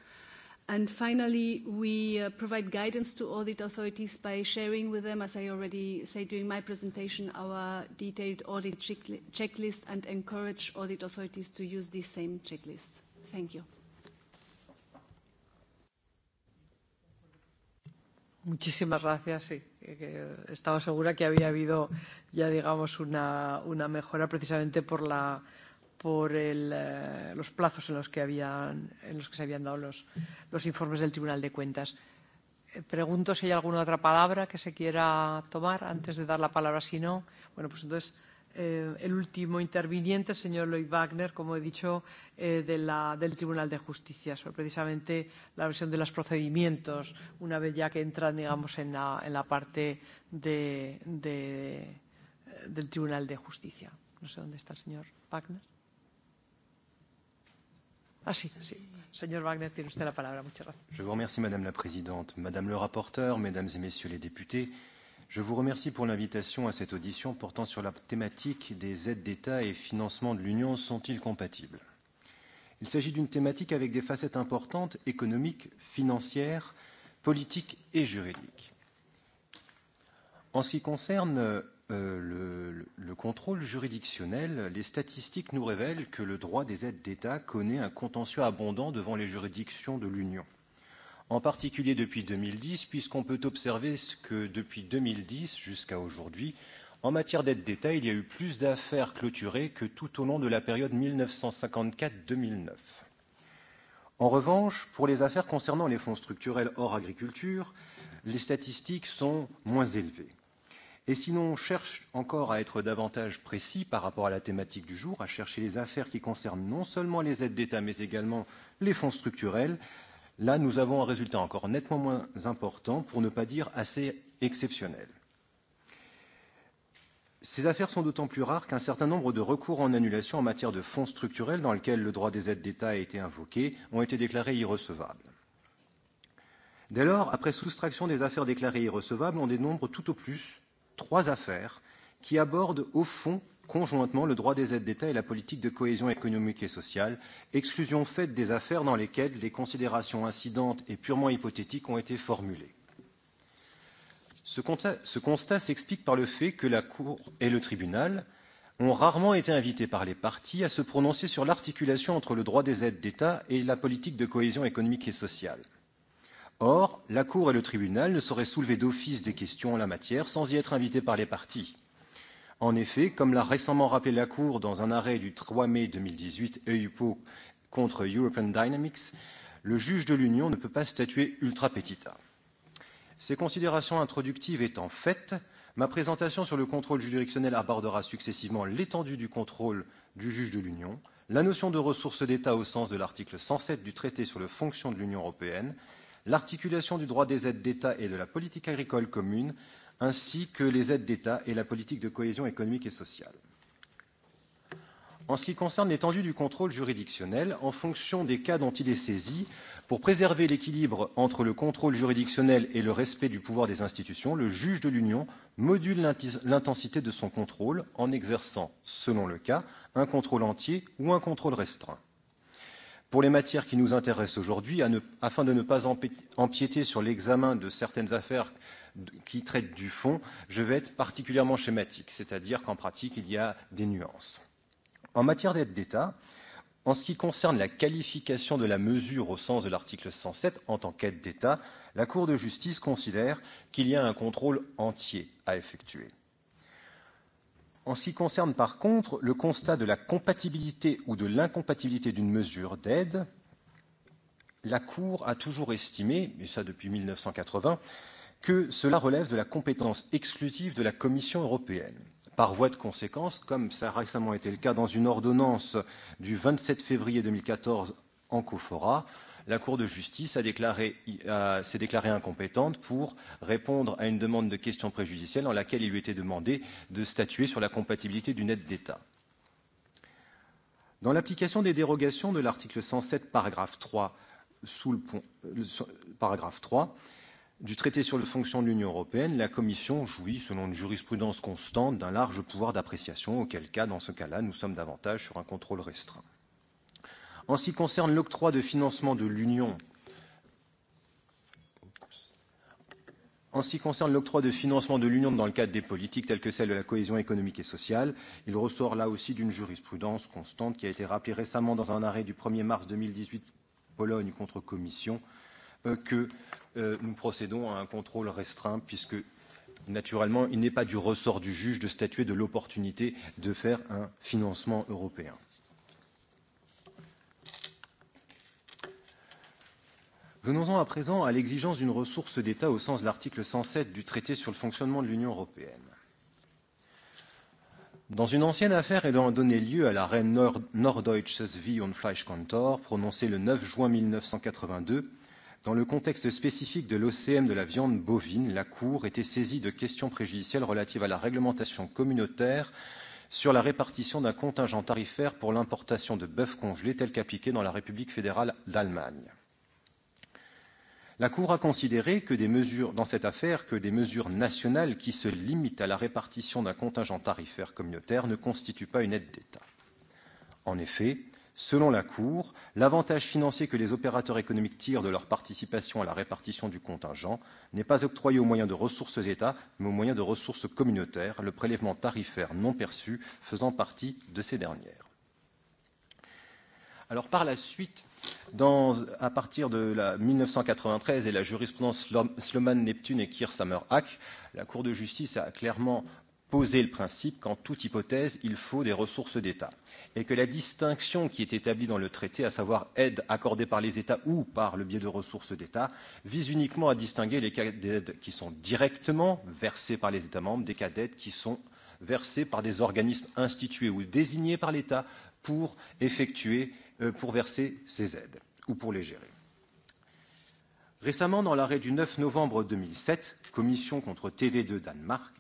And finally, we uh, provide guidance to audit authorities by sharing with them, as I already said during my presentation, our detailed audit checkli checklist and encourage audit authorities to use these same checklists. Thank you. Muchísimas gracias. Sí, que estaba segura que había habido ya, digamos, una, una mejora precisamente por la por el, eh, los plazos en los que, habían, en los que se habían dado los, los informes del Tribunal de Cuentas. Eh, pregunto si hay alguna otra palabra que se quiera tomar antes de dar la palabra. Si no, bueno, pues entonces eh, el último interviniente, señor Lloyd Wagner, como he dicho, eh, de la, del Tribunal de Justicia, sobre precisamente la versión de los procedimientos, una vez ya que entran, digamos, en la, en la parte de, de, eh, del Tribunal de Justicia. No sé dónde está el señor Wagner. Ah, sí, sí. Señor Wagner, tiene usted la palabra. Muchas gracias. Je vous remercie, Madame la Présidente, Madame le rapporteur, Mesdames et Messieurs les députés. Je vous remercie pour l'invitation à cette audition portant sur la thématique des aides d'État et financement de l'Union sont-ils compatibles Il s'agit d'une thématique avec des facettes importantes économiques, financières, politiques et juridiques. En ce qui concerne Euh, le, le contrôle juridictionnel, les statistiques nous révèlent que le droit des aides d'État connaît un contentieux abondant devant les juridictions de l'Union, en particulier depuis 2010, puisqu'on peut observer ce que depuis 2010 jusqu'à aujourd'hui, en matière d'aide d'État, il y a eu plus d'affaires clôturées que tout au long de la période 1954-2009. En revanche, pour les affaires concernant les fonds structurels hors agriculture, les statistiques sont moins élevées. Et si l'on cherche encore à être davantage précis par rapport à la thématique du jour, à chercher les affaires qui concernent non seulement les aides d'État, mais également les fonds structurels, là, nous avons un résultat encore nettement moins important, pour ne pas dire assez exceptionnel. Ces affaires sont d'autant plus rares qu'un certain nombre de recours en annulation en matière de fonds structurels dans lesquels le droit des aides d'État a été invoqué ont été déclarés irrecevables. Dès lors, après soustraction des affaires déclarées irrecevables, on dénombre tout au plus trois affaires qui abordent au fond conjointement le droit des aides d'État et la politique de cohésion économique et sociale, exclusion faite des affaires dans lesquelles des considérations incidentes et purement hypothétiques ont été formulées. Ce constat, ce constat s'explique par le fait que la Cour et le tribunal ont rarement été invités par les parties à se prononcer sur l'articulation entre le droit des aides d'État et la politique de cohésion économique et sociale. Or, la Cour et le tribunal ne sauraient soulever d'office des questions en la matière sans y être invités par les parties. En effet, comme l'a récemment rappelé la Cour dans un arrêt du 3 mai 2018 EUPO contre European Dynamics, le juge de l'Union ne peut pas statuer ultra petita. Ces considérations introductives étant faites, ma présentation sur le contrôle juridictionnel abordera successivement l'étendue du contrôle du juge de l'Union, la notion de ressources d'État au sens de l'article 107 du traité sur le fonction de l'Union européenne l'articulation du droit des aides d'État et de la politique agricole commune, ainsi que les aides d'État et la politique de cohésion économique et sociale. En ce qui concerne l'étendue du contrôle juridictionnel, en fonction des cas dont il est saisi, pour préserver l'équilibre entre le contrôle juridictionnel et le respect du pouvoir des institutions, le juge de l'Union module l'intensité de son contrôle en exerçant, selon le cas, un contrôle entier ou un contrôle restreint pour les matières qui nous intéressent aujourd'hui, afin de ne pas empiéter sur l'examen de certaines affaires qui traitent du fond, je vais être particulièrement schématique, c'est-à-dire qu'en pratique, il y a des nuances. En matière d'aide d'État, en ce qui concerne la qualification de la mesure au sens de l'article 107 en tant qu'aide d'État, la Cour de justice considère qu'il y a un contrôle entier à effectuer. En ce qui concerne, par contre, le constat de la compatibilité ou de l'incompatibilité d'une mesure d'aide, la Cour a toujours estimé, et ça depuis 1980, que cela relève de la compétence exclusive de la Commission européenne. Par voie de conséquence, comme ça a récemment été le cas dans une ordonnance du 27 février 2014 en COFORA, la Cour de justice a déclaré s'est déclarée incompétente pour répondre à une demande de questions préjudicielles dans laquelle il lui était demandé de statuer sur la compatibilité d'une aide d'État. Dans l'application des dérogations de l'article 107 paragraphe 3 sous le pont euh, paragraphe 3 du traité sur le fonction de l'Union européenne, la Commission jouit, selon une jurisprudence constante d'un large pouvoir d'appréciation, auquel cas, dans ce cas-là, nous sommes davantage sur un contrôle restreint. En ce qui concerne l'octroi de financement de l'Union, En ce qui concerne l'octroi de financement de l'Union dans le cadre des politiques telles que celle de la cohésion économique et sociale, il ressort là aussi d'une jurisprudence constante qui a été rappelée récemment dans un arrêt du 1er mars 2018 Pologne contre Commission euh, que euh, nous procédons à un contrôle restreint puisque naturellement il n'est pas du ressort du juge de statuer de l'opportunité de faire un financement européen. Venons-en à présent à l'exigence d'une ressource d'État au sens de l'article 107 du traité sur le fonctionnement de l'Union européenne. Dans une ancienne affaire ayant donné lieu à l'arrêt Norddeutsches Wie- und Fleischkontor prononcé le 9 juin 1982, dans le contexte spécifique de l'OCM de la viande bovine, la Cour était saisie de questions préjudicielles relatives à la réglementation communautaire sur la répartition d'un contingent tarifaire pour l'importation de bœuf congelé tel qu'appliqué dans la République fédérale d'Allemagne. La Cour a considéré que des mesures dans cette affaire que des mesures nationales qui se limitent à la répartition d'un contingent tarifaire communautaire ne constitue pas une aide d'État. En effet, selon la Cour, l'avantage financier que les opérateurs économiques tirent de leur participation à la répartition du contingent n'est pas octroyé au moyen de ressources État, mais au moyen de ressources communautaires, le prélèvement tarifaire non perçu faisant partie de ces dernières. Alors par la suite, dans, à partir de la 1993 et la jurisprudence Sloman-Neptune et Keir-Summer-Hack, la Cour de justice a clairement posé le principe qu'en toute hypothèse, il faut des ressources d'État et que la distinction qui est établie dans le traité, à savoir aide accordée par les États ou par le biais de ressources d'État, vise uniquement à distinguer les cas d'aide qui sont directement versés par les États membres des cas d'aide qui sont versés par des organismes institués ou désignés par l'État pour effectuer Euh, pour verser ces aides ou pour les gérer. Récemment, dans l'arrêt du 9 novembre 2007, Commission contre TV2 Danemark,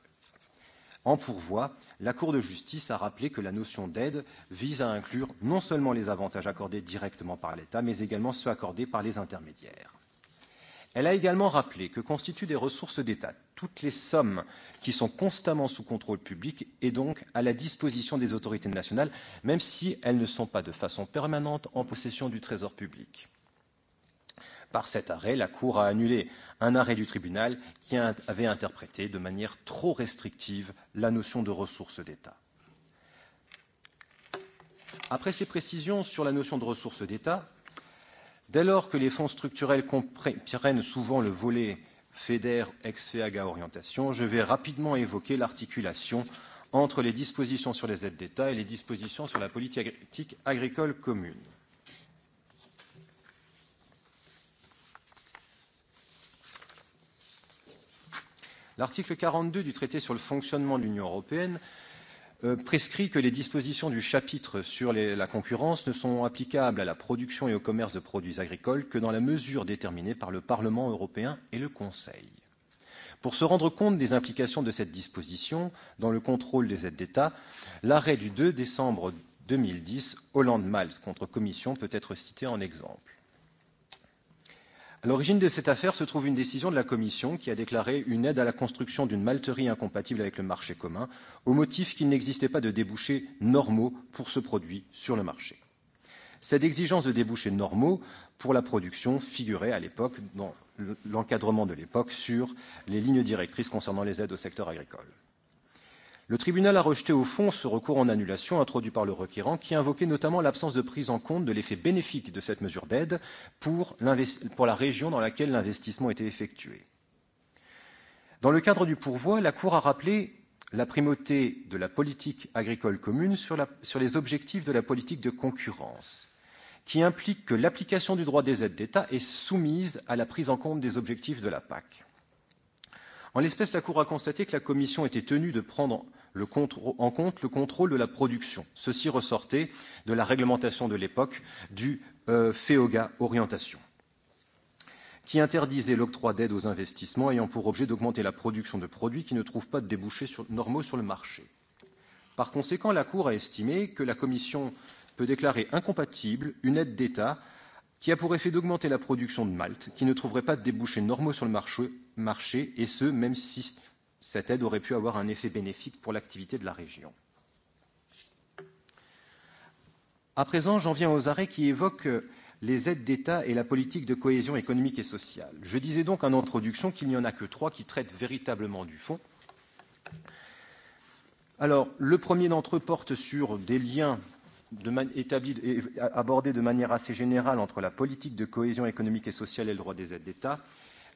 en pourvoi, la Cour de justice a rappelé que la notion d'aide vise à inclure non seulement les avantages accordés directement par l'État, mais également ceux accordés par les intermédiaires. Elle a également rappelé que constituent des ressources d'État toutes les sommes qui sont constamment sous contrôle public et donc à la disposition des autorités nationales, même si elles ne sont pas de façon permanente en possession du Trésor public. Par cet arrêt, la Cour a annulé un arrêt du tribunal qui avait interprété de manière trop restrictive la notion de ressources d'État. Après ces précisions sur la notion de ressources d'État, Dès lors que les fonds structurels comprennent souvent le volet FEDER ex FEAGA orientation, je vais rapidement évoquer l'articulation entre les dispositions sur les aides d'État et les dispositions sur la politique agricole commune. L'article 42 du traité sur le fonctionnement de l'Union européenne Euh, prescrit que les dispositions du chapitre sur les, la concurrence ne sont applicables à la production et au commerce de produits agricoles que dans la mesure déterminée par le Parlement européen et le Conseil. Pour se rendre compte des implications de cette disposition dans le contrôle des aides d'État, l'arrêt du 2 décembre 2010 Hollande-Malte contre Commission peut être cité en exemple. À l'origine de cette affaire se trouve une décision de la Commission qui a déclaré une aide à la construction d'une malterie incompatible avec le marché commun au motif qu'il n'existait pas de débouchés normaux pour ce produit sur le marché. Cette exigence de débouchés normaux pour la production figurait à l'époque dans l'encadrement de l'époque sur les lignes directrices concernant les aides au secteur agricole. Le tribunal a rejeté au fond ce recours en annulation introduit par le requérant qui invoquait notamment l'absence de prise en compte de l'effet bénéfique de cette mesure d'aide pour, pour la région dans laquelle l'investissement était effectué. Dans le cadre du pourvoi, la Cour a rappelé la primauté de la politique agricole commune sur, la, sur les objectifs de la politique de concurrence, qui implique que l'application du droit des aides d'État est soumise à la prise en compte des objectifs de la PAC. En l'espèce, la Cour a constaté que la Commission était tenue de prendre le en compte le contrôle de la production. Ceci ressortait de la réglementation de l'époque du euh, FEOGA Orientation qui interdisait l'octroi d'aides aux investissements ayant pour objet d'augmenter la production de produits qui ne trouvent pas de débouchés sur, normaux sur le marché. Par conséquent, la Cour a estimé que la Commission peut déclarer incompatible une aide d'État qui a pour effet d'augmenter la production de malt, qui ne trouverait pas de débouchés normaux sur le marché, marché, et ce, même si cette aide aurait pu avoir un effet bénéfique pour l'activité de la région. À présent, j'en viens aux arrêts qui évoquent les aides d'État et la politique de cohésion économique et sociale. Je disais donc en introduction qu'il n'y en a que trois qui traitent véritablement du fond. Alors, le premier d'entre eux porte sur des liens abordée de manière assez générale entre la politique de cohésion économique et sociale et le droit des aides d'État.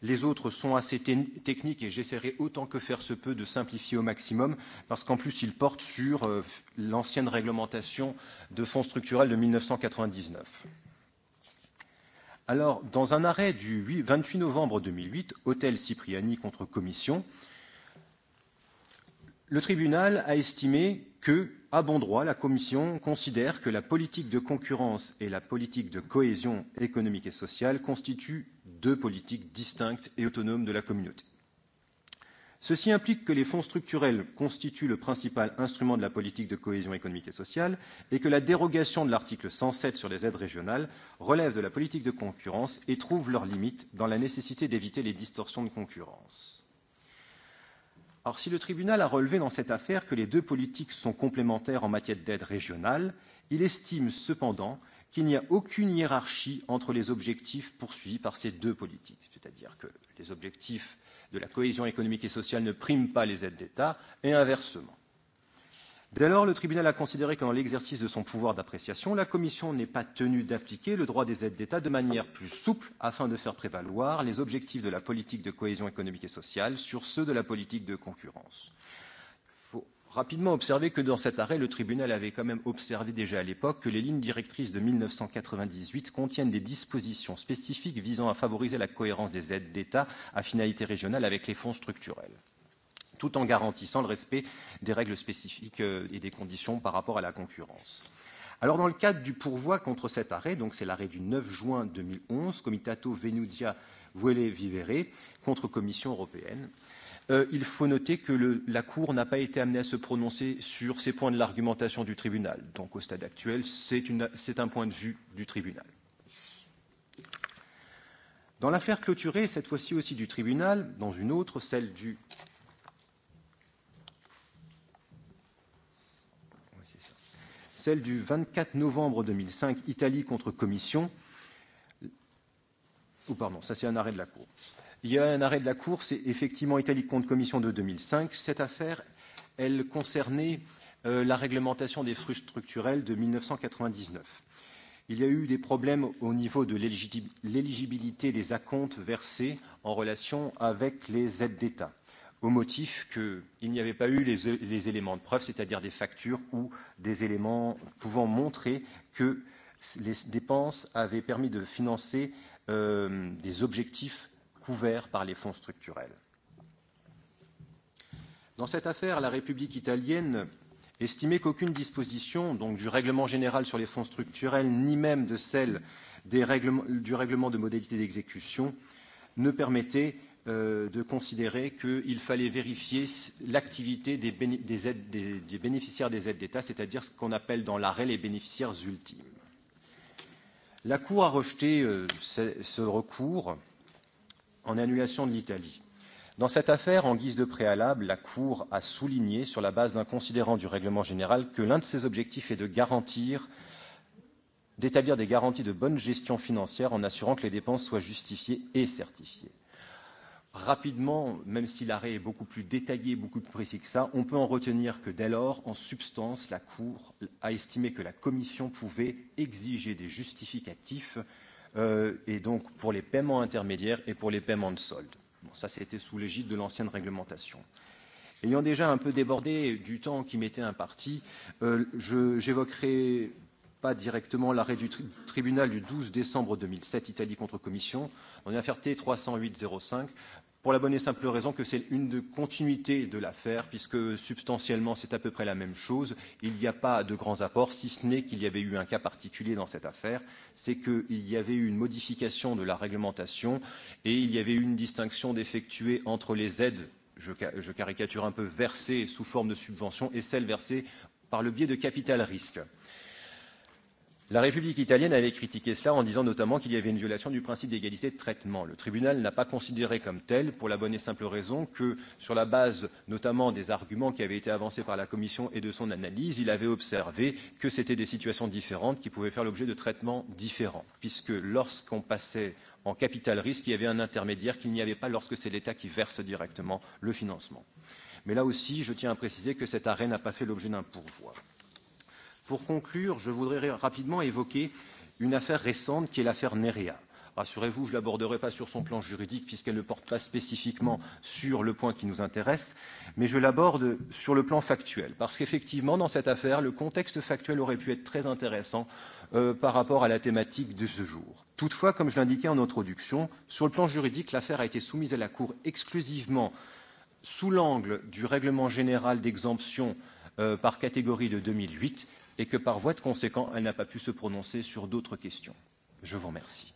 Les autres sont assez techniques et j'essaierai autant que faire se peut de simplifier au maximum parce qu'en plus ils portent sur euh, l'ancienne réglementation de fonds structurels de 1999. Alors, dans un arrêt du 8, 28 novembre 2008, hôtel Cipriani contre commission, le tribunal a estimé que, à bon droit, la Commission considère que la politique de concurrence et la politique de cohésion économique et sociale constituent deux politiques distinctes et autonomes de la communauté. Ceci implique que les fonds structurels constituent le principal instrument de la politique de cohésion économique et sociale et que la dérogation de l'article 107 sur les aides régionales relève de la politique de concurrence et trouve leurs limites dans la nécessité d'éviter les distorsions de concurrence. Alors si le tribunal a relevé dans cette affaire que les deux politiques sont complémentaires en matière d'aide régionale, il estime cependant qu'il n'y a aucune hiérarchie entre les objectifs poursuivis par ces deux politiques, c'est-à-dire que les objectifs de la cohésion économique et sociale ne priment pas les aides d'État et inversement. Dès lors, le tribunal a considéré que, dans l'exercice de son pouvoir d'appréciation, la Commission n'est pas tenue d'appliquer le droit des aides d'État de manière plus souple afin de faire prévaloir les objectifs de la politique de cohésion économique et sociale sur ceux de la politique de concurrence. Il faut rapidement observer que dans cet arrêt, le tribunal avait quand même observé déjà à l'époque que les lignes directrices de 1998 contiennent des dispositions spécifiques visant à favoriser la cohérence des aides d'État à finalité régionale avec les fonds structurels tout en garantissant le respect des règles spécifiques euh, et des conditions par rapport à la concurrence. Alors dans le cadre du pourvoi contre cet arrêt, donc c'est l'arrêt du 9 juin 2011, Comitato Venutia Vuole Vivere, contre Commission européenne, euh, il faut noter que le, la Cour n'a pas été amenée à se prononcer sur ces points de l'argumentation du tribunal. Donc au stade actuel, c'est un point de vue du tribunal. Dans l'affaire clôturée, cette fois-ci aussi du tribunal, dans une autre, celle du celle du 24 novembre 2005, Italie contre Commission. Ou oh, pardon, ça c'est un arrêt de la Cour. Il y a un arrêt de la Cour, c'est effectivement Italie contre Commission de 2005. Cette affaire, elle concernait euh, la réglementation des fruits structurels de 1999. Il y a eu des problèmes au niveau de l'éligibilité des acomptes versés en relation avec les aides d'État au motif qu'il n'y avait pas eu les, les éléments de preuve, c'est-à-dire des factures ou des éléments pouvant montrer que les dépenses avaient permis de financer euh, des objectifs couverts par les fonds structurels. Dans cette affaire, la République italienne estimait qu'aucune disposition donc du règlement général sur les fonds structurels ni même de celle des règlements, du règlement de modalités d'exécution ne permettait euh, de considérer qu'il fallait vérifier l'activité des, béné des, aides, des, des bénéficiaires des aides d'État, c'est-à-dire ce qu'on appelle dans l'arrêt les bénéficiaires ultimes. La Cour a rejeté euh, ce, ce recours en annulation de l'Italie. Dans cette affaire, en guise de préalable, la Cour a souligné, sur la base d'un considérant du règlement général, que l'un de ses objectifs est de garantir d'établir des garanties de bonne gestion financière en assurant que les dépenses soient justifiées et certifiées rapidement, même si l'arrêt est beaucoup plus détaillé, beaucoup plus précis que ça, on peut en retenir que dès lors, en substance, la Cour a estimé que la Commission pouvait exiger des justificatifs euh, et donc pour les paiements intermédiaires et pour les paiements de solde. Bon, ça, c'était sous l'égide de l'ancienne réglementation. Ayant déjà un peu débordé du temps qui m'était imparti, euh, j'évoquerai pas directement l'arrêt du tri tribunal du 12 décembre 2007, Italie contre Commission, dans l'affaire T308-05, pour la bonne et simple raison que c'est une de continuité de l'affaire, puisque substantiellement c'est à peu près la même chose. Il n'y a pas de grands apports, si ce n'est qu'il y avait eu un cas particulier dans cette affaire, c'est qu'il y avait eu une modification de la réglementation et il y avait eu une distinction d'effectuer entre les aides je, je caricature un peu versées sous forme de subvention et celles versées par le biais de capital risque. Euh, La République italienne avait critiqué cela en disant notamment qu'il y avait une violation du principe d'égalité de traitement. Le tribunal n'a pas considéré comme tel pour la bonne et simple raison que, sur la base notamment des arguments qui avaient été avancés par la Commission et de son analyse, il avait observé que c'était des situations différentes qui pouvaient faire l'objet de traitements différents, puisque lorsqu'on passait en capital risque, il y avait un intermédiaire qu'il n'y avait pas lorsque c'est l'État qui verse directement le financement. Mais là aussi, je tiens à préciser que cet arrêt n'a pas fait l'objet d'un pourvoi. Euh, Pour conclure, je voudrais rapidement évoquer une affaire récente qui est l'affaire Nerea. Rassurez-vous, je ne l'aborderai pas sur son plan juridique puisqu'elle ne porte pas spécifiquement sur le point qui nous intéresse, mais je l'aborde sur le plan factuel. Parce qu'effectivement, dans cette affaire, le contexte factuel aurait pu être très intéressant euh, par rapport à la thématique de ce jour. Toutefois, comme je l'indiquais en introduction, sur le plan juridique, l'affaire a été soumise à la Cour exclusivement sous l'angle du règlement général d'exemption euh, par catégorie de 2008 et que par voie de conséquent, elle n'a pas pu se prononcer sur d'autres questions. Je vous remercie.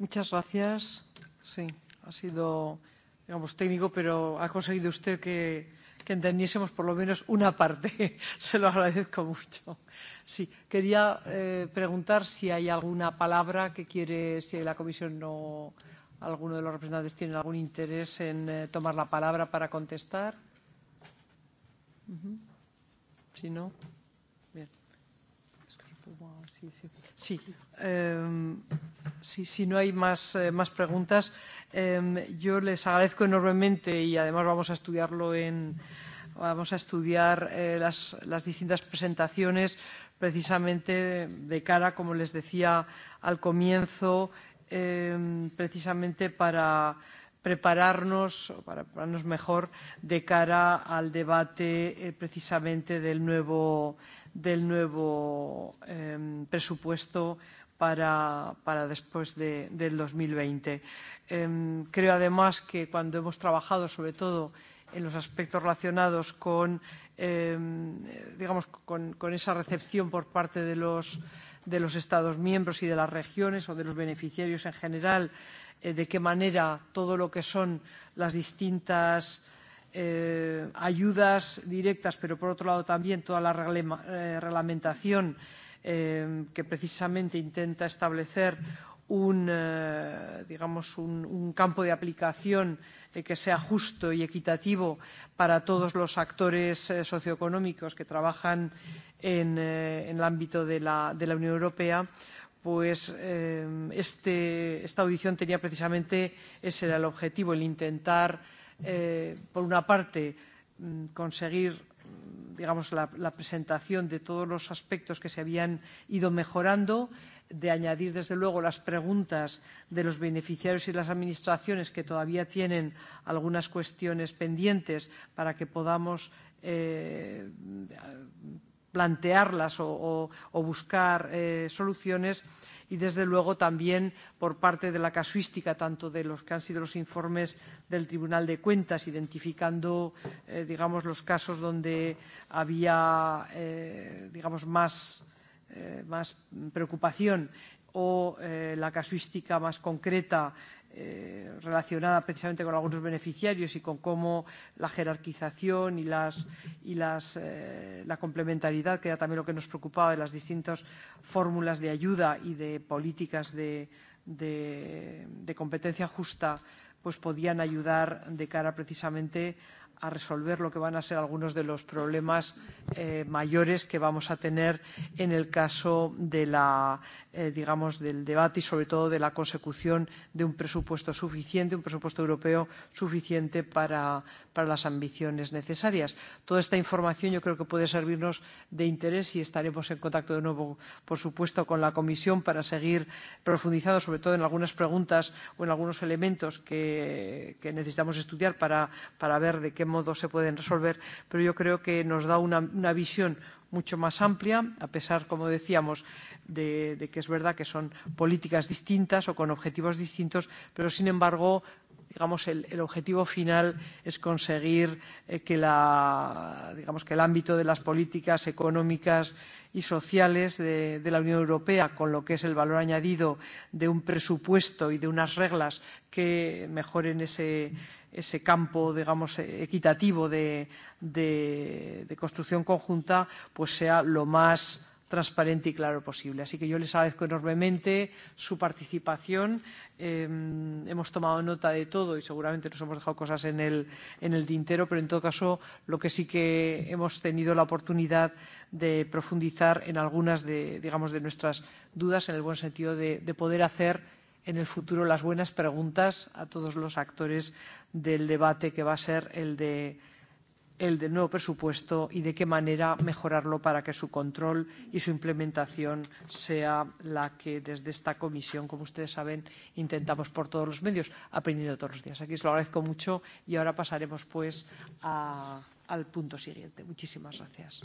Muchas gracias. Sí, ha sido, digamos, técnico, pero ha conseguido usted que, que entendiésemos por lo menos una parte. Se lo agradezco mucho. Sí, quería eh, preguntar si hay alguna palabra que quiere, si la comisión no, alguno de los representantes tiene algún interés en eh, tomar la palabra para contestar. Mm-hmm. Sinon Bien. Est-ce que je peux voir si, si... Sí. Eh, si, si no hay más, eh, más preguntas, eh, yo les agradezco enormemente y además vamos a estudiarlo en. Vamos a estudiar eh, las, las distintas presentaciones precisamente de cara, como les decía al comienzo, eh, precisamente para prepararnos, para prepararnos mejor de cara al debate eh, precisamente del nuevo, del nuevo eh, presupuesto para, para después de, del 2020. Eh, creo además que cuando hemos trabajado sobre todo en los aspectos relacionados con, eh, digamos, con, con esa recepción por parte de los, de los Estados miembros y de las regiones o de los beneficiarios en general, eh, eh, de qué manera todo lo que son las distintas eh, ayudas directas, pero por otro lado también toda la reglema, eh, reglamentación eh, que precisamente intenta establecer un, eh, digamos, un, un campo de aplicación eh, que sea justo y equitativo para todos los actores eh, socioeconómicos que trabajan en, eh, en el ámbito de la, de la Unión Europea, eh, pues eh, este, esta audición tenía precisamente ese era el objetivo, el intentar, eh, por una parte, mm, conseguir mm, digamos, la, la presentación de todos los aspectos que se habían ido mejorando, de añadir, desde luego, las preguntas de los beneficiarios y las administraciones que todavía tienen algunas cuestiones pendientes para que podamos eh, plantearlas o, o, o buscar eh, soluciones y desde luego también por parte de la casuística tanto de los que han sido los informes del Tribunal de Cuentas identificando eh, digamos los casos donde había eh, digamos más eh, más preocupación o eh, la casuística más concreta eh, eh, relacionada precisamente con algunos beneficiarios y con cómo la jerarquización y, las, y las, eh, la complementariedad, que era también lo que nos preocupaba de las distintas fórmulas de ayuda y de políticas de, de, de competencia justa, pues podían ayudar de cara precisamente a resolver lo que van a ser algunos de los problemas eh, mayores que vamos a tener en el caso de la eh, digamos, del debate y sobre todo de la consecución de un presupuesto suficiente, un presupuesto europeo suficiente para, para las ambiciones necesarias. Toda esta información yo creo que puede servirnos de interés y estaremos en contacto de nuevo, por supuesto, con la Comisión para seguir profundizando, sobre todo en algunas preguntas o en algunos elementos que, que necesitamos estudiar para, para ver de qué modo se pueden resolver. Pero yo creo que nos da una, una visión mucho más amplia, a pesar, como decíamos, de, de que es verdad que son políticas distintas o con objetivos distintos, pero sin embargo digamos, el, el objetivo final es conseguir eh, que, la, digamos, que el ámbito de las políticas económicas y sociales de, de la Unión Europea, con lo que es el valor añadido de un presupuesto y de unas reglas que mejoren ese, ese campo, digamos, equitativo de, de, de construcción conjunta, pues sea lo más transparente y claro posible. Así que yo les agradezco enormemente su participación. Eh, hemos tomado nota de todo y seguramente nos hemos dejado cosas en el, en el tintero, pero en todo caso lo que sí que hemos tenido la oportunidad de profundizar en algunas de, digamos, de nuestras dudas, en el buen sentido de, de poder hacer en el futuro las buenas preguntas a todos los actores del debate que va a ser el de el del nuevo presupuesto y de qué manera mejorarlo para que su control y su implementación sea la que desde esta comisión, como ustedes saben, intentamos por todos los medios, aprendiendo todos los días. Aquí se lo agradezco mucho y ahora pasaremos pues a, al punto siguiente. Muchísimas gracias.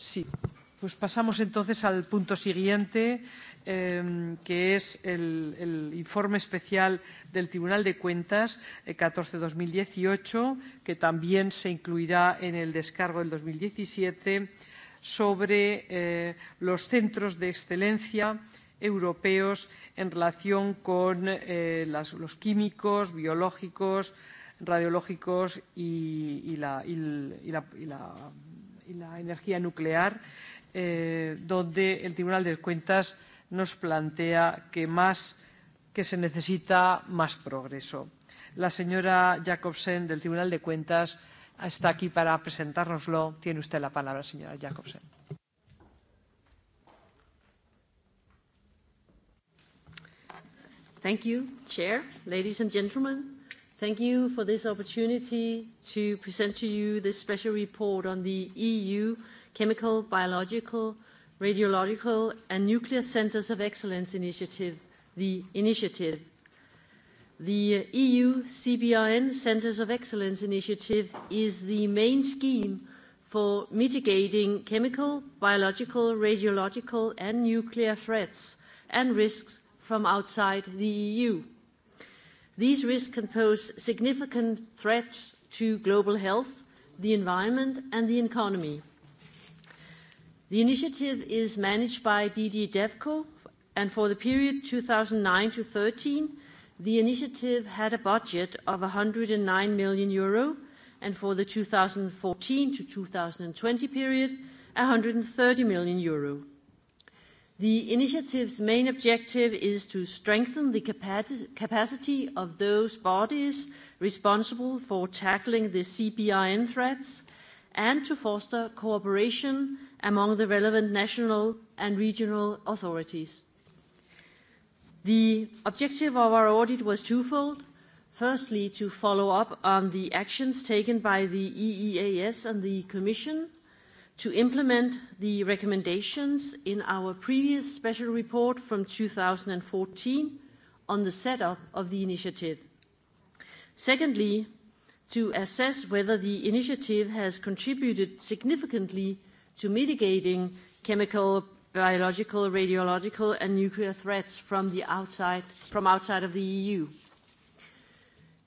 Sí. Pues pasamos entonces al punto siguiente, eh, que es el, el informe especial del Tribunal de Cuentas eh, 14-2018, que también se incluirá en el descargo del 2017, sobre eh, los centros de excelencia europeos en relación con eh, las, los químicos, biológicos, radiológicos y, y, la, y, y, la, y la y la energía nuclear, eh, donde el Tribunal de Cuentas nos plantea que, más, que se necesita más progreso. La señora Jacobsen del Tribunal de Cuentas está aquí para presentárnoslo. Tiene usted la palabra, señora Jacobsen. Thank you, Chair, ladies and gentlemen. Thank you for this opportunity to present to you this special report on the EU Chemical, Biological, Radiological and Nuclear Centres of Excellence Initiative, the initiative. The EU CBRN Centres of Excellence Initiative is the main scheme for mitigating chemical, biological, radiological and nuclear threats and risks from outside the EU. These risks can pose significant threats to global health, the environment, and the economy. The initiative is managed by DG DevCo, and for the period 2009 to 2013, the initiative had a budget of 109 million euro, and for the 2014 to 2020 period, 130 million euro. The initiative's main objective is to strengthen the capacity of those bodies responsible for tackling the CBRN threats and to foster cooperation among the relevant national and regional authorities. The objective of our audit was twofold. Firstly, to follow up on the actions taken by the EEAS and the Commission to implement the recommendations in our previous special report from 2014 on the setup of the initiative. Secondly, to assess whether the initiative has contributed significantly to mitigating chemical, biological, radiological, and nuclear threats from outside, from outside of the EU.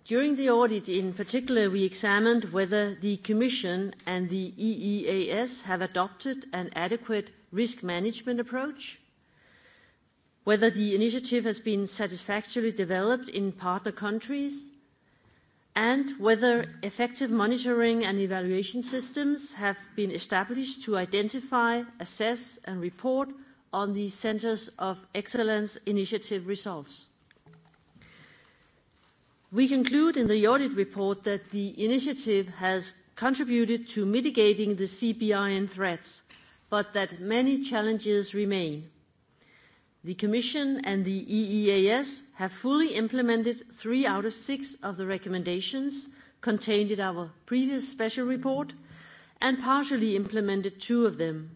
During the audit, in particular, we examined whether the Commission and the EEAS have adopted an adequate risk management approach, whether the initiative has been satisfactorily developed in partner countries, and whether effective monitoring and evaluation systems have been established to identify, assess, and report on the Centers of Excellence initiative results. We conclude in the audit report that the initiative has contributed to mitigating the CBRN threats, but that many challenges remain. The Commission and the EEAS have fully implemented three out of six of the recommendations contained in our previous special report and partially implemented two of them.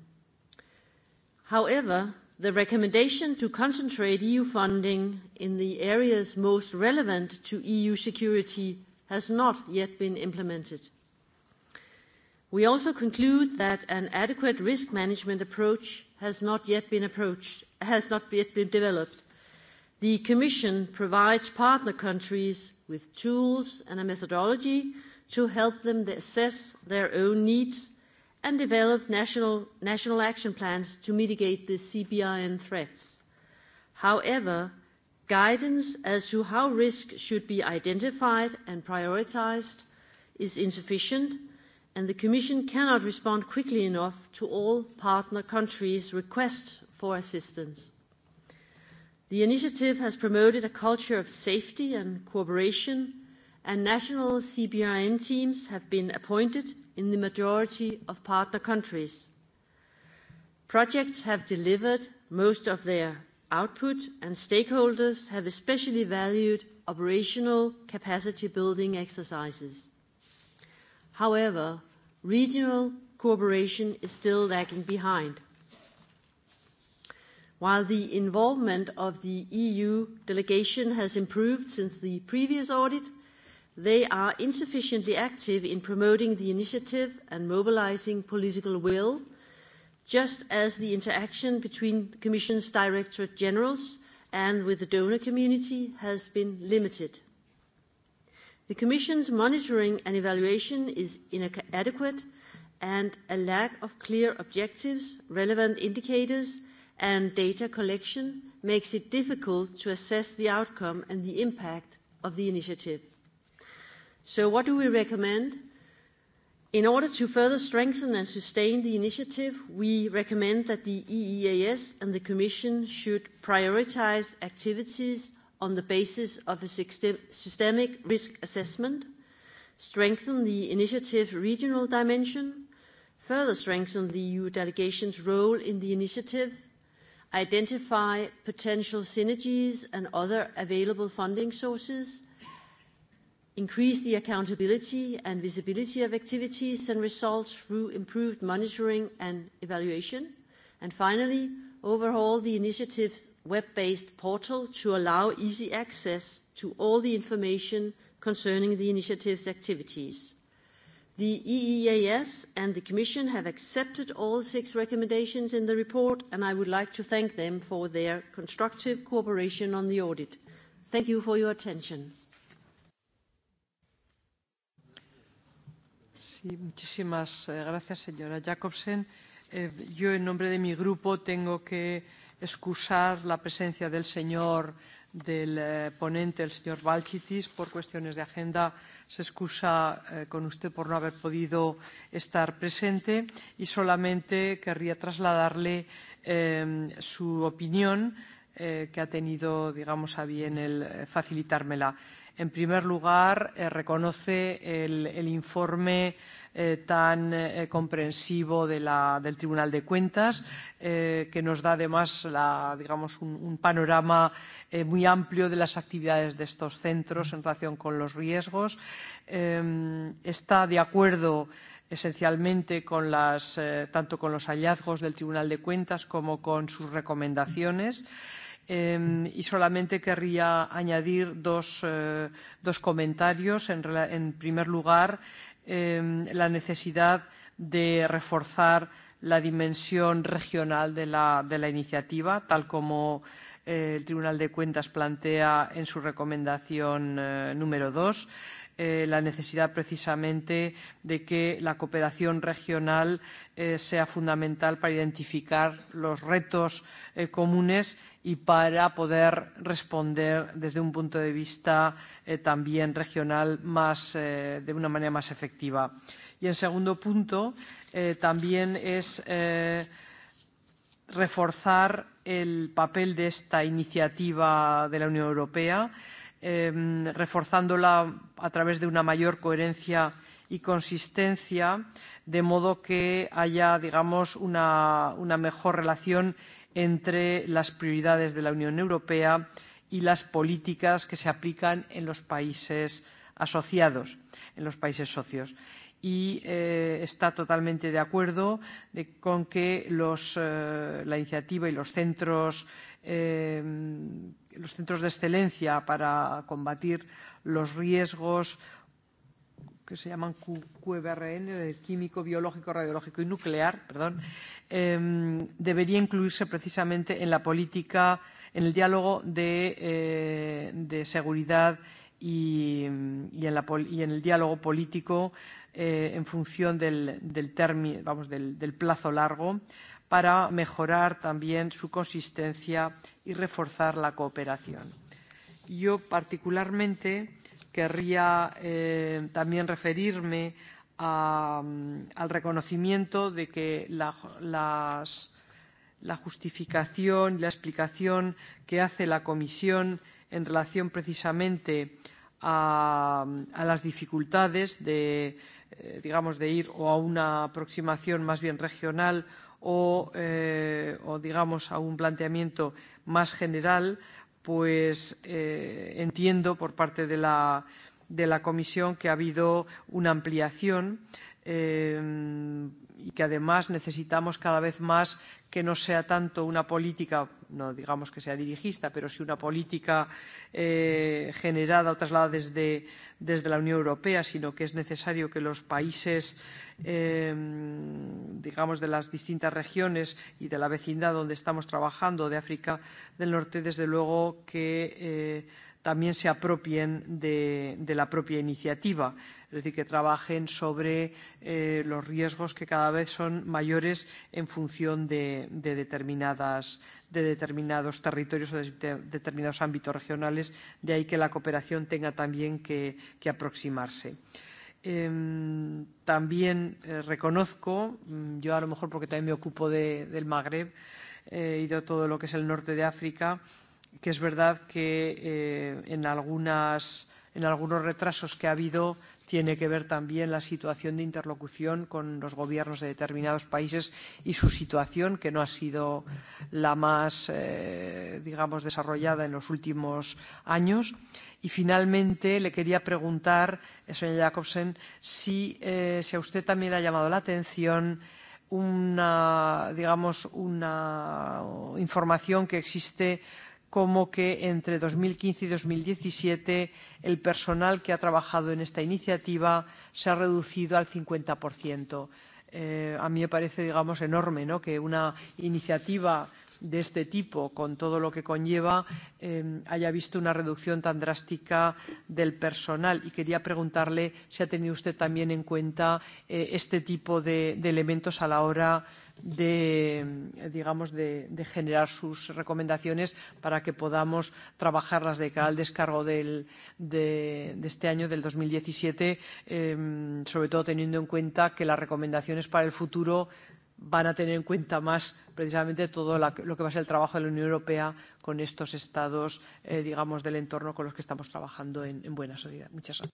However, the recommendation to concentrate EU funding in the areas most relevant to EU security has not yet been implemented. We also conclude that an adequate risk management approach has not yet been approached, has not yet been developed. The Commission provides partner countries with tools and a methodology to help them assess their own needs and develop national, national action plans to mitigate the CBRN threats. However, guidance as to how risk should be identified and prioritized is insufficient, and the Commission cannot respond quickly enough to all partner countries' requests for assistance. The initiative has promoted a culture of safety and cooperation, and national CBRN teams have been appointed in the majority of partner countries. Projects have delivered most of their output, and stakeholders have especially valued operational capacity building exercises. However, regional cooperation is still lagging behind. While the involvement of the EU delegation has improved since the previous audit, they are insufficiently active in promoting the initiative and mobilizing political will, just as the interaction between the Commission's Directorate Generals and with the donor community has been limited. The Commission's monitoring and evaluation is inadequate, and a lack of clear objectives, relevant indicators, and data collection makes it difficult to assess the outcome and the impact of the initiative. So what do we recommend? In order to further strengthen and sustain the initiative, we recommend that the EEAS and the Commission should prioritize activities on the basis of a systemic risk assessment, strengthen the initiative's regional dimension, further strengthen the EU delegation's role in the initiative, identify potential synergies and other available funding sources, increase the accountability and visibility of activities and results through improved monitoring and evaluation, and finally, overhaul the initiative's web-based portal to allow easy access to all the information concerning the initiative's activities. The EEAS and the Commission have accepted all six recommendations in the report, and I would like to thank them for their constructive cooperation on the audit. Thank you for your attention. Sí, muchísimas eh, gracias, señora Jacobsen. Eh, yo, en nombre de mi grupo, tengo que excusar la presencia del señor del eh, ponente, el señor Balchitis, por cuestiones de agenda. Se excusa eh, con usted por no haber podido estar presente y solamente querría trasladarle eh, su opinión eh, que ha tenido, digamos, a bien el eh, facilitármela. Eh, En primer lugar, eh, reconoce el, el informe eh, tan eh, comprensivo de la, del Tribunal de Cuentas, eh, que nos da además la, digamos, un, un panorama eh, muy amplio de las actividades de estos centros en relación con los riesgos. Eh, está de acuerdo esencialmente con las, eh, tanto con los hallazgos del Tribunal de Cuentas como con sus recomendaciones. Eh, Eh, y solamente querría añadir dos, eh, dos comentarios. En, en primer lugar, eh, la necesidad de reforzar la dimensión regional de la, de la iniciativa, tal como eh, el Tribunal de Cuentas plantea en su recomendación eh, número 2. Eh, la necesidad precisamente de que la cooperación regional eh, sea fundamental para identificar los retos eh, comunes y para poder responder desde un punto de vista eh, también regional más, eh, de una manera más efectiva. Y en segundo punto, eh, también es eh, reforzar el papel de esta iniciativa de la Unión Europea, eh, reforzándola a través de una mayor coherencia y consistencia, de modo que haya, digamos, una, una mejor relación entre las prioridades de la Unión Europea y las políticas que se aplican en los países asociados, en los países socios. Y eh, está totalmente de acuerdo de, con que los, eh, la iniciativa y los centros, eh, los centros de excelencia para combatir los riesgos que se llaman Q, QBRN, de químico, biológico, radiológico y nuclear, perdón, eh, debería incluirse precisamente en la política, en el diálogo de, eh, de seguridad y, y, en la, y en el diálogo político eh, en función del, del, termi, vamos, del, del plazo largo para mejorar también su consistencia y reforzar la cooperación. Yo particularmente querría eh, también referirme a, mm, al reconocimiento de que la, las, la justificación y la explicación que hace la Comisión en relación precisamente a, a las dificultades de, eh, digamos, de ir o a una aproximación más bien regional o, eh, o digamos, a un planteamiento más general eh, pues eh, entiendo por parte de la, de la Comisión que ha habido una ampliación eh, y que además necesitamos cada vez más que no sea tanto una política, no digamos que sea dirigista, pero sí una política eh, generada o trasladada desde, desde la Unión Europea, sino que es necesario que los países, eh, digamos, de las distintas regiones y de la vecindad donde estamos trabajando, de África del Norte, desde luego que. Eh, también se apropien de, de la propia iniciativa es decir, que trabajen sobre eh, los riesgos que cada vez son mayores en función de, de, determinadas, de determinados territorios o de, de determinados ámbitos regionales, de ahí que la cooperación tenga también que, que aproximarse. Eh, también eh, reconozco, mm, yo a lo mejor porque también me ocupo de, del Magreb eh, y de todo lo que es el norte de África, que es verdad que eh, en, algunas, en algunos retrasos que ha habido tiene que ver también la situación de interlocución con los gobiernos de determinados países y su situación, que no ha sido la más, eh, digamos, desarrollada en los últimos años. Y finalmente le quería preguntar, eh, señora Jacobsen, si, eh, si a usted también le ha llamado la atención una, digamos, una información que existe como que entre 2015 y 2017 el personal que ha trabajado en esta iniciativa se ha reducido al 50%. Eh, a mí me parece, digamos, enorme ¿no? que una iniciativa de este tipo, con todo lo que conlleva, eh, haya visto una reducción tan drástica del personal. Y quería preguntarle si ha tenido usted también en cuenta eh, este tipo de, de elementos a la hora de, digamos, de, de generar sus recomendaciones para que podamos trabajarlas de cara al descargo del, de, de este año, del 2017, eh, sobre todo teniendo en cuenta que las recomendaciones para el futuro van a tener en cuenta más precisamente todo la, lo que va a ser el trabajo de la Unión Europea con estos estados, eh, digamos, del entorno con los que estamos trabajando en, en buena sociedad. Muchas gracias.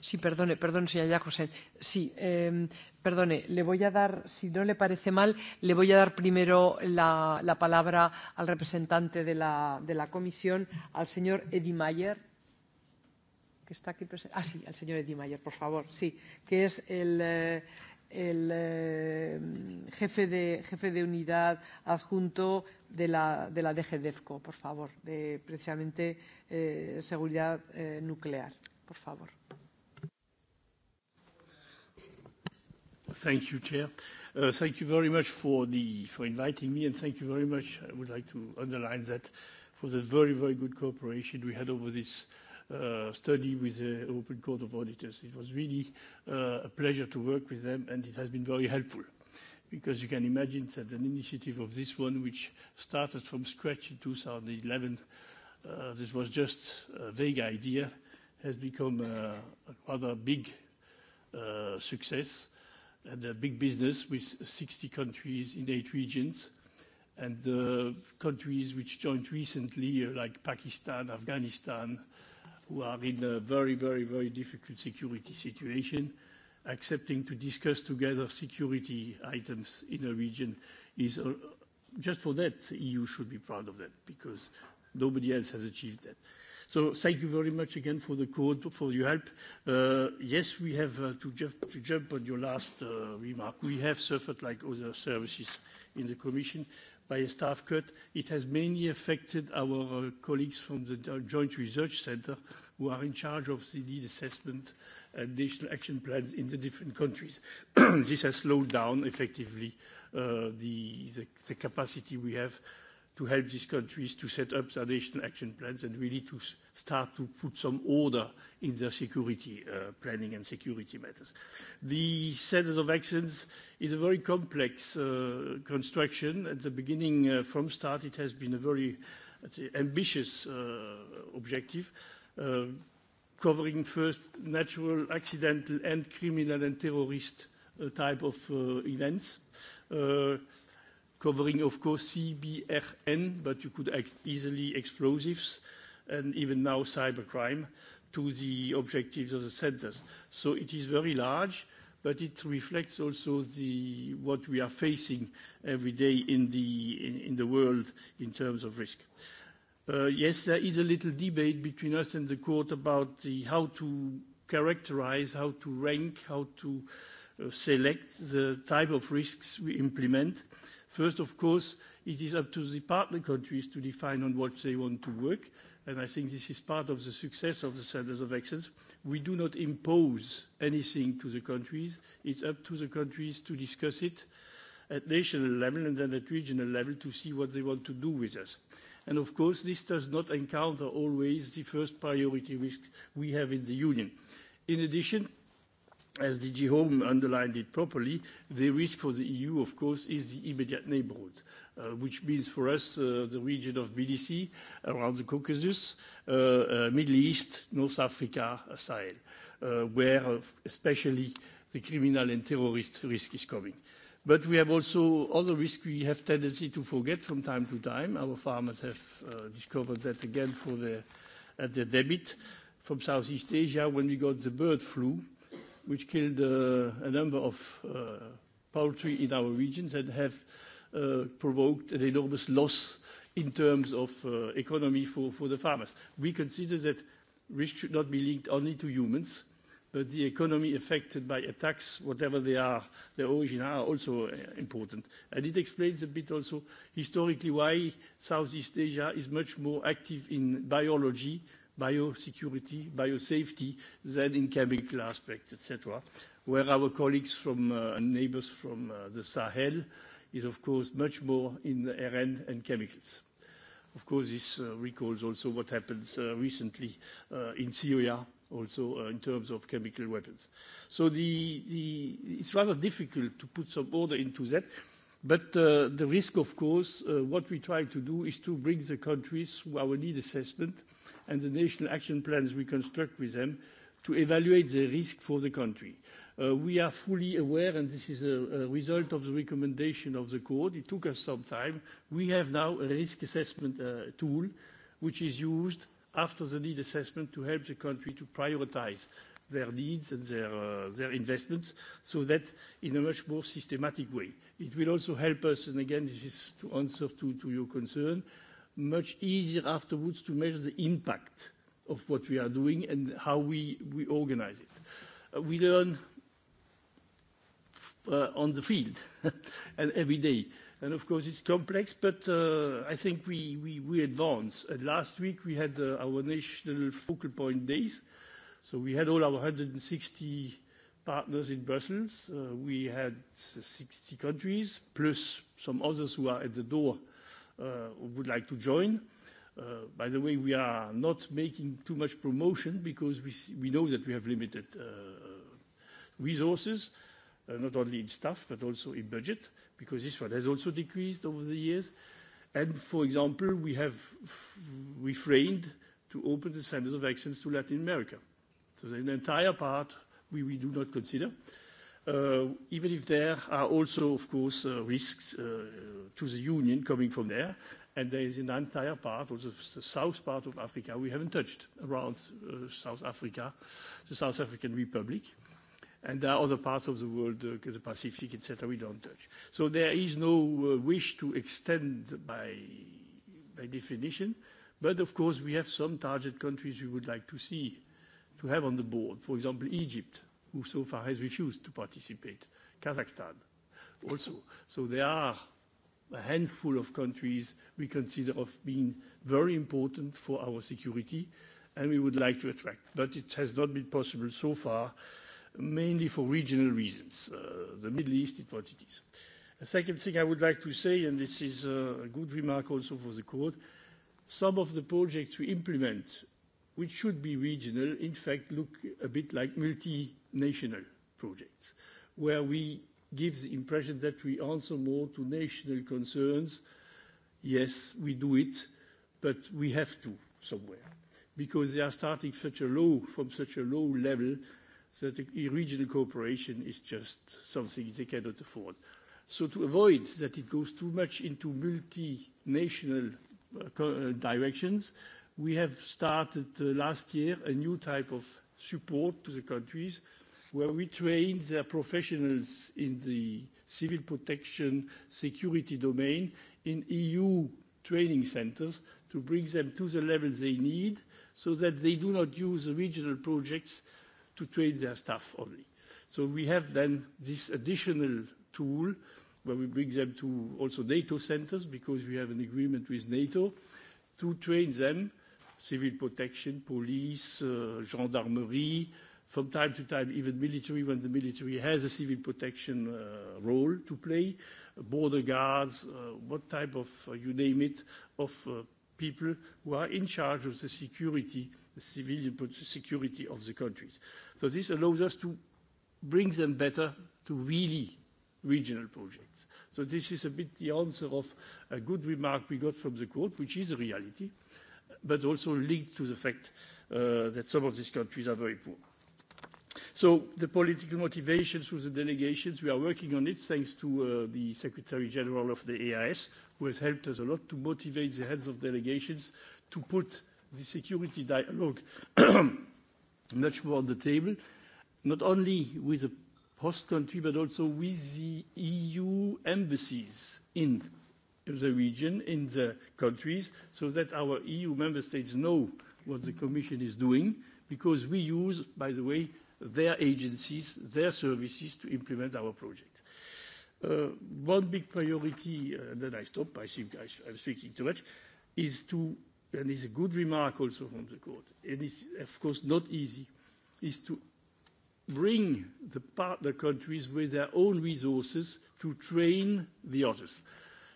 Sí, perdone, perdone, señora Jacobsen. Sí, eh, perdone, le voy a dar, si no le parece mal, le voy a dar primero la, la palabra al representante de la, de la comisión, al señor Eddie Mayer que está aquí presente. Ah, sí, al señor Edimayer, por favor, sí, que es el, eh, el eh, jefe, de, jefe de unidad adjunto de la, de la DGDEFCO, por favor, de precisamente eh, seguridad eh, nuclear, por favor. Thank you, Chair. Uh, thank you very much for, the, for inviting me, and thank you very much, I would like to underline that, for the very, very good cooperation we had over this uh, uh, study with the European Court of Auditors. It was really uh, a pleasure to work with them, and it has been very helpful because you can imagine that an initiative of this one, which started from scratch in 2011, uh, this was just a vague idea, has become a, uh, a rather big uh, success and a big business with 60 countries in eight regions. And uh, countries which joined recently, uh, like Pakistan, Afghanistan, uh, who are in a very, very, very difficult security situation. Accepting to discuss together security items in a region is, uh, just for that, EU should be proud of that because nobody else has achieved that. So thank you very much again for the code, for your help. Uh, yes, we have uh, to, ju to jump on your last uh, remark. We have suffered like other services in the Commission by a staff cut, it has mainly affected our uh, colleagues from the uh, Joint Research Center who are in charge of the need assessment and national action plans in the different countries. this has slowed down effectively uh, the, the, the capacity we have to help these countries to set up their national action plans and really to start to put some order in their security uh, planning and security matters. The Centers of Excellence is a very complex uh, construction. At the beginning, uh, from start, it has been a very say, ambitious uh, objective, uh, covering first natural, accidental, and criminal and terrorist uh, type of events covering, of course, CBRN, but you could act easily explosives and even now cybercrime to the objectives of the centers. So it is very large, but it reflects also the, what we are facing every day in the, in, in the world in terms of risk. Uh, yes, there is a little debate between us and the court about the, how to characterize, how to rank, how to uh, select the type of risks we implement. Uh, First, of course, it is up to the partner countries to define on what they want to work, and I think this is part of the success of the Centers of Excellence. We do not impose anything to the countries. It's up to the countries to discuss it at national level and then at regional level to see what they want to do with us. And of course, this does not encounter always the first priority risks we have in the Union. In addition, as DG Home underlined it properly, the risk for the EU, of course, is the immediate neighborhood, uh, which means for us uh, the region of BDC, around the Caucasus, uh, uh, Middle East, North Africa, Sahel, uh, where uh, especially the criminal and terrorist risk is coming. But we have also other risk we have tendency to forget from time to time. Our farmers have uh, discovered that again for their, at their debit from Southeast Asia when we got the bird flu which killed uh, a number of uh, poultry in our regions and have uh, provoked an enormous loss in terms of uh, economy for, for the farmers. We consider that risk should not be linked only to humans, but the economy affected by attacks, whatever they are, their origin are also uh, important. And it explains a bit also historically why Southeast Asia is much more active in biology biosecurity, biosafety, then in chemical aspects, et cetera. Where our colleagues from uh, neighbors from uh, the Sahel is, of course, much more in RN and chemicals. Of course, this uh, recalls also what happened uh, recently uh, in Syria, also uh, in terms of chemical weapons. So the, the, it's rather difficult to put some order into that. But uh, the risk, of course, uh, what we try to do is to bring the countries through our need assessment and the national action plans we construct with them to evaluate the risk for the country. Uh, we are fully aware, and this is a, a result of the recommendation of the court. It took us some time. We have now a risk assessment uh, tool, which is used after the need assessment to help the country to prioritize their needs and their, uh, their investments, so that in a much more systematic way. It will also help us, and again, this is to answer to, to your concern, uh, much easier afterwards to measure the impact of what we are doing and how we, we organize it. Uh, we learn uh, on the field and every day. And of course, it's complex, but uh, I think we, we, we advance. And last week, we had uh, our national focal point days. So we had all our 160 partners in Brussels. Uh, we had 60 countries, plus some others who are at the door uh, uh, would like to join. Uh, by the way, we are not making too much promotion because we, we know that we have limited uh, resources, uh, not only in staff, but also in budget, because this one has also decreased over the years. And for example, we have refrained to open the centers of excellence to Latin America. So an entire part we, we do not consider. Uh, uh, even if there are also, of course, uh, risks uh, uh, to the Union coming from there. And there is an entire part, or the, the south part of Africa, we haven't touched around uh, South Africa, the South African Republic. And there are other parts of the world, uh, the Pacific, etc., we don't touch. So there is no uh, wish to extend by, by definition. But of course, we have some target countries we would like to see, to have on the board. For example, Egypt who so far has refused to participate, Kazakhstan also. So there are a handful of countries we consider of being very important for our security, and we would like to attract. But it has not been possible so far, mainly for regional reasons. Uh, the Middle East is what it is. The second thing I would like to say, and this is uh, a good remark also for the court, some of the projects we implement which should be regional, in fact, look a bit like multinational projects, where we give the impression that we answer more to national concerns. Yes, we do it, but we have to somewhere, because they are starting such a low, from such a low level, that regional cooperation is just something they cannot afford. So to avoid that it goes too much into multinational uh, uh directions, We have started uh, last year a new type of support to the countries where we train their professionals in the civil protection security domain in EU training centers to bring them to the level they need so that they do not use regional projects to train their staff only. So we have then this additional tool where we bring them to also NATO centers because we have an agreement with NATO to train them civil protection, police, uh, gendarmerie, from time to time even military when the military has a civil protection uh, role to play, border guards, uh, what type of, uh, you name it, of uh, people who are in charge of the security, the civilian security of the countries. So this allows us to bring them better to really regional projects. So this is a bit the answer of a good remark we got from the court, which is a reality. Uh, but also linked to the fact uh, that some of these countries are very poor. So the political motivations through the delegations, we are working on it thanks to uh, the Secretary General of the AIS, who has helped us a lot to motivate the heads of delegations to put the security dialogue much more on the table, not only with the host country, but also with the EU embassies in the region, in the countries, so that our EU member states know what the Commission is doing, because we use, by the way, their agencies, their services to implement our project. Uh, one big priority, uh, then I stop, I think I, I'm speaking too much, is to, and it's a good remark also from the court, and it's of course not easy, is to bring the partner countries with their own resources to train the otters. Uh,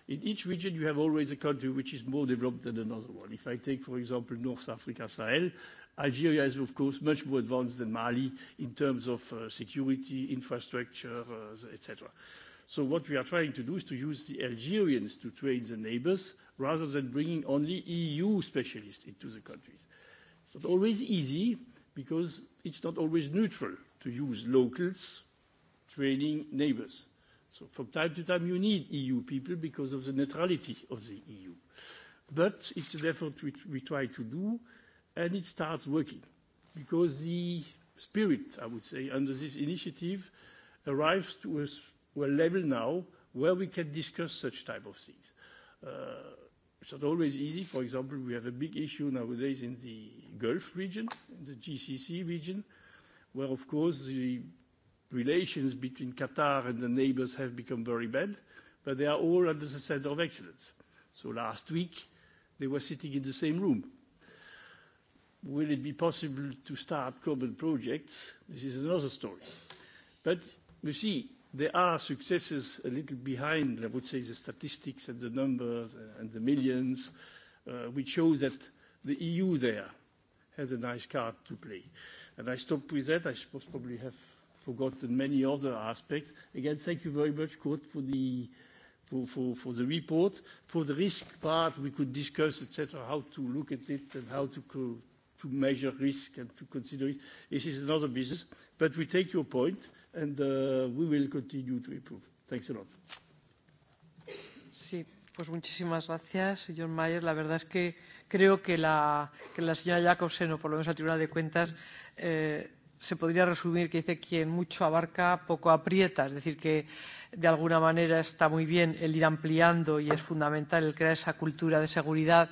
in each region you have always a country which is more developed than another one. If I take, for example, North Africa, Sahel, Algeria is, of course, much more advanced than Mali in terms of uh, security, infrastructure, uh, etc. So what we are trying to do is to use the Algerians to train the neighbors rather than bringing only EU specialists into the countries. It's not always easy because it's not always neutral to use locals training neighbors. Uh, So from time to time you need EU people because of the neutrality of the EU. But it's an effort which we try to do, and it starts working because the spirit, I would say, under this initiative arrives to a, to a level now where we can discuss such type of things. Uh, it's not always easy. For example, we have a big issue nowadays in the Gulf region, in the GCC region, where, of course, the relations between Qatar and the neighbors have become very bad, but they are all under the center of excellence. So last week, they were sitting in the same room. Will it be possible to start common projects? This is another story. But you see, there are successes a little behind, I would say, the statistics and the numbers and the millions, uh, which shows that the EU there has a nice card to play. And I stop with that. I suppose probably have forgotten many other aspects. Again, thank you very much, Kurt, for the, for, for, for the report. For the risk part, we could discuss, et cetera, how to look at it and how to, co- to measure risk and to consider it. This is another business, but we take your point, and uh, we will continue to improve. Thanks a lot. Sí, pues muchísimas gracias, señor Mayer. La verdad es que creo que la, que la señora Jacobsen, o por lo menos la Tribunal de Cuentas, eh, se podría resumir que dice quien mucho abarca, poco aprieta. Es decir, que de alguna manera está muy bien el ir ampliando y es fundamental el crear esa cultura de seguridad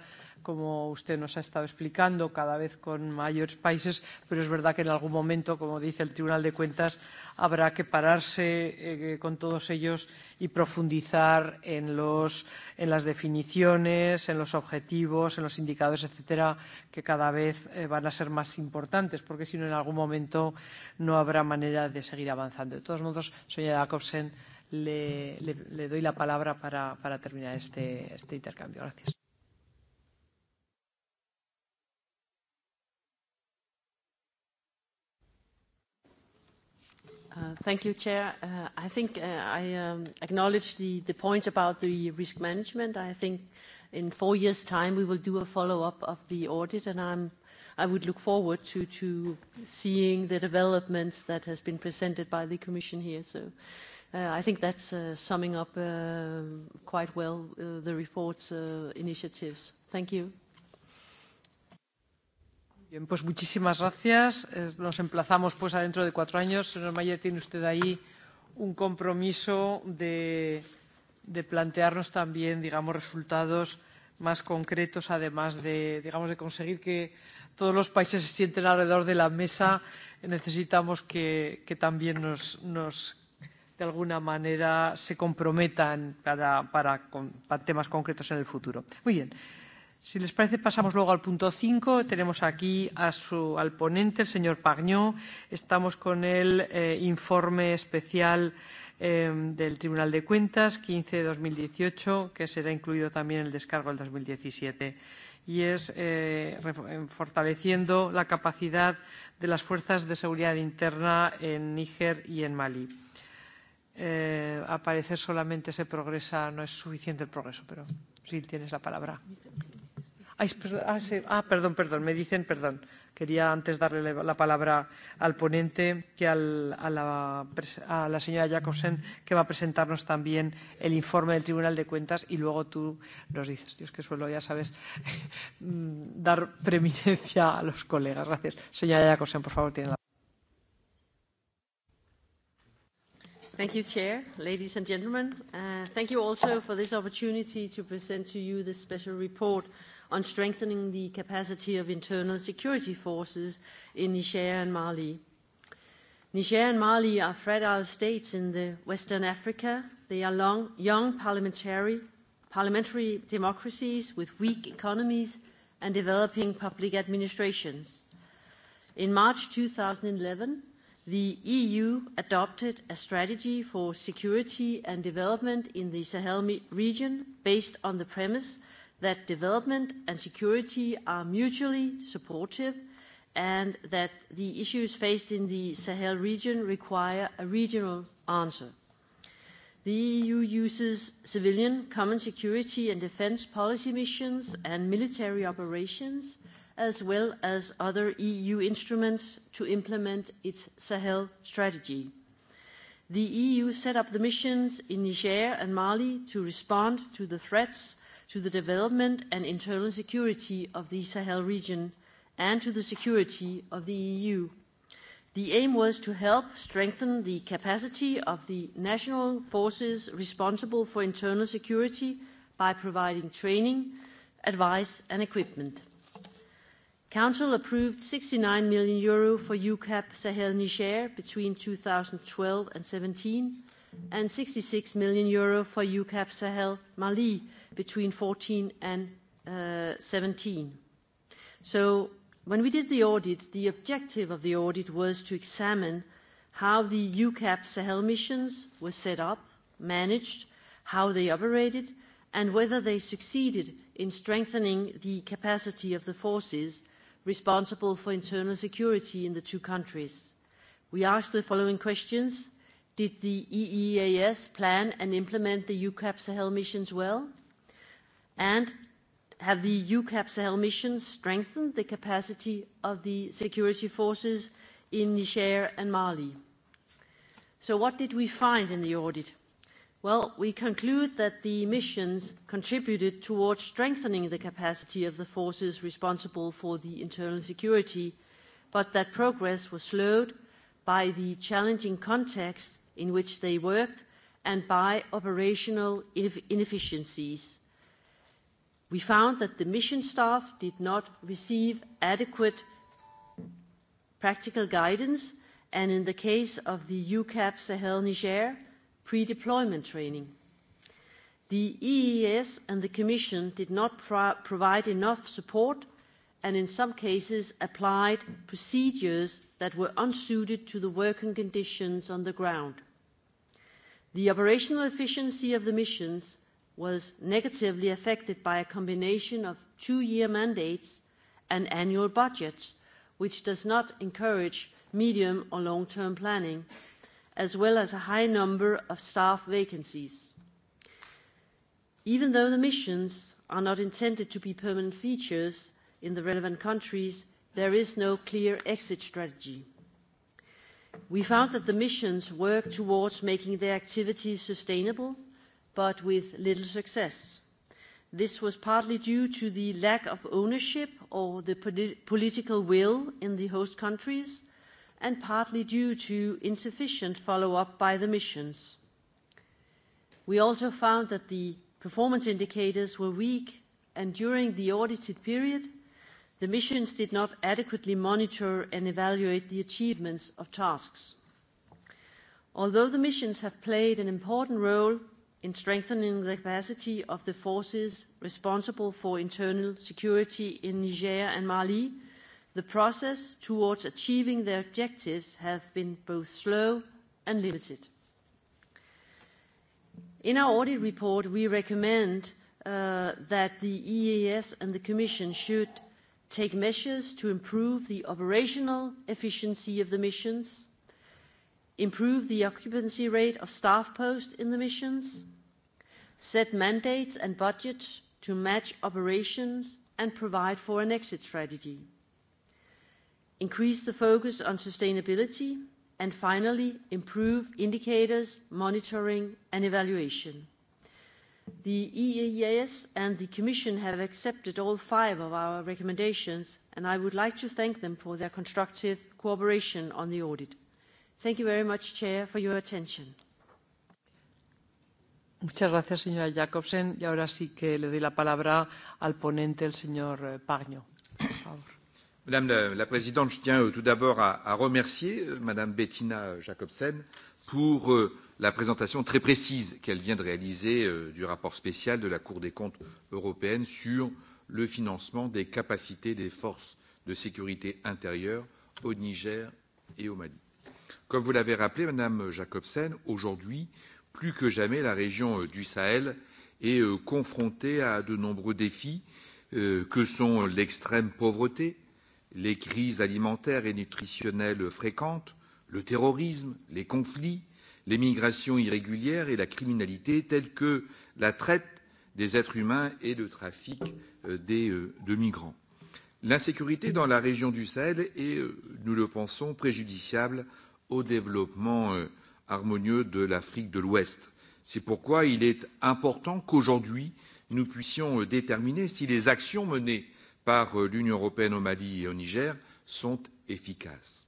como usted nos ha estado explicando, cada vez con mayores países, pero es verdad que en algún momento, como dice el Tribunal de Cuentas, habrá que pararse eh, con todos ellos y profundizar en, los, en las definiciones, en los objetivos, en los indicadores, etcétera, que cada vez eh, van a ser más importantes, porque si no, en algún momento no habrá manera de seguir avanzando. De todos modos, señora Jacobsen, le, le, le doy la palabra para, para terminar este, este intercambio. Gracias. Uh, thank you, Chair. Uh, I think uh, I um, acknowledge the, the point about the risk management. I think in four years' time we will do a follow-up of the audit, and I'm, I would look forward to, to seeing the developments that has been presented by the Commission here. So uh, I think that's uh, summing up uh, quite well uh, the report's uh, initiatives. Thank you. Bien, pues muchísimas gracias. Eh, nos emplazamos pues a dentro de cuatro años. Señor Mayer, tiene usted ahí un compromiso de, de plantearnos también, digamos, resultados más concretos, además de, digamos, de conseguir que todos los países se sienten alrededor de la mesa. Necesitamos que, que también nos, nos, de alguna manera, se comprometan para, para, con, para temas concretos en el futuro. Muy bien. Si les parece, pasamos luego al punto 5. Tenemos aquí a su, al ponente, el señor Pagnó. Estamos con el eh, informe especial eh, del Tribunal de Cuentas 15-2018, que será incluido también en el descargo del 2017 y es eh, fortaleciendo la capacidad de las fuerzas de seguridad interna en Níger y en Mali. Eh, a parecer solamente se progresa, no es suficiente el progreso, pero sí tienes la palabra. Mr. Ay, ah, sí, ah, perdón, perdón, me dicen, perdón. Quería antes darle la palabra al ponente, que al, a, la, a la señora Jacobsen, que va a presentarnos también el informe del Tribunal de Cuentas y luego tú nos dices. Yo es que suelo, ya sabes, mm, dar preeminencia a los colegas. Gracias. Señora Jacobsen, por favor, tiene la Thank you, Chair, ladies and gentlemen. Uh, thank you also for this opportunity to present to you this special report uh, on strengthening the capacity of internal security forces in Niger and Mali. Niger and Mali are fragile states in the Western Africa. They are long, young parliamentary, parliamentary democracies with weak economies and developing public administrations. In March 2011, the EU adopted a strategy for security and development in the Sahel region based on the premise that development and security are mutually supportive and that the issues faced in the Sahel region require a regional answer. The EU uses civilian common security and defense policy missions and military operations, as well as other EU instruments to implement its Sahel strategy. The EU set up the missions in Niger and Mali to respond to the threats to the development and internal security of the Sahel region and to the security of the EU. The aim was to help strengthen the capacity of the national forces responsible for internal security by providing training, advice and equipment. Council approved 69 million euro for UCAP Sahel Niger between 2012 and 2017, and 66 million euro for UCAP Sahel Mali between 14 and uh, 17. So when we did the audit, the objective of the audit was to examine how the UCAP Sahel missions were set up, managed, how they operated, and whether they succeeded in strengthening the capacity of the forces responsible for internal security in the two countries. We asked the following questions. Did the EEAS plan and implement the UCAP Sahel missions well? And have the EU cap Sahel mission strengthened the capacity of the security forces in Niger and Mali? So what did we find in the audit? Well, we conclude that the missions contributed towards strengthening the capacity of the forces responsible for the internal security, but that progress was slowed by the challenging context in which they worked and by operational inefficiencies. We found that the mission staff did not receive adequate practical guidance and in the case of the UCAP Sahel Niger, pre-deployment training. The EES and the Commission did not pro provide enough support and in some cases applied procedures that were unsuited to the working conditions on the ground. The operational efficiency of the missions was negatively affected by a combination of two-year mandates and annual budgets, which does not encourage medium or long-term planning, as well as a high number of staff vacancies. Even though the missions are not intended to be permanent features in the relevant countries, there is no clear exit strategy. We found that the missions work towards making their activities sustainable but with little success. This was partly due to the lack of ownership or the politi political will in the host countries, and partly due to insufficient follow-up by the missions. We also found that the performance indicators were weak, and during the audited period, the missions did not adequately monitor and evaluate the achievements of tasks. Although the missions have played an important role in strengthening the capacity of the forces responsible for internal security in Niger and Mali, the process towards achieving their objectives have been both slow and limited. In our audit report, we recommend uh, that the EAS and the Commission should take measures to improve the operational efficiency of the missions, improve the occupancy rate of staff posts in the missions, mm-hmm set mandates and budgets to match operations and provide for an exit strategy, increase the focus on sustainability, and finally, improve indicators, monitoring, and evaluation. The EEAS and the Commission have accepted all five of our recommendations, and I would like to thank them for their constructive cooperation on the audit. Thank you very much, Chair, for your attention. Muchas gracias, señora Jacobsen. Y ahora sí que le doy la palabra al ponente, el señor eh, Pargno. Por favor. Madame la, la Présidente, je tiens euh, tout d'abord à, à remercier euh, Madame Bettina Jacobsen pour euh, la présentation très précise qu'elle vient de réaliser euh, du rapport spécial de la Cour des comptes européenne sur le financement des capacités des forces de sécurité intérieure au Niger et au Mali. Comme vous l'avez rappelé, Madame Jacobsen, aujourd'hui, euh, Plus que jamais, la région euh, du Sahel est euh, confrontée à de nombreux défis euh, que sont l'extrême pauvreté, les crises alimentaires et nutritionnelles fréquentes, le terrorisme, les conflits, les migrations irrégulières et la criminalité telles que la traite des êtres humains et le trafic des, de migrants. L'insécurité dans la région du Sahel est, nous le pensons, préjudiciable au développement harmonieux de l'Afrique de l'Ouest. C'est pourquoi il est important qu'aujourd'hui nous puissions euh, déterminer si les actions menées par euh, l'Union européenne au Mali et au Niger sont efficaces.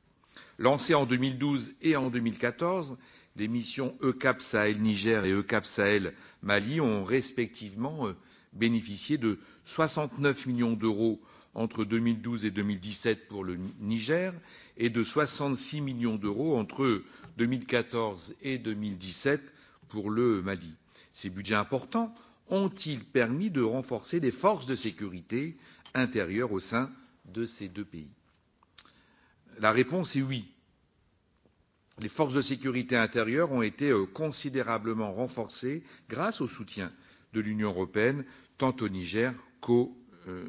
Lancées en 2012 et en 2014, les missions ECAP Sahel Niger et ECAP Sahel Mali ont respectivement euh, bénéficié de 69 millions d'euros entre 2012 et 2017 pour le Niger et de 66 millions d'euros entre 2014 et 2017 pour le Mali. Ces budgets importants ont-ils permis de renforcer les forces de sécurité intérieure au sein de ces deux pays La réponse est oui. Les forces de sécurité intérieure ont été euh, considérablement renforcées grâce au soutien de l'Union européenne, tant au Niger qu'au euh,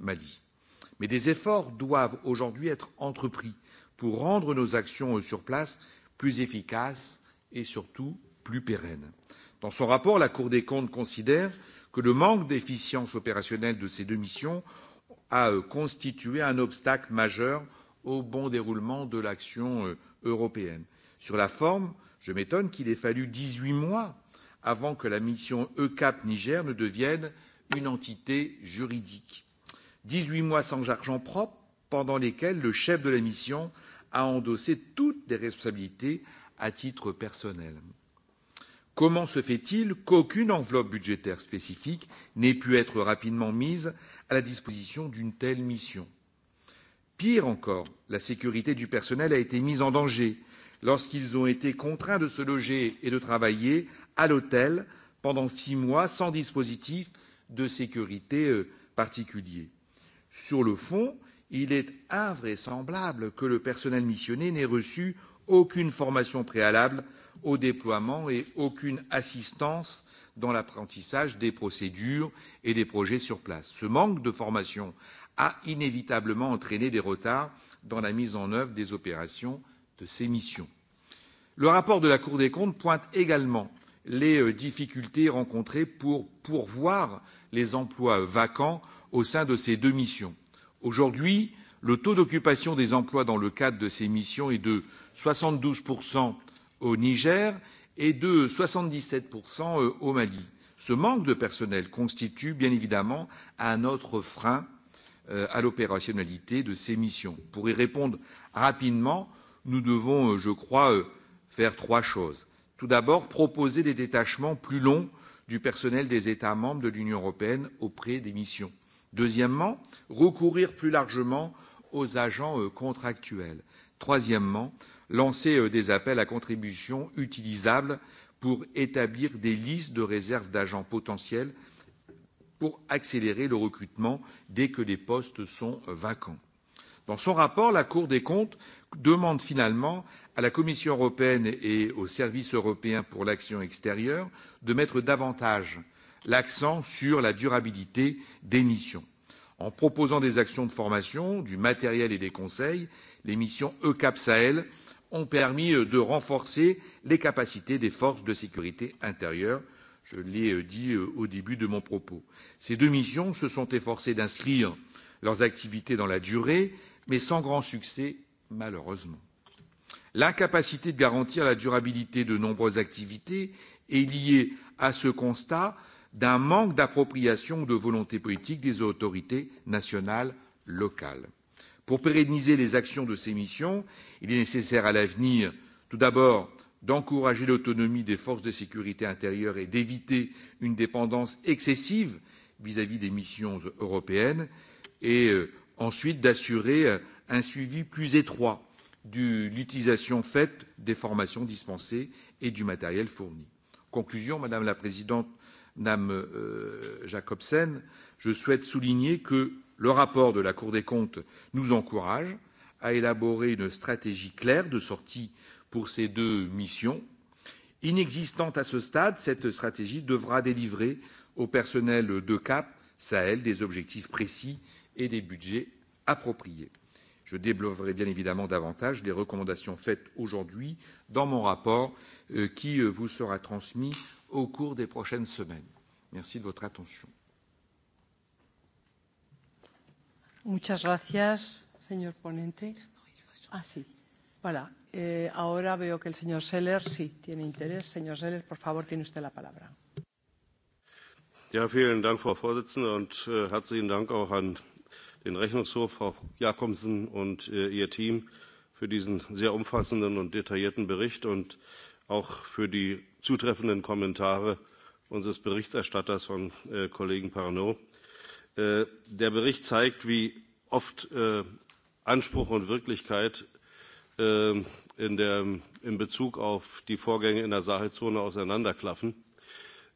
Mali. Mais des efforts doivent aujourd'hui être entrepris pour rendre nos actions euh, sur place plus efficace et surtout plus pérenne. Dans son rapport, la Cour des comptes considère que le manque d'efficience opérationnelle de ces deux missions a euh, constitué un obstacle majeur au bon déroulement de l'action euh, européenne. Sur la forme, je m'étonne qu'il ait fallu 18 mois avant que la mission ECAP Niger ne devienne une entité juridique. 18 mois sans argent propre pendant lesquels le chef de la mission à endosser toutes les responsabilités à titre personnel. Comment se fait-il qu'aucune enveloppe budgétaire spécifique n'ait pu être rapidement mise à la disposition d'une telle mission Pire encore, la sécurité du personnel a été mise en danger lorsqu'ils ont été contraints de se loger et de travailler à l'hôtel pendant six mois sans dispositif de sécurité euh, particulier. Sur le fond, il est invraisemblable que le personnel missionné n'ait reçu aucune formation préalable au déploiement et aucune assistance dans l'apprentissage des procédures et des projets sur place. Ce manque de formation a inévitablement entraîné des retards dans la mise en œuvre des opérations de ces missions. Le rapport de la Cour des comptes pointe également les euh, difficultés rencontrées pour pourvoir les emplois vacants au sein de ces deux missions. Aujourd'hui, le taux d'occupation des emplois dans le cadre de ces missions est de 72% au Niger et de 77% euh, au Mali. Ce manque de personnel constitue bien évidemment un autre frein euh, à l'opérationnalité de ces missions. Pour y répondre rapidement, nous devons, euh, je crois, faire trois choses. Tout d'abord, proposer des détachements plus longs du personnel des États membres de l'Union européenne auprès des missions. Deuxièmement, recourir plus largement aux agents euh, contractuels. Troisièmement, lancer euh, des appels à contributions utilisables pour établir des listes de réserves d'agents potentiels pour accélérer le recrutement dès que les postes sont euh, vacants. Dans son rapport, la Cour des comptes demande finalement à la Commission européenne et au Service européen pour l'action extérieure de mettre davantage l'accent sur la durabilité des missions. En proposant des actions de formation, du matériel et des conseils, les missions ECAP Sahel ont permis euh, de renforcer les capacités des forces de sécurité intérieure. Je l'ai euh, dit euh, au début de mon propos. Ces deux missions se sont efforcées d'inscrire leurs activités dans la durée, mais sans grand succès, malheureusement. L'incapacité de garantir la durabilité de nombreuses activités est liée à ce constat d'un manque d'appropriation de volonté politique des autorités nationales locales. Pour pérenniser les actions de ces missions, il est nécessaire à l'avenir, tout d'abord, d'encourager l'autonomie des forces de sécurité intérieure et d'éviter une dépendance excessive vis-à-vis -vis des missions européennes et euh, ensuite d'assurer euh, un suivi plus étroit de l'utilisation faite des formations dispensées et du matériel fourni. Conclusion, Madame la Présidente, Mme euh, Jacobsen, je souhaite souligner que le rapport de la Cour des comptes nous encourage à élaborer une stratégie claire de sortie pour ces deux missions. Inexistante à ce stade, cette stratégie devra délivrer au personnel de CAP Sahel des objectifs précis et des budgets appropriés. Je développerai bien évidemment davantage les recommandations faites aujourd'hui dans mon rapport euh, qui euh, vous sera transmis au cours des prochaines semaines. Merci de votre attention. Muchas gracias, señor ponente. Ah, sí. Voilà. Eh, ahora veo que el señor Seller sí tiene interés. Señor Seller, por favor, tiene usted la palabra. Ja, vielen Dank, Frau Vorsitzende, und äh, herzlichen Dank auch an den Rechnungshof, Frau Jakobsen und äh, Ihr Team für diesen sehr umfassenden und detaillierten Bericht. Und äh, auch für die zutreffenden Kommentare unseres Berichterstatters von äh, Kollegen Parnot. Äh, der Bericht zeigt, wie oft äh, Anspruch und Wirklichkeit äh, in, der, in Bezug auf die Vorgänge in der Sahelzone auseinanderklaffen.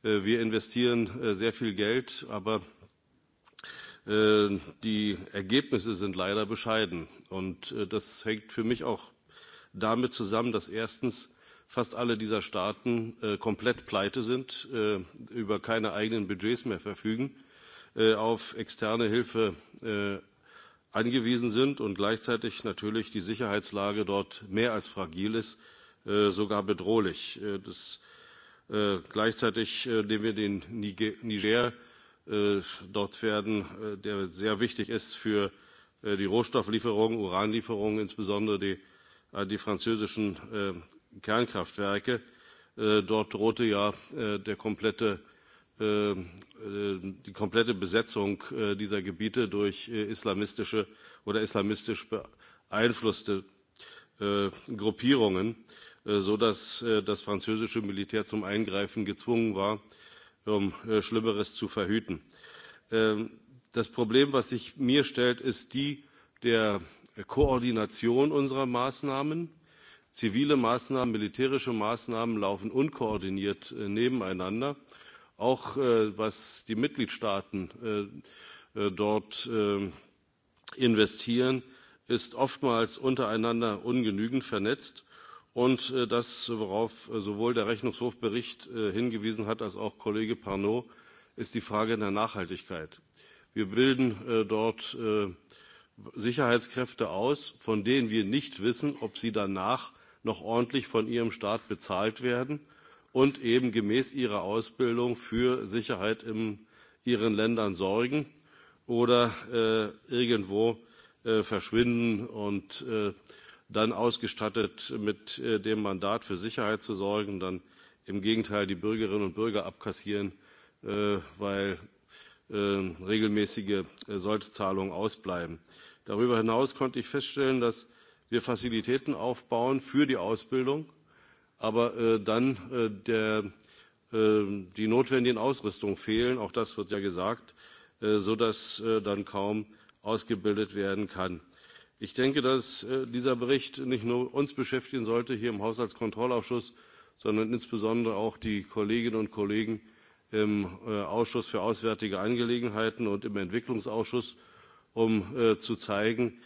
Äh, wir investieren äh, sehr viel Geld, aber äh, die Ergebnisse sind leider bescheiden. Und äh, das hängt für mich auch damit zusammen, dass erstens fast alle dieser Staaten äh, komplett pleite sind, äh, über keine eigenen Budgets mehr verfügen, äh, auf externe Hilfe äh, angewiesen sind und gleichzeitig natürlich die Sicherheitslage dort mehr als fragil ist, äh, sogar bedrohlich. Äh, das, äh, gleichzeitig äh, nehmen wir den Niger, Niger äh, dort werden, äh, der sehr wichtig ist für äh, die Rohstofflieferungen, Uranlieferungen, insbesondere die, äh, die französischen äh, Kernkraftwerke. Äh, dort drohte ja äh, der komplette, äh, äh, die komplette Besetzung äh, dieser Gebiete durch äh, islamistische oder islamistisch beeinflusste äh, Gruppierungen, äh, so dass äh, das französische Militär zum Eingreifen gezwungen war, um äh, Schlimmeres zu verhüten. Äh, das Problem, was sich mir stellt, ist die der Koordination unserer Maßnahmen äh, Zivile Maßnahmen, militärische Maßnahmen laufen unkoordiniert äh, nebeneinander. Auch äh, was die Mitgliedstaaten äh, äh, dort äh, investieren, ist oftmals untereinander ungenügend vernetzt. Und äh, das, worauf äh, sowohl der Rechnungshofbericht äh, hingewiesen hat, als auch Kollege Parnot, ist die Frage der Nachhaltigkeit. Wir bilden äh, dort äh, Sicherheitskräfte aus, von denen wir nicht wissen, ob sie danach noch ordentlich von ihrem Staat bezahlt werden und eben gemäß ihrer Ausbildung für Sicherheit in ihren Ländern sorgen oder äh, irgendwo äh, verschwinden und äh, dann ausgestattet mit äh, dem Mandat für Sicherheit zu sorgen, dann im Gegenteil die Bürgerinnen und Bürger abkassieren, äh, weil äh, regelmäßige äh, Sollzahlungen ausbleiben. Darüber hinaus konnte ich feststellen, dass wir Fazilitäten aufbauen für die Ausbildung, aber äh, dann äh, der, äh, die notwendigen Ausrüstungen fehlen, auch das wird ja gesagt, äh, sodass äh, dann kaum ausgebildet werden kann. Ich denke, dass äh, dieser Bericht nicht nur uns beschäftigen sollte hier im Haushaltskontrollausschuss, sondern insbesondere auch die Kolleginnen und Kollegen im äh, Ausschuss für Auswärtige Angelegenheiten und im Entwicklungsausschuss, um äh, zu zeigen,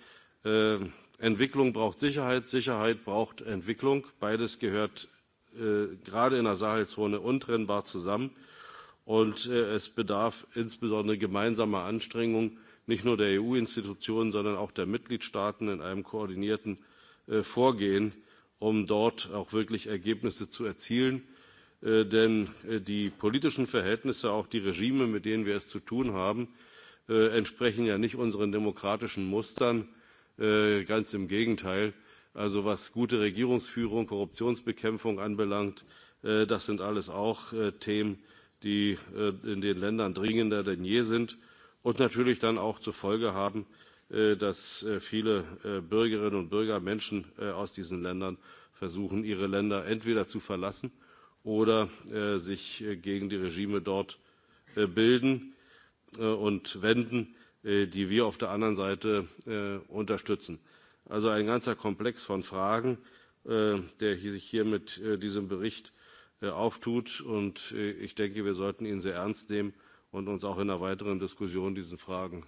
äh, Entwicklung braucht Sicherheit, Sicherheit braucht Entwicklung. Beides gehört äh, gerade in der Sahelzone untrennbar zusammen. Und äh, es bedarf insbesondere gemeinsamer Anstrengungen, nicht nur der EU-Institutionen, sondern auch der Mitgliedstaaten in einem koordinierten äh, Vorgehen, um dort auch wirklich Ergebnisse zu erzielen. Äh, denn äh, die politischen Verhältnisse, auch die Regime, mit denen wir es zu tun haben, äh, entsprechen ja nicht unseren demokratischen Mustern. Äh, Äh, ganz im Gegenteil. Also was gute Regierungsführung, Korruptionsbekämpfung anbelangt, äh, das sind alles auch äh, Themen, die äh, in den Ländern dringender denn je sind und natürlich dann auch zur Folge haben, äh, dass äh, viele äh, Bürgerinnen und Bürger, Menschen äh, aus diesen Ländern versuchen, ihre Länder entweder zu verlassen oder äh, sich äh, gegen die Regime dort äh, bilden äh, und wenden. Äh, die wir auf der anderen Seite äh, unterstützen. Also ein ganzer Komplex von Fragen, äh, der sich hier mit diesem Bericht auftut. Und ich denke, wir sollten ihn sehr ernst nehmen und uns auch in einer weiteren Diskussion diesen Fragen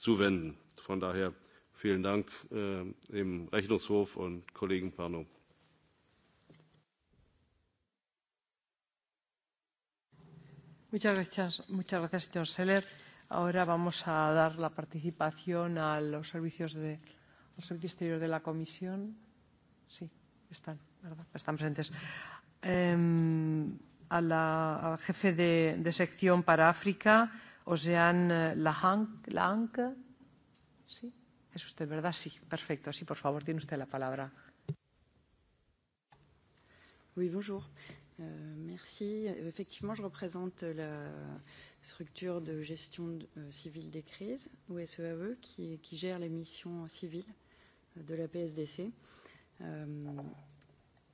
zuwenden. Von daher vielen Dank dem Rechnungshof und Kollegen Parnot. Muchas gracias, muchas gracias, señor Seller. Ahora vamos a dar la participación a los servicios de al Servicio Exterior de la Comisión. Sí, están, ¿verdad? Están presentes. Eh, a la, al jefe de, de sección para África, Ocean eh, Lahank. ¿Sí? ¿Es usted, verdad? Sí, perfecto. Sí, por favor, tiene usted la palabra. Oui, bonjour. Euh, merci. Euh, effectivement, je représente la structure de gestion de, euh, civile des crises, ou SEAE, e, qui, qui gère les missions civiles euh, de la PSDC. Euh,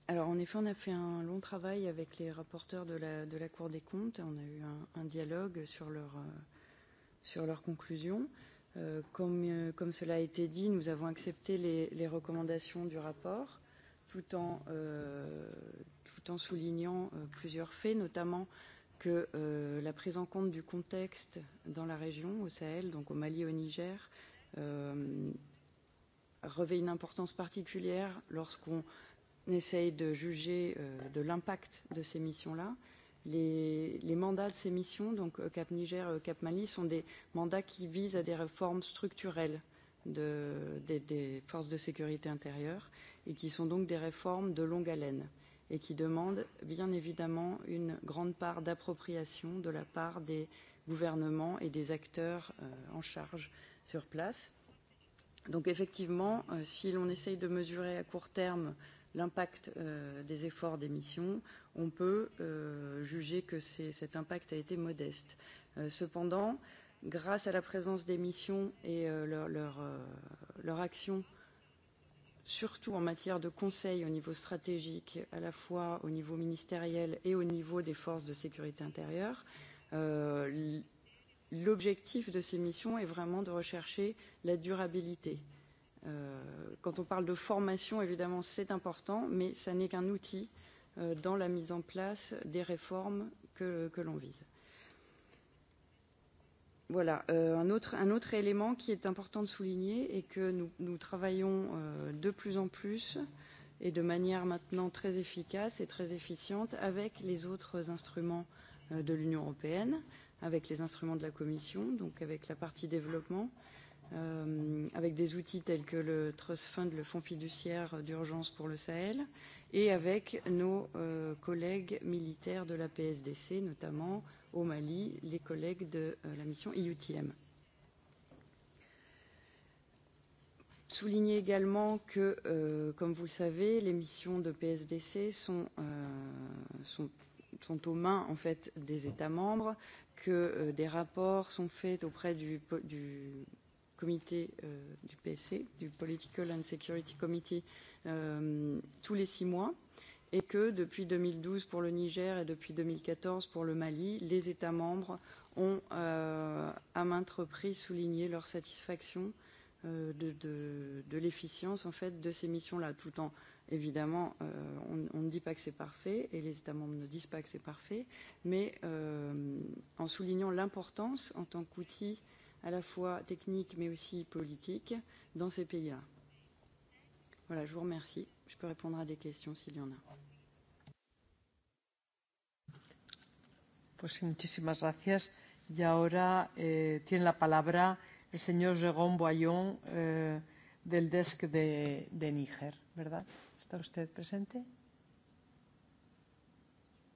alors, en effet, on a fait un long travail avec les rapporteurs de la, de la Cour des comptes. On a eu un, un dialogue sur, leur, euh, sur leurs conclusions. Euh, comme, euh, comme cela a été dit, nous avons accepté les, les recommandations du rapport tout en, euh, tout en soulignant euh, plusieurs faits, notamment que euh, la prise en compte du contexte dans la région, au Sahel, donc au Mali et au Niger, euh, revêt une importance particulière lorsqu'on essaye de juger euh, de l'impact de ces missions-là. Les, les mandats de ces missions, donc euh, Cap Niger, euh, Cap Mali, sont des mandats qui visent à des réformes structurelles de, des, des forces de sécurité intérieure. Euh, et qui sont donc des réformes de longue haleine et qui demandent bien évidemment une grande part d'appropriation de la part des gouvernements et des acteurs euh, en charge sur place. Donc effectivement, euh, si l'on essaye de mesurer à court terme l'impact euh, des efforts d'émission, on peut euh, juger que cet impact a été modeste. Euh, cependant, grâce à la présence d'émissions et euh, leur, leur, euh, leur action surtout en matière de conseil au niveau stratégique, à la fois au niveau ministériel et au niveau des forces de sécurité intérieure, euh, l'objectif de ces missions est vraiment de rechercher la durabilité. Euh, quand on parle de formation, évidemment, c'est important, mais ça n'est qu'un outil euh, dans la mise en place des réformes que, que l'on vise. Voilà, euh, un, autre, un autre élément qui est important de souligner et que nous, nous travaillons euh, de plus en plus et de manière maintenant très efficace et très efficiente avec les autres instruments euh, de l'Union européenne, avec les instruments de la Commission, donc avec la partie développement, euh, avec des outils tels que le Trust Fund, le Fonds fiduciaire d'urgence pour le Sahel, et avec nos euh, collègues militaires de la PSDC, notamment au Mali les collègues de euh, la mission IUTM. Souligner également que, euh, comme vous le savez, les missions de PSDC sont, euh, sont, sont aux mains en fait, des États membres, que euh, des rapports sont faits auprès du, du comité euh, du PSC, du Political and Security Committee, euh, tous les six mois et que depuis 2012 pour le Niger et depuis 2014 pour le Mali, les États membres ont euh, à maintes reprises souligné leur satisfaction euh, de, de, de l'efficience en fait de ces missions-là, tout en évidemment euh, on, on ne dit pas que c'est parfait et les États membres ne disent pas que c'est parfait, mais euh, en soulignant l'importance en tant qu'outil à la fois technique mais aussi politique dans ces pays-là. Voilà, je vous remercie. Je peux répondre à des questions s'il y en a. Pues muchísimas gracias. Y ahora eh, tiene la palabra el señor Jérôme Boyon eh, del desk de, de Níger, ¿verdad? ¿Está usted presente?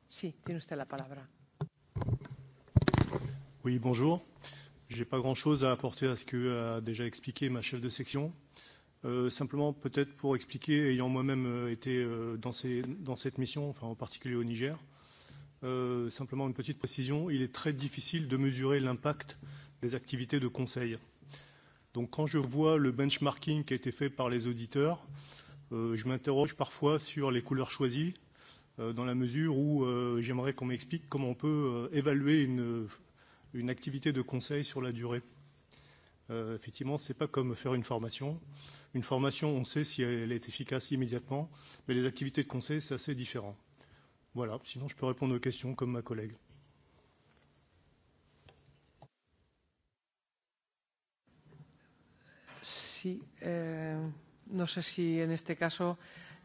Sí, tiene usted la palabra. Oui, bonjour. Je n'ai pas grand-chose à apporter à ce que a déjà expliqué ma chef de section. Euh, Euh, simplement, peut-être pour expliquer, ayant moi-même euh, été euh, dans, ces, dans cette mission, enfin, en particulier au Niger, euh, simplement une petite précision, il est très difficile de mesurer l'impact des activités de conseil. Donc quand je vois le benchmarking qui a été fait par les auditeurs, euh, je m'interroge parfois sur les couleurs choisies, euh, dans la mesure où euh, j'aimerais qu'on m'explique comment on peut euh, évaluer une, une activité de conseil sur la durée. Euh, euh, effectivement, ce n'est pas comme faire une formation. Une formation, on sait si elle est efficace immédiatement, mais les activités de conseil, c'est assez différent. Voilà, sinon je peux répondre aux questions comme ma collègue. Sí, eh, no sé si en este caso,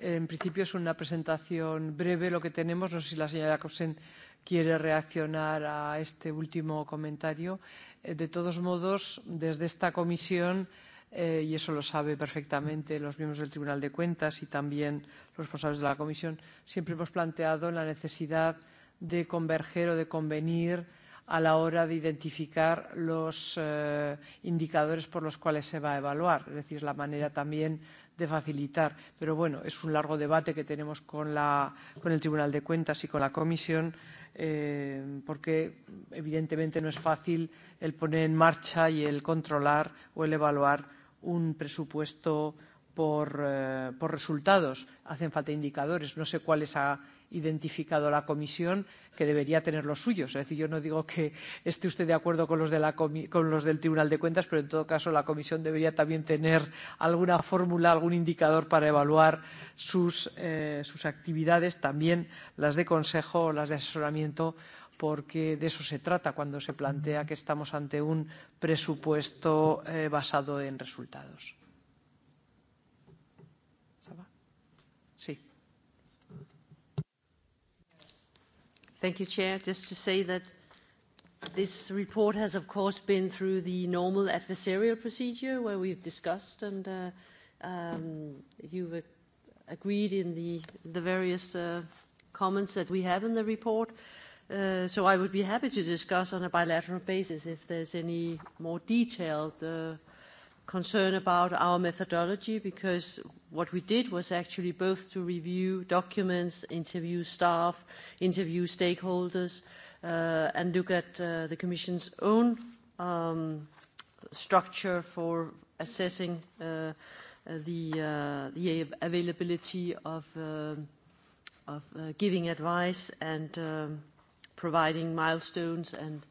en principio es una presentación breve lo que tenemos. No sé si la señora Jacobsen eh, quiere reaccionar a este último comentario. Eh, de todos modos, desde esta comisión, eh, y eso lo sabe perfectamente los miembros del Tribunal de Cuentas y también los responsables de la comisión, siempre hemos planteado la necesidad de converger o de convenir a la hora de identificar los eh, indicadores por los cuales se va a evaluar, es decir, la manera también de facilitar. Pero bueno, es un largo debate que tenemos con, la, con el Tribunal de Cuentas y con la Comisión, eh, porque evidentemente no es fácil el poner en marcha y el controlar o el evaluar un presupuesto por, eh, por resultados. Hacen falta indicadores. No sé cuáles ha identificado la Comisión, que debería tener los suyos. Es decir, yo no digo que esté usted de acuerdo con los, de la con los del Tribunal de Cuentas, pero en todo caso la Comisión debería también tener alguna fórmula, algún indicador para evaluar sus, eh, sus actividades, también las de consejo o las de asesoramiento, porque de eso se trata cuando se plantea que estamos ante un presupuesto eh, basado en resultados. Thank you, Chair. Just to say that this report has, of course, been through the normal adversarial procedure where we've discussed and uh, um, you've uh, agreed in the, the various uh, comments that we have in the report. Uh, so I would be happy to discuss on a bilateral basis if there's any more detailed uh, concern about our methodology because what we did was actually both to review documents, interview staff, interview stakeholders, uh, and look at uh, the Commission's own um, structure for assessing uh, uh the, uh, the availability of, uh, of uh, giving advice and um, providing milestones and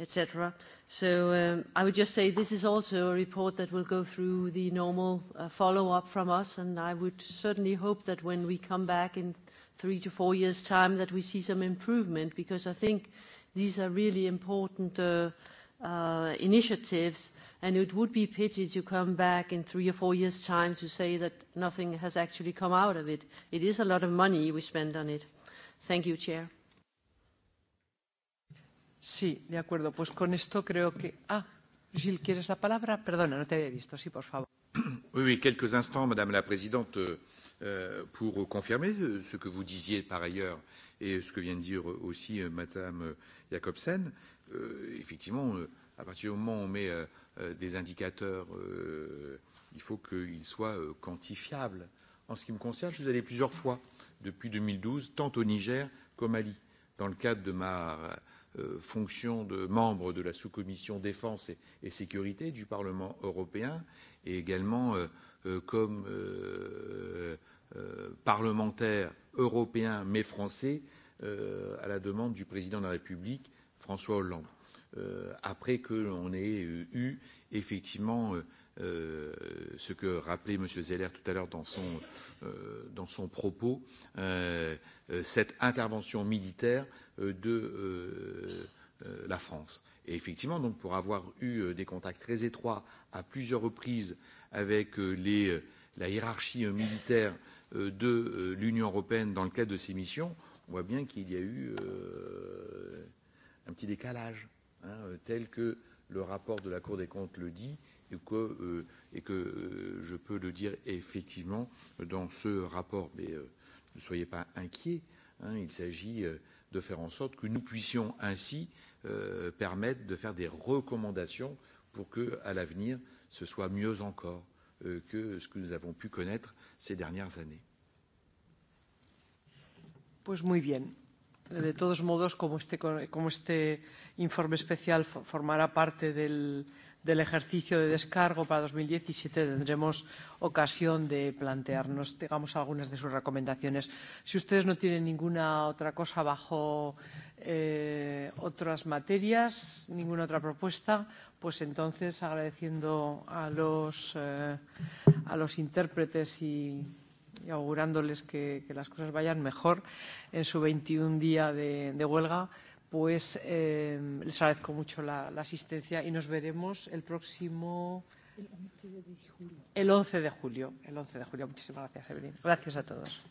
etc. So um, I would just say this is also a report that will go through the normal uh, follow-up from us, and I would certainly hope that when we come back in three to four years' time that we see some improvement, because I think these are really important uh, uh, initiatives, and it would be pity to come back in three or four years' time to say that nothing has actually come out of it. It is a lot of money we spend on it. Thank you, Chair. Sí, de acuerdo. Pues con esto creo que. Ah, Gilles, ¿quieres la palabra? Perdona, no te había visto. Sí, por favor. Oui, oui, quelques instants, Madame la Présidente, euh, pour confirmer euh, ce que vous disiez par ailleurs et ce que vient de dire aussi euh, Madame euh, Jacobsen. Euh, effectivement, euh, à partir du moment où on met euh, euh, des indicateurs, euh, il faut qu'ils soient euh, quantifiables. En ce qui me concerne, je suis allé plusieurs fois depuis 2012, tant au Niger qu'au Mali, dans le cadre de ma Euh, fonction de membre de la sous-commission défense et, et sécurité du Parlement européen et également euh, euh, comme parlementaire européen mais français à la demande du président de la République François Hollande après que l'on ait eu effectivement euh, ce que rappelait M. Zeller tout à l'heure dans, son, euh, dans son propos, euh, euh, cette intervention militaire euh, de euh, euh, la France. Et effectivement, donc, pour avoir eu euh, des contacts très étroits à plusieurs reprises avec euh, les, euh, la hiérarchie euh, militaire euh, de euh, l'Union européenne dans le cadre de ces missions, on voit bien qu'il y a eu euh, un petit décalage, hein, tel que le rapport de la Cour des comptes le dit, et que, euh, et que euh, je peux le dire effectivement dans ce rapport. Mais euh, ne soyez pas inquiets, hein, il s'agit euh, de faire en sorte que nous puissions ainsi euh, permettre de faire des recommandations pour que, à l'avenir, ce soit mieux encore euh, que ce que nous avons pu connaître ces dernières années. Pues muy bien. De todos modos, como este, como este informe especial formará parte del, eh, del ejercicio de descargo para 2017 tendremos ocasión de plantearnos, digamos, algunas de sus recomendaciones. Si ustedes no tienen ninguna otra cosa bajo eh, otras materias, ninguna otra propuesta, pues entonces agradeciendo a los, eh, a los intérpretes y, y augurándoles que, que las cosas vayan mejor en su 21 día de, de huelga pues eh, les agradezco mucho la, la asistencia y nos veremos el próximo. El 11 de julio. El 11 de julio. El 11 de julio. Muchísimas gracias, Evelyn. Gracias a todos.